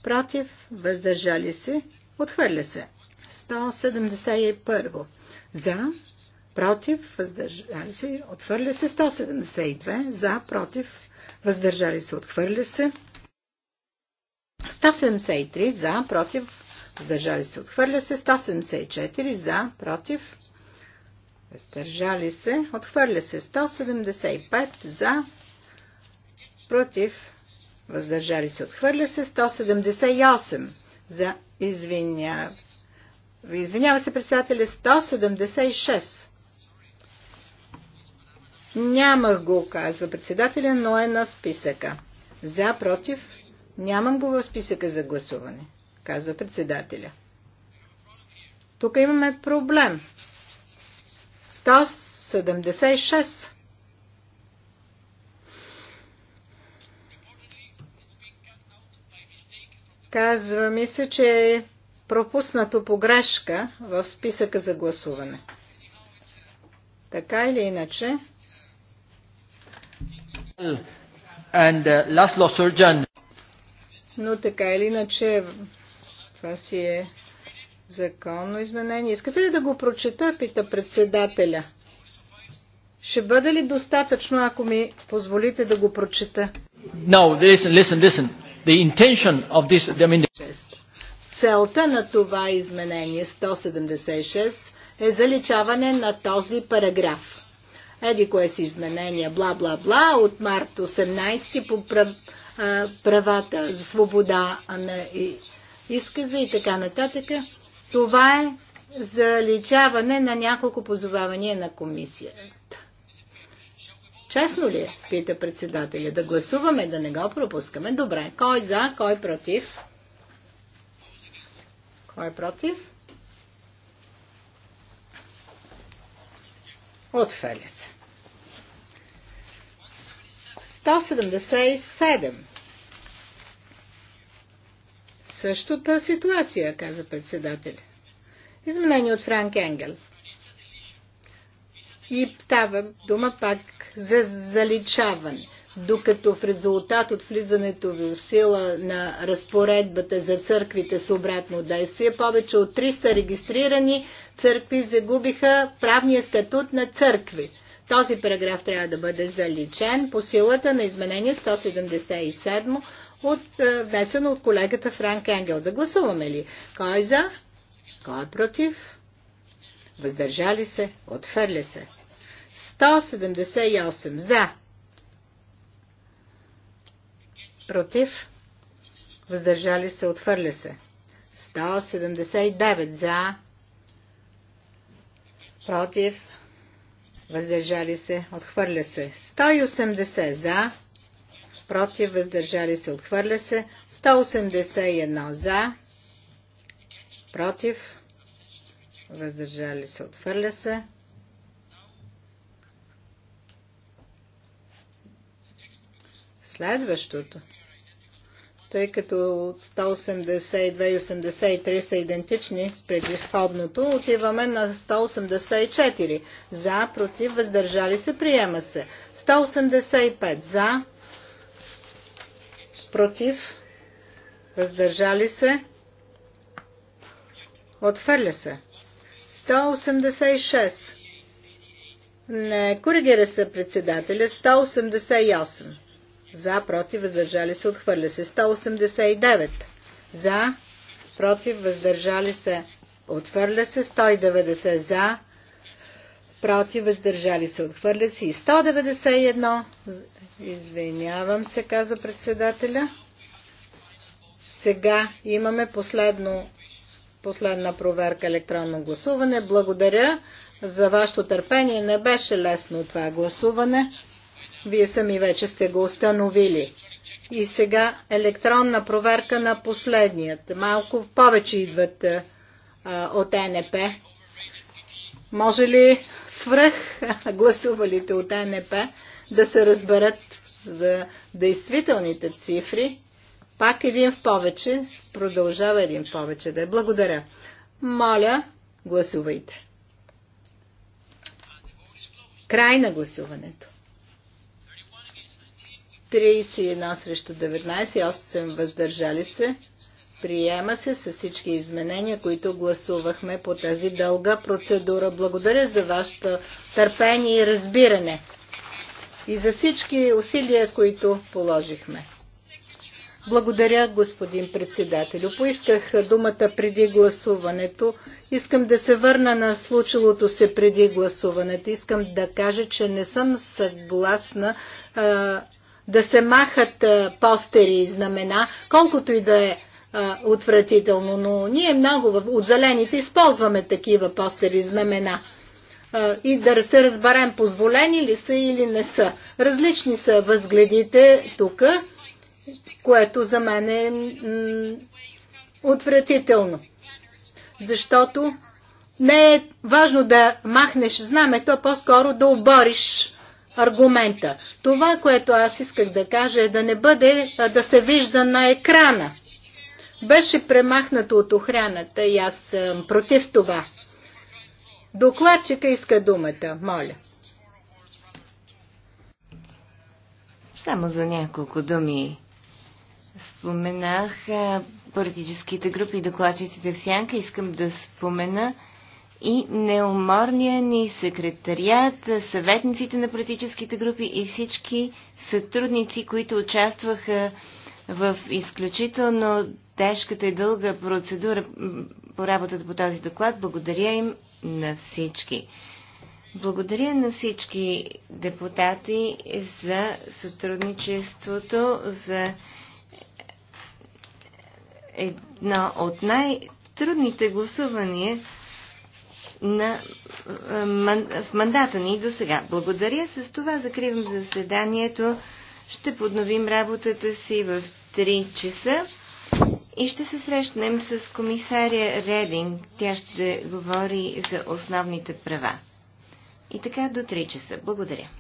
против, въздържали се, отхвърля се. 171 за, против, въздържали се, отхвърля се. 172 за, против, въздържали се, отхвърля се. 173 за, против, въздържали се, отхвърля се. 174 за, против, въздържали се, отхвърля се. 175 за, против, въздържали се, отхвърля се 178 за извиня. Извинява се председателя 176. Нямах го, казва председателя, но е на списъка. За, против, нямам го в списъка за гласуване, казва председателя. Тук имаме проблем. 176. Казва ми се, че е пропуснато погрешка в списъка за гласуване. Така или иначе. And, uh, Но така или иначе, това си е законно изменение. Искате ли да го прочета, пита председателя? Ще бъде ли достатъчно, ако ми позволите да го прочета? No, listen, listen, listen. The intention of this, I mean... Целта на това изменение 176 е заличаване на този параграф. Еди кое си изменение, бла-бла-бла, от март 18 по прав, а, правата, за свобода на и, изказа и така нататък. Това е заличаване на няколко позовавания на комисията. Честно ли е? Пита председателя. Да гласуваме, да не го пропускаме. Добре. Кой за, кой против? Кой против? Отхвърля се. 177. Същата ситуация, каза председателя. Изменение от Франк Енгел. 177. И става дума пак за заличаване. Докато в резултат от влизането в сила на разпоредбата за църквите с обратно действие, повече от 300 регистрирани църкви загубиха правния статут на църкви. Този параграф трябва да бъде заличен по силата на изменение 177 от, е, внесено от колегата Франк Енгел. Да гласуваме ли? Кой е за? Кой е против? Въздържали се? Отхвърля се. 178 за. Против. Въздържали се. Отхвърля се. 179 за. Против. Въздържали се. Отхвърля се. 180 за. Против. Въздържали се. Отхвърля се. 181 за. Против. Въздържали се. Отхвърля се. Следващото. Тъй като 182 и 83 са идентични с предисходното, отиваме на 184. За, против, въздържали се, приема се. 185 за, против, въздържали се, отхвърля се. 186. Не коригира се председателя. 188. За, против, въздържали се, отхвърля се. 189. За, против, въздържали се, отхвърля се. 190. За, против, въздържали се, отхвърля се. И 191. Извинявам се, каза председателя. Сега имаме последно, последна проверка електронно гласуване. Благодаря за вашето търпение. Не беше лесно това гласуване. Вие сами вече сте го установили. И сега електронна проверка на последният. Малко повече идват а, от НП. Може ли свръх гласувалите от НП да се разберат за действителните цифри? Пак един в повече. Продължава един в повече да е. Благодаря. Моля, гласувайте. Край на гласуването. 31 срещу 19, 8 въздържали се. Приема се с всички изменения, които гласувахме по тази дълга процедура. Благодаря за вашето търпение и разбиране и за всички усилия, които положихме. Благодаря, господин председателю. Поисках думата преди гласуването. Искам да се върна на случилото се преди гласуването. Искам да кажа, че не съм съгласна да се махат постери и знамена, колкото и да е отвратително, но ние много от зелените използваме такива постери знамена и да се разберем позволени ли са или не са. Различни са възгледите тук, което за мен е отвратително. Защото не е важно да махнеш знамето, а по-скоро да обориш аргумента. Това, което аз исках да кажа е да не бъде да се вижда на екрана. Беше премахнато от охраната и аз съм против това. Докладчика иска думата, моля. Само за няколко думи. Споменах политическите групи и докладчиците в сянка. Искам да спомена, и неуморния ни секретарият, съветниците на политическите групи и всички сътрудници, които участваха в изключително тежката и дълга процедура по работата по този доклад. Благодаря им на всички. Благодаря на всички депутати за сътрудничеството, за едно от най-трудните гласувания на, в мандата ни до сега. Благодаря. С това закривам заседанието. Ще подновим работата си в 3 часа и ще се срещнем с комисаря Рединг. Тя ще говори за основните права. И така до 3 часа. Благодаря.